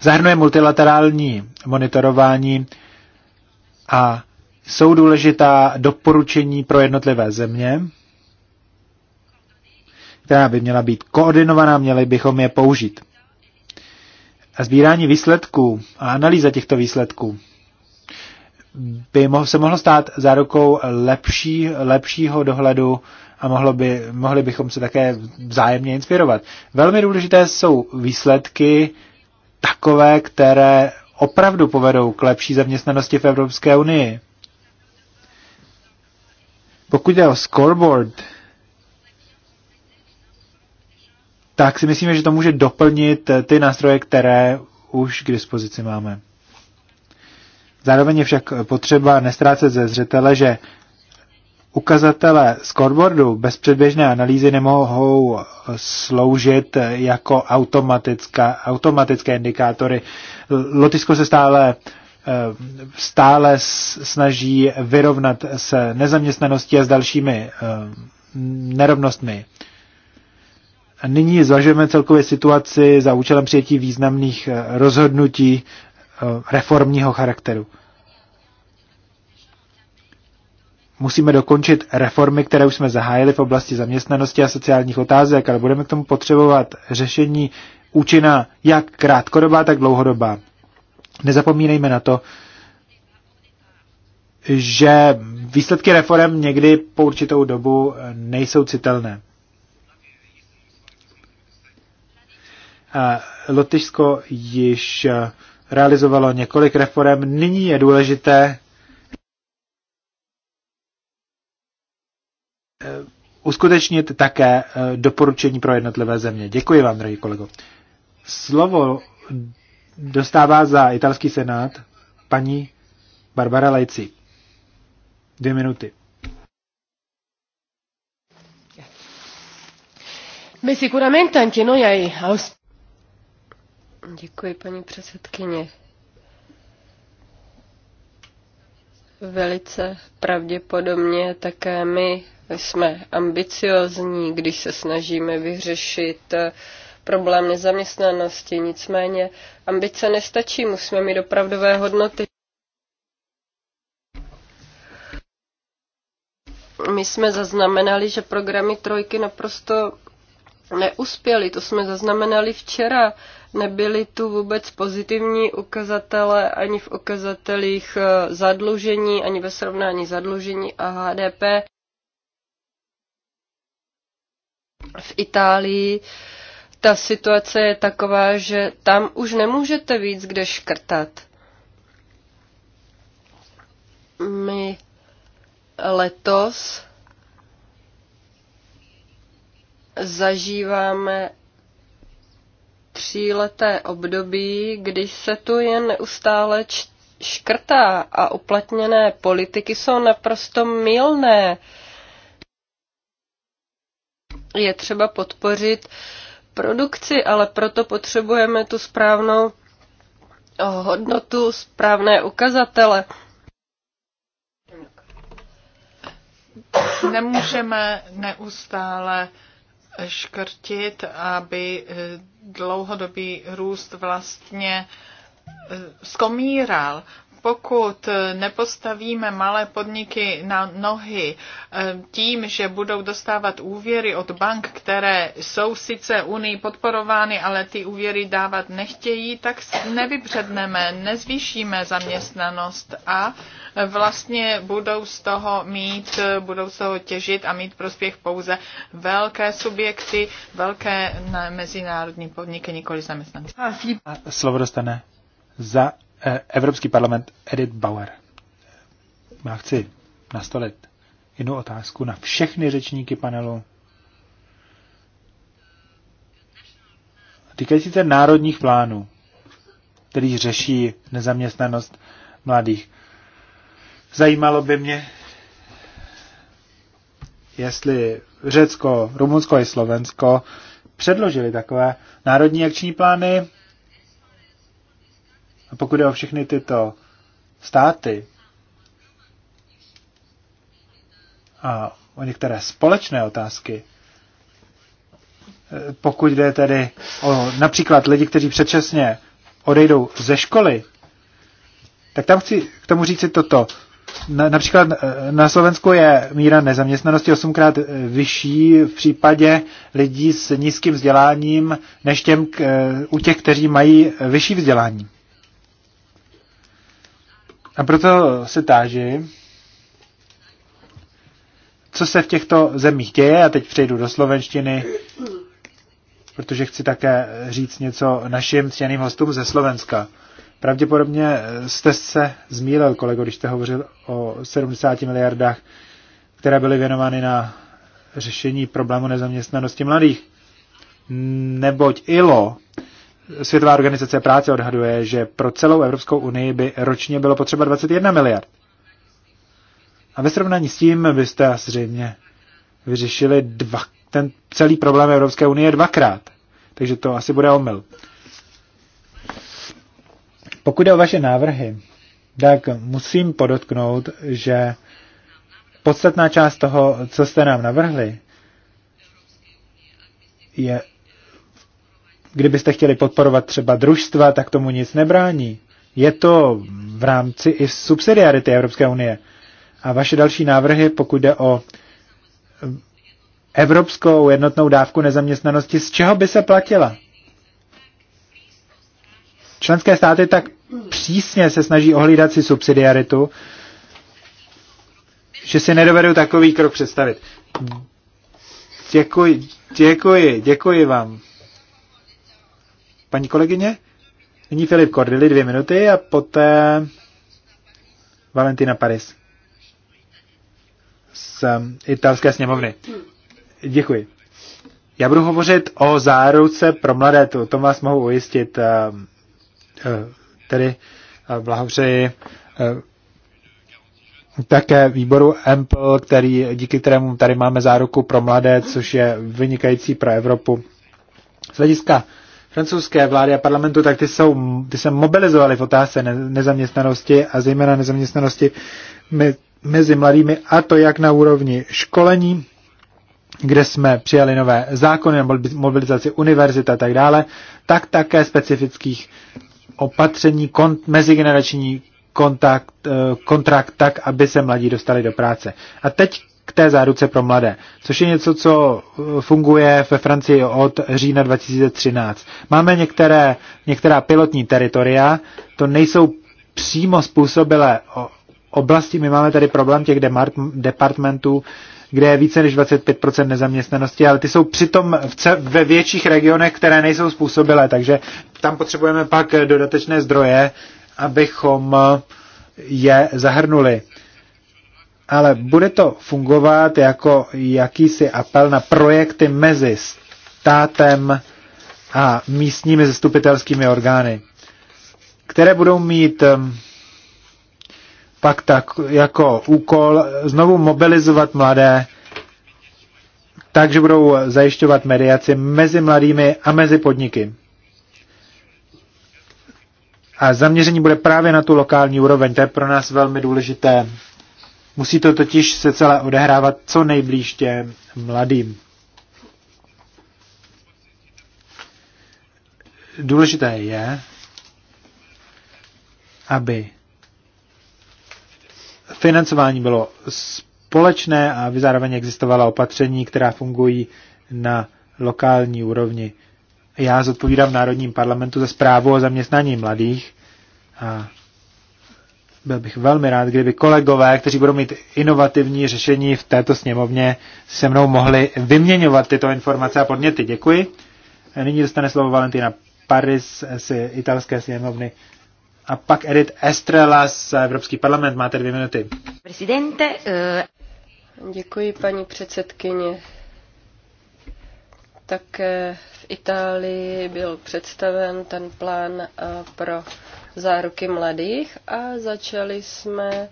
Zahrnuje multilaterální monitorování a jsou důležitá doporučení pro jednotlivé země, která by měla být koordinovaná, měli bychom je použít. A sbírání výsledků a analýza těchto výsledků by se mohlo stát zárukou lepší, lepšího dohledu a mohlo by, mohli bychom se také vzájemně inspirovat. Velmi důležité jsou výsledky takové, které opravdu povedou k lepší zaměstnanosti v Evropské unii. Pokud jde o scoreboard, tak si myslíme, že to může doplnit eh, ty nástroje, které už k dispozici máme. Zároveň je však potřeba nestrácet ze zřetele, že ukazatele scoreboardu bez předběžné analýzy nemohou sloužit jako automatické indikátory. Lotisko se stále eh, stále snaží vyrovnat se nezaměstnaností a s dalšími eh, nerovnostmi. Nyní zvažujeme celkově situaci za účelem přijetí významných eh, rozhodnutí reformního charakteru. musíme dokončit reformy, které už jsme zahájili v oblasti zaměstnanosti a sociálních otázek, ale budeme k tomu potřebovat řešení účinná jak krátkodobá, tak dlouhodobá. Nezapomínejme na to, že výsledky reform někdy po určitou dobu nejsou citelné. A Lotyšsko již realizovalo několik reform. Nyní je důležité Eh, uskutečnit také eh, doporučení pro jednotlivé země. Děkuji vám, drahý kolego. Slovo dostává za italský senát paní Barbara Lejci. Dvě minuty. Děkuji, paní předsedkyně. Velice pravděpodobně také my jsme ambiciozní, když se snažíme vyřešit eh, problém nezaměstnanosti. Nicméně ambice nestačí, musíme mít opravdové hodnoty. My jsme zaznamenali, že programy trojky naprosto neuspěly. To jsme zaznamenali včera. Nebyly tu vůbec pozitivní ukazatele ani v ukazatelích eh, zadlužení, ani ve srovnání zadlužení a HDP. v Itálii ta situace je taková, že tam už nemůžete víc kde škrtat. My letos zažíváme tříleté období, když se tu jen neustále škrtá a uplatněné politiky jsou naprosto milné je třeba podpořit produkci, ale proto potřebujeme tu správnou hodnotu, správné ukazatele. Nemůžeme neustále škrtit, aby eh, dlouhodobý růst vlastně skomíral. Eh, pokud nepostavíme malé podniky na nohy eh, tím, že budou dostávat úvěry od bank, které jsou sice Unii podporovány, ale ty úvěry dávat nechtějí, tak nevypředneme, nezvýšíme zaměstnanost a vlastně budou z toho mít, budou z toho těžit a mít prospěch pouze velké subjekty, velké mezinárodní podniky, nikoli zaměstnanci. Slovo dostane za Eh, Evropský parlament Edith Bauer. Já chci nastolit jednu otázku na všechny řečníky panelu. Týkající se národních plánů, který řeší nezaměstnanost mladých. Zajímalo by mě, jestli Řecko, Rumunsko i Slovensko předložili takové národní akční plány, a pokud je o všechny tyto státy a o některé společné otázky, eh, pokud jde tedy o například lidi, kteří předčasně odejdou ze školy, tak tam chci k tomu říct toto. Na, například eh, na Slovensku je míra nezaměstnanosti osmkrát eh, vyšší v případě lidí s nízkým vzděláním než těm k, u těch, kteří mají vyšší vzdělání. A proto se táži, co se v těchto zemích děje, a teď přejdu do slovenštiny, protože chci také říct něco našim ctěným hostům ze Slovenska. Pravděpodobně jste se zmílil, kolego, když jste hovořil o 70 miliardách, které byly věnovány na řešení problému nezaměstnanosti mladých. Neboť ILO Světová organizace práce odhaduje, že pro celou Evropskou unii by ročně bylo potřeba 21 miliard. A ve srovnání s tím byste zřejmě vyřešili dva, ten celý problém Evropské unie dvakrát. Takže to asi bude omyl. Pokud jde o vaše návrhy, tak musím podotknout, že podstatná část toho, co jste nám navrhli, je kdybyste chtěli podporovat třeba družstva, tak tomu nic nebrání. Je to v rámci i subsidiarity Evropské unie. A vaše další návrhy, pokud jde o eh, evropskou jednotnou dávku nezaměstnanosti, z čeho by se platila? Členské státy tak přísně se snaží ohlídat si subsidiaritu, že si nedovedu takový krok představit. Děkuji, děkuji, děkuji vám paní kolegyně. Nyní Filip Kordily dvě minuty a poté Valentina Paris z um, italské sněmovny. Děkuji. Já budu hovořit o záruce pro mladé, to, to vás mohu ujistit. Um, uh, tedy uh, blahopřeji uh, také výboru EMPL, který, díky kterému tady máme záruku pro mladé, což je vynikající pro Evropu. Z hlediska francouzské vlády a parlamentu, tak ty, jsou, ty se mobilizovaly v otázce nezaměstnanosti a zejména nezaměstnanosti mezi mladými a to jak na úrovni školení, kde jsme přijali nové zákony na mobilizaci univerzit a tak dále, tak také specifických opatření kont, mezigenerační kontakt, eh, kontrakt tak, aby se mladí dostali do práce. A teď k té záruce pro mladé, což je něco, co uh, funguje ve Francii od října 2013. Máme některé, některá pilotní teritoria, to nejsou přímo způsobilé oblasti. My máme tady problém těch departmentů, kde je více než 25% nezaměstnanosti, ale ty jsou přitom ve větších regionech, které nejsou způsobilé, takže tam potřebujeme pak dodatečné zdroje, abychom je zahrnuli ale bude to fungovat jako jakýsi apel na projekty mezi státem a místními zastupitelskými orgány, které budou mít pak tak jako úkol znovu mobilizovat mladé, takže budou zajišťovat mediaci mezi mladými a mezi podniky. A zaměření bude právě na tu lokální úroveň. To je pro nás velmi důležité Musí to totiž se celé odehrávat co nejblíž těm mladým. Důležité je, aby financování bylo společné a aby zároveň existovala opatření, která fungují na lokální úrovni. Já zodpovídám Národním parlamentu za zprávu o zaměstnání mladých a byl bych velmi rád, kdyby kolegové, kteří budou mít inovativní řešení v této sněmovně, se mnou mohli vyměňovat tyto informace a podněty. Děkuji. Nyní dostane slovo Valentina Paris z italské sněmovny a pak Edith Estrela z Evropský parlament. Máte dvě minuty. Prezidente, uh... Eh, Děkuji, paní předsedkyně. Také v Itálii byl představen ten plán eh, pro záruky mladých a začali jsme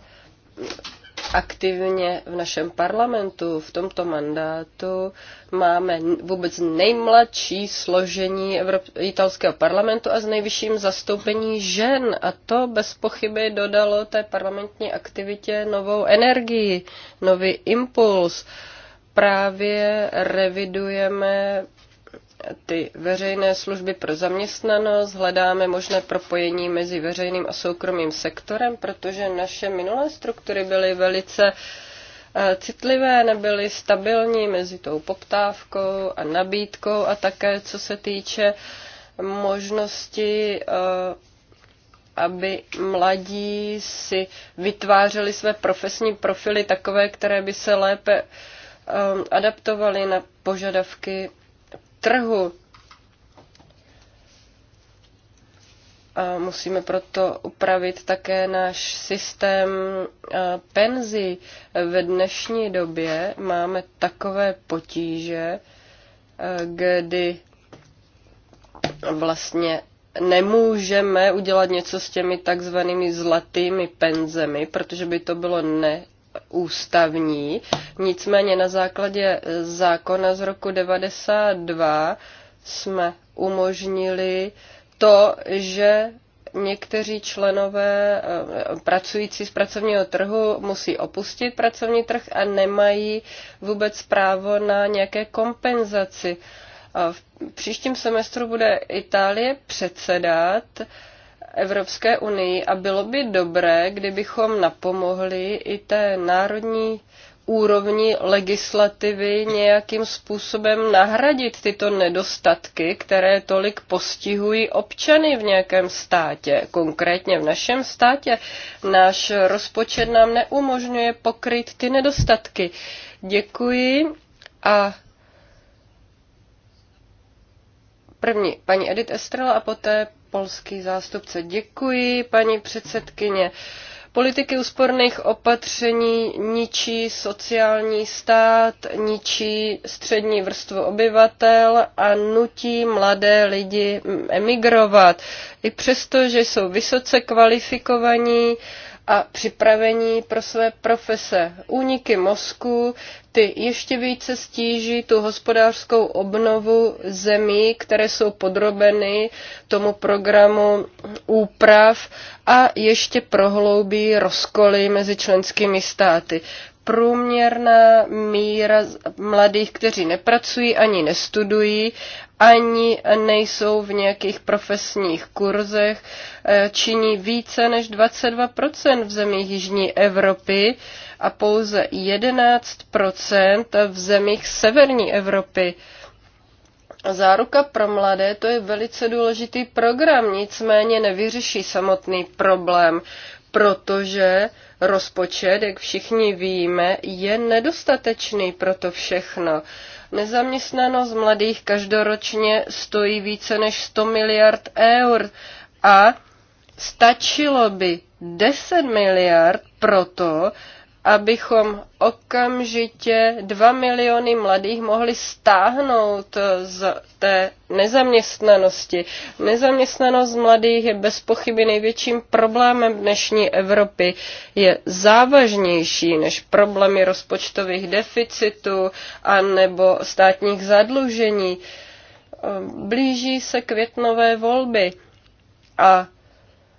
aktivně v našem parlamentu, v tomto mandátu máme vůbec nejmladší složení Evrop- italského parlamentu a s nejvyšším zastoupení žen. A to bez pochyby dodalo té parlamentní aktivitě novou energii, nový impuls. Právě revidujeme ty veřejné služby pro zaměstnanost, hledáme možné propojení mezi veřejným a soukromým sektorem, protože naše minulé struktury byly velice eh, citlivé, nebyly stabilní mezi tou poptávkou a nabídkou a také co se týče možnosti eh, aby mladí si vytvářeli své profesní profily takové, které by se lépe eh, adaptovaly na požadavky trhu. A musíme proto upravit také náš systém penzí. Ve dnešní době máme takové potíže, kdy vlastně nemůžeme udělat něco s těmi takzvanými zlatými penzemi, protože by to bylo ne, ústavní. Nicméně na základě eh, zákona z roku 92 jsme umožnili to, že někteří členové eh, pracující z pracovního trhu musí opustit pracovní trh a nemají vůbec právo na nějaké kompenzaci. V příštím semestru bude Itálie předsedat Evropské unii a bylo by dobré, kdybychom napomohli i té národní úrovni legislativy nějakým způsobem nahradit tyto nedostatky, které tolik postihují občany v nějakém státě. Konkrétně v našem státě náš rozpočet nám neumožňuje pokryt ty nedostatky. Děkuji a první paní Edith Estrela a poté polský zástupce. Děkuji, paní předsedkyně. Politiky úsporných opatření ničí sociální stát, ničí střední vrstvu obyvatel a nutí mladé lidi emigrovat. I přesto, že jsou vysoce kvalifikovaní, a připravení pro své profese. Úniky mozku, ty ještě více stíží tu hospodářskou obnovu zemí, které jsou podrobeny tomu programu úprav a ještě prohloubí rozkoly mezi členskými státy průměrná míra mladých, kteří nepracují ani nestudují ani nejsou v nějakých profesních kurzech, eh, činí více než 22% v zemích Jižní Evropy a pouze 11% v zemích Severní Evropy. Záruka pro mladé to je velice důležitý program, nicméně nevyřeší samotný problém, protože rozpočet, jak všichni víme, je nedostatečný pro to všechno. Nezaměstnanost mladých každoročně stojí více než 100 miliard eur a stačilo by 10 miliard proto, abychom okamžitě 2 miliony mladých mohli stáhnout z té nezaměstnanosti. Nezaměstnanost mladých je bez pochyby největším problémem dnešní Evropy. Je závažnější než problémy rozpočtových deficitů a nebo státních zadlužení. Blíží se květnové volby a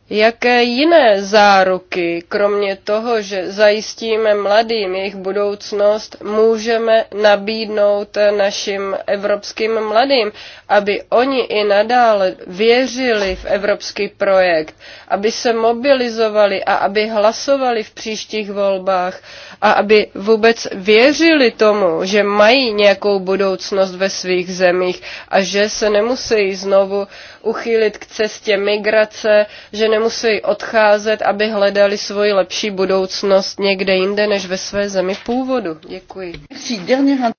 Jaké jiné záruky, kromě toho, že zajistíme mladým jejich budoucnost, můžeme nabídnout našim evropským mladým, aby oni i nadále věřili v evropský projekt, aby se mobilizovali a aby hlasovali v příštích volbách a aby vůbec věřili tomu, že mají nějakou budoucnost ve svých zemích a že se nemusí znovu uh, uchýlit k cestě migrace, že nemusí odcházet, aby hledali svoji lepší budoucnost někde jinde než ve své zemi původu. Děkuji.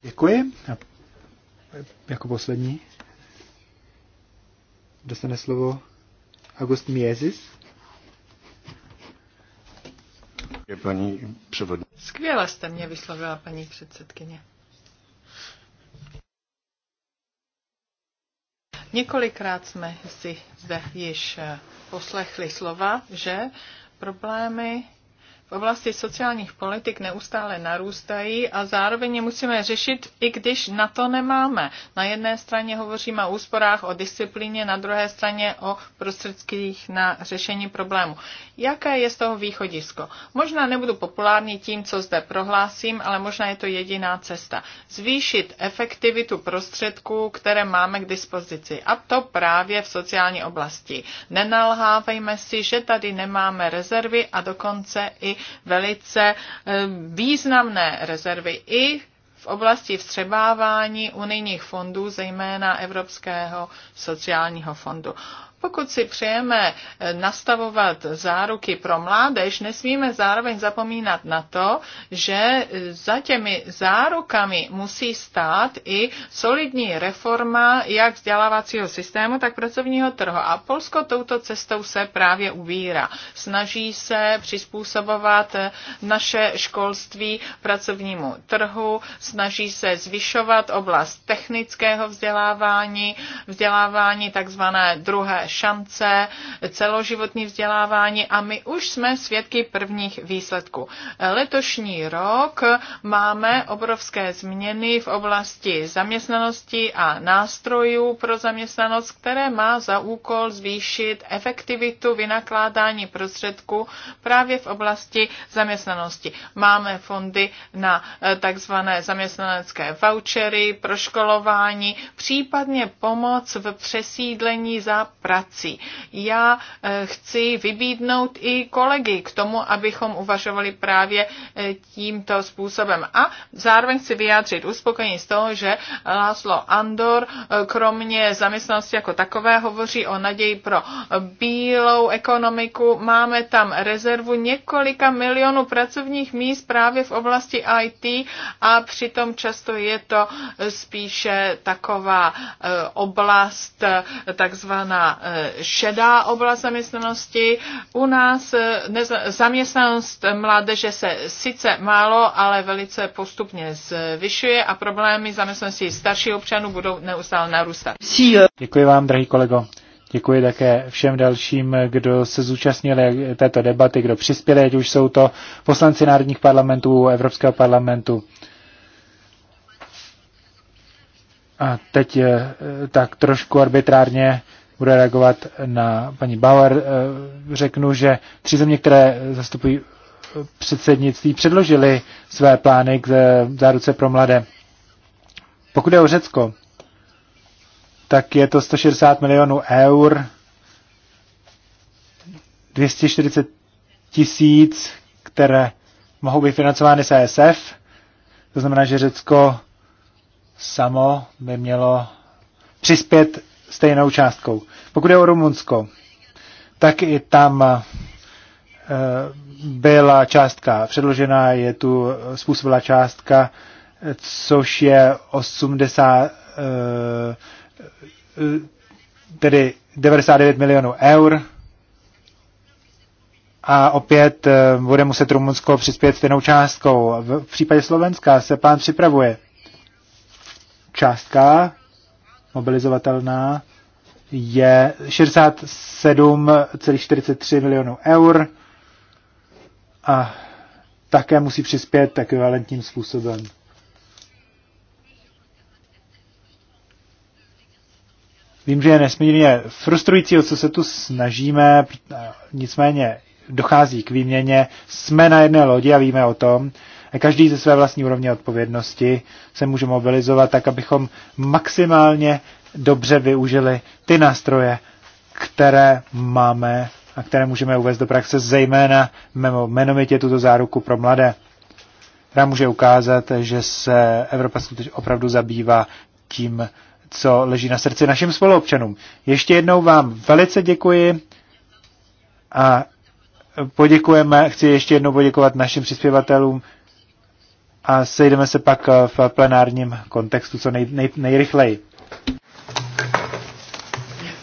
Děkuji. A jako poslední dostane slovo August Miezis. Je Paní Skvěle jste mě vyslovila, paní předsedkyně. Několikrát jsme si zde již eh, poslechli slova, že problémy v oblasti sociálních politik neustále narůstají a zároveň je musíme řešit, i když na to nemáme. Na jedné straně hovoříme o úsporách, o disciplíně, na druhé straně o prostředcích na řešení problému. Jaké je z toho východisko? Možná nebudu populární tím, co zde prohlásím, ale možná je to jediná cesta. Zvýšit efektivitu prostředků, které máme k dispozici. A to právě v sociální oblasti. Nenalhávejme si, že tady nemáme rezervy a dokonce i velice eh, významné rezervy i v oblasti vstřebávání unijních fondů, zejména Evropského sociálního fondu. Pokud si přejeme eh, nastavovat záruky pro mládež, nesmíme zároveň zapomínat na to, že eh, za těmi zárukami musí stát i solidní reforma jak vzdělávacího systému, tak pracovního trhu. A Polsko touto cestou se právě ubírá. Snaží se přizpůsobovat eh, naše školství pracovnímu trhu, snaží se zvyšovat oblast technického vzdělávání, vzdělávání takzvané druhé šance, celoživotní vzdělávání a my už jsme svědky prvních výsledků. Letošní rok máme obrovské změny v oblasti zaměstnanosti a nástrojů pro zaměstnanost, které má za úkol zvýšit efektivitu vynakládání prostředků právě v oblasti zaměstnanosti. Máme fondy na eh, takzvané zaměstnanecké vouchery, proškolování, případně pomoc v přesídlení za prací prací. Já eh, chci vybídnout i kolegy k tomu, abychom uvažovali právě eh, tímto způsobem. A zároveň chci vyjádřit uspokojení z toho, že Láslo Andor eh, kromě zaměstnanosti jako takové hovoří o naději pro bílou ekonomiku. Máme tam rezervu několika milionů pracovních míst právě v oblasti IT a přitom často je to spíše taková oblast takzvaná Eh, šedá oblast zaměstnanosti. U nás eh, zaměstnanost mládeže se sice málo, ale velice postupně zvyšuje a problémy zaměstnanosti starších občanů budou neustále narůstat. Eh, Děkuji vám, drahý kolego. Děkuji také všem dalším, kdo se zúčastnili této debaty, kdo přispěli, ať už jsou to poslanci národních parlamentů, Evropského parlamentu. A teď tak trošku arbitrárně bude reagovat na paní Bauer. Eh, řeknu, že tři země, které zastupují eh, předsednictví, předložili své plány k eh, záruce pro mladé. Pokud je o Řecko, tak je to 160 milionů eur, 240 tisíc, které mohou být financovány z ESF. To znamená, že Řecko samo by mělo přispět stejnou částkou. Pokud je o Rumunsko, tak i tam eh, byla částka předložená, je tu způsobila částka, což je 80, eh, tedy 99 milionů eur. A opět eh, bude muset Rumunsko přispět stejnou částkou. V případě Slovenska se plán připravuje. Částka mobilizovatelná je 67,43 milionů eur a také musí přispět ekvivalentním způsobem. Vím, že je nesmírně frustrující, o co se tu snažíme, nicméně dochází k výměně. Jsme na jedné lodi a víme o tom každý ze své vlastní úrovně odpovědnosti se může mobilizovat tak, abychom maximálně dobře využili ty nástroje, které máme a které můžeme uvést do praxe, zejména jmenovitě tuto záruku pro mladé, která může ukázat, že se Evropa opravdu zabývá tím, co leží na srdci našim spoluobčanům. Ještě jednou vám velice děkuji a poděkujeme, chci ještě jednou poděkovat našim přispěvatelům, a sejdeme se pak eh, v plenárním kontextu co nej, nej, nejrychleji.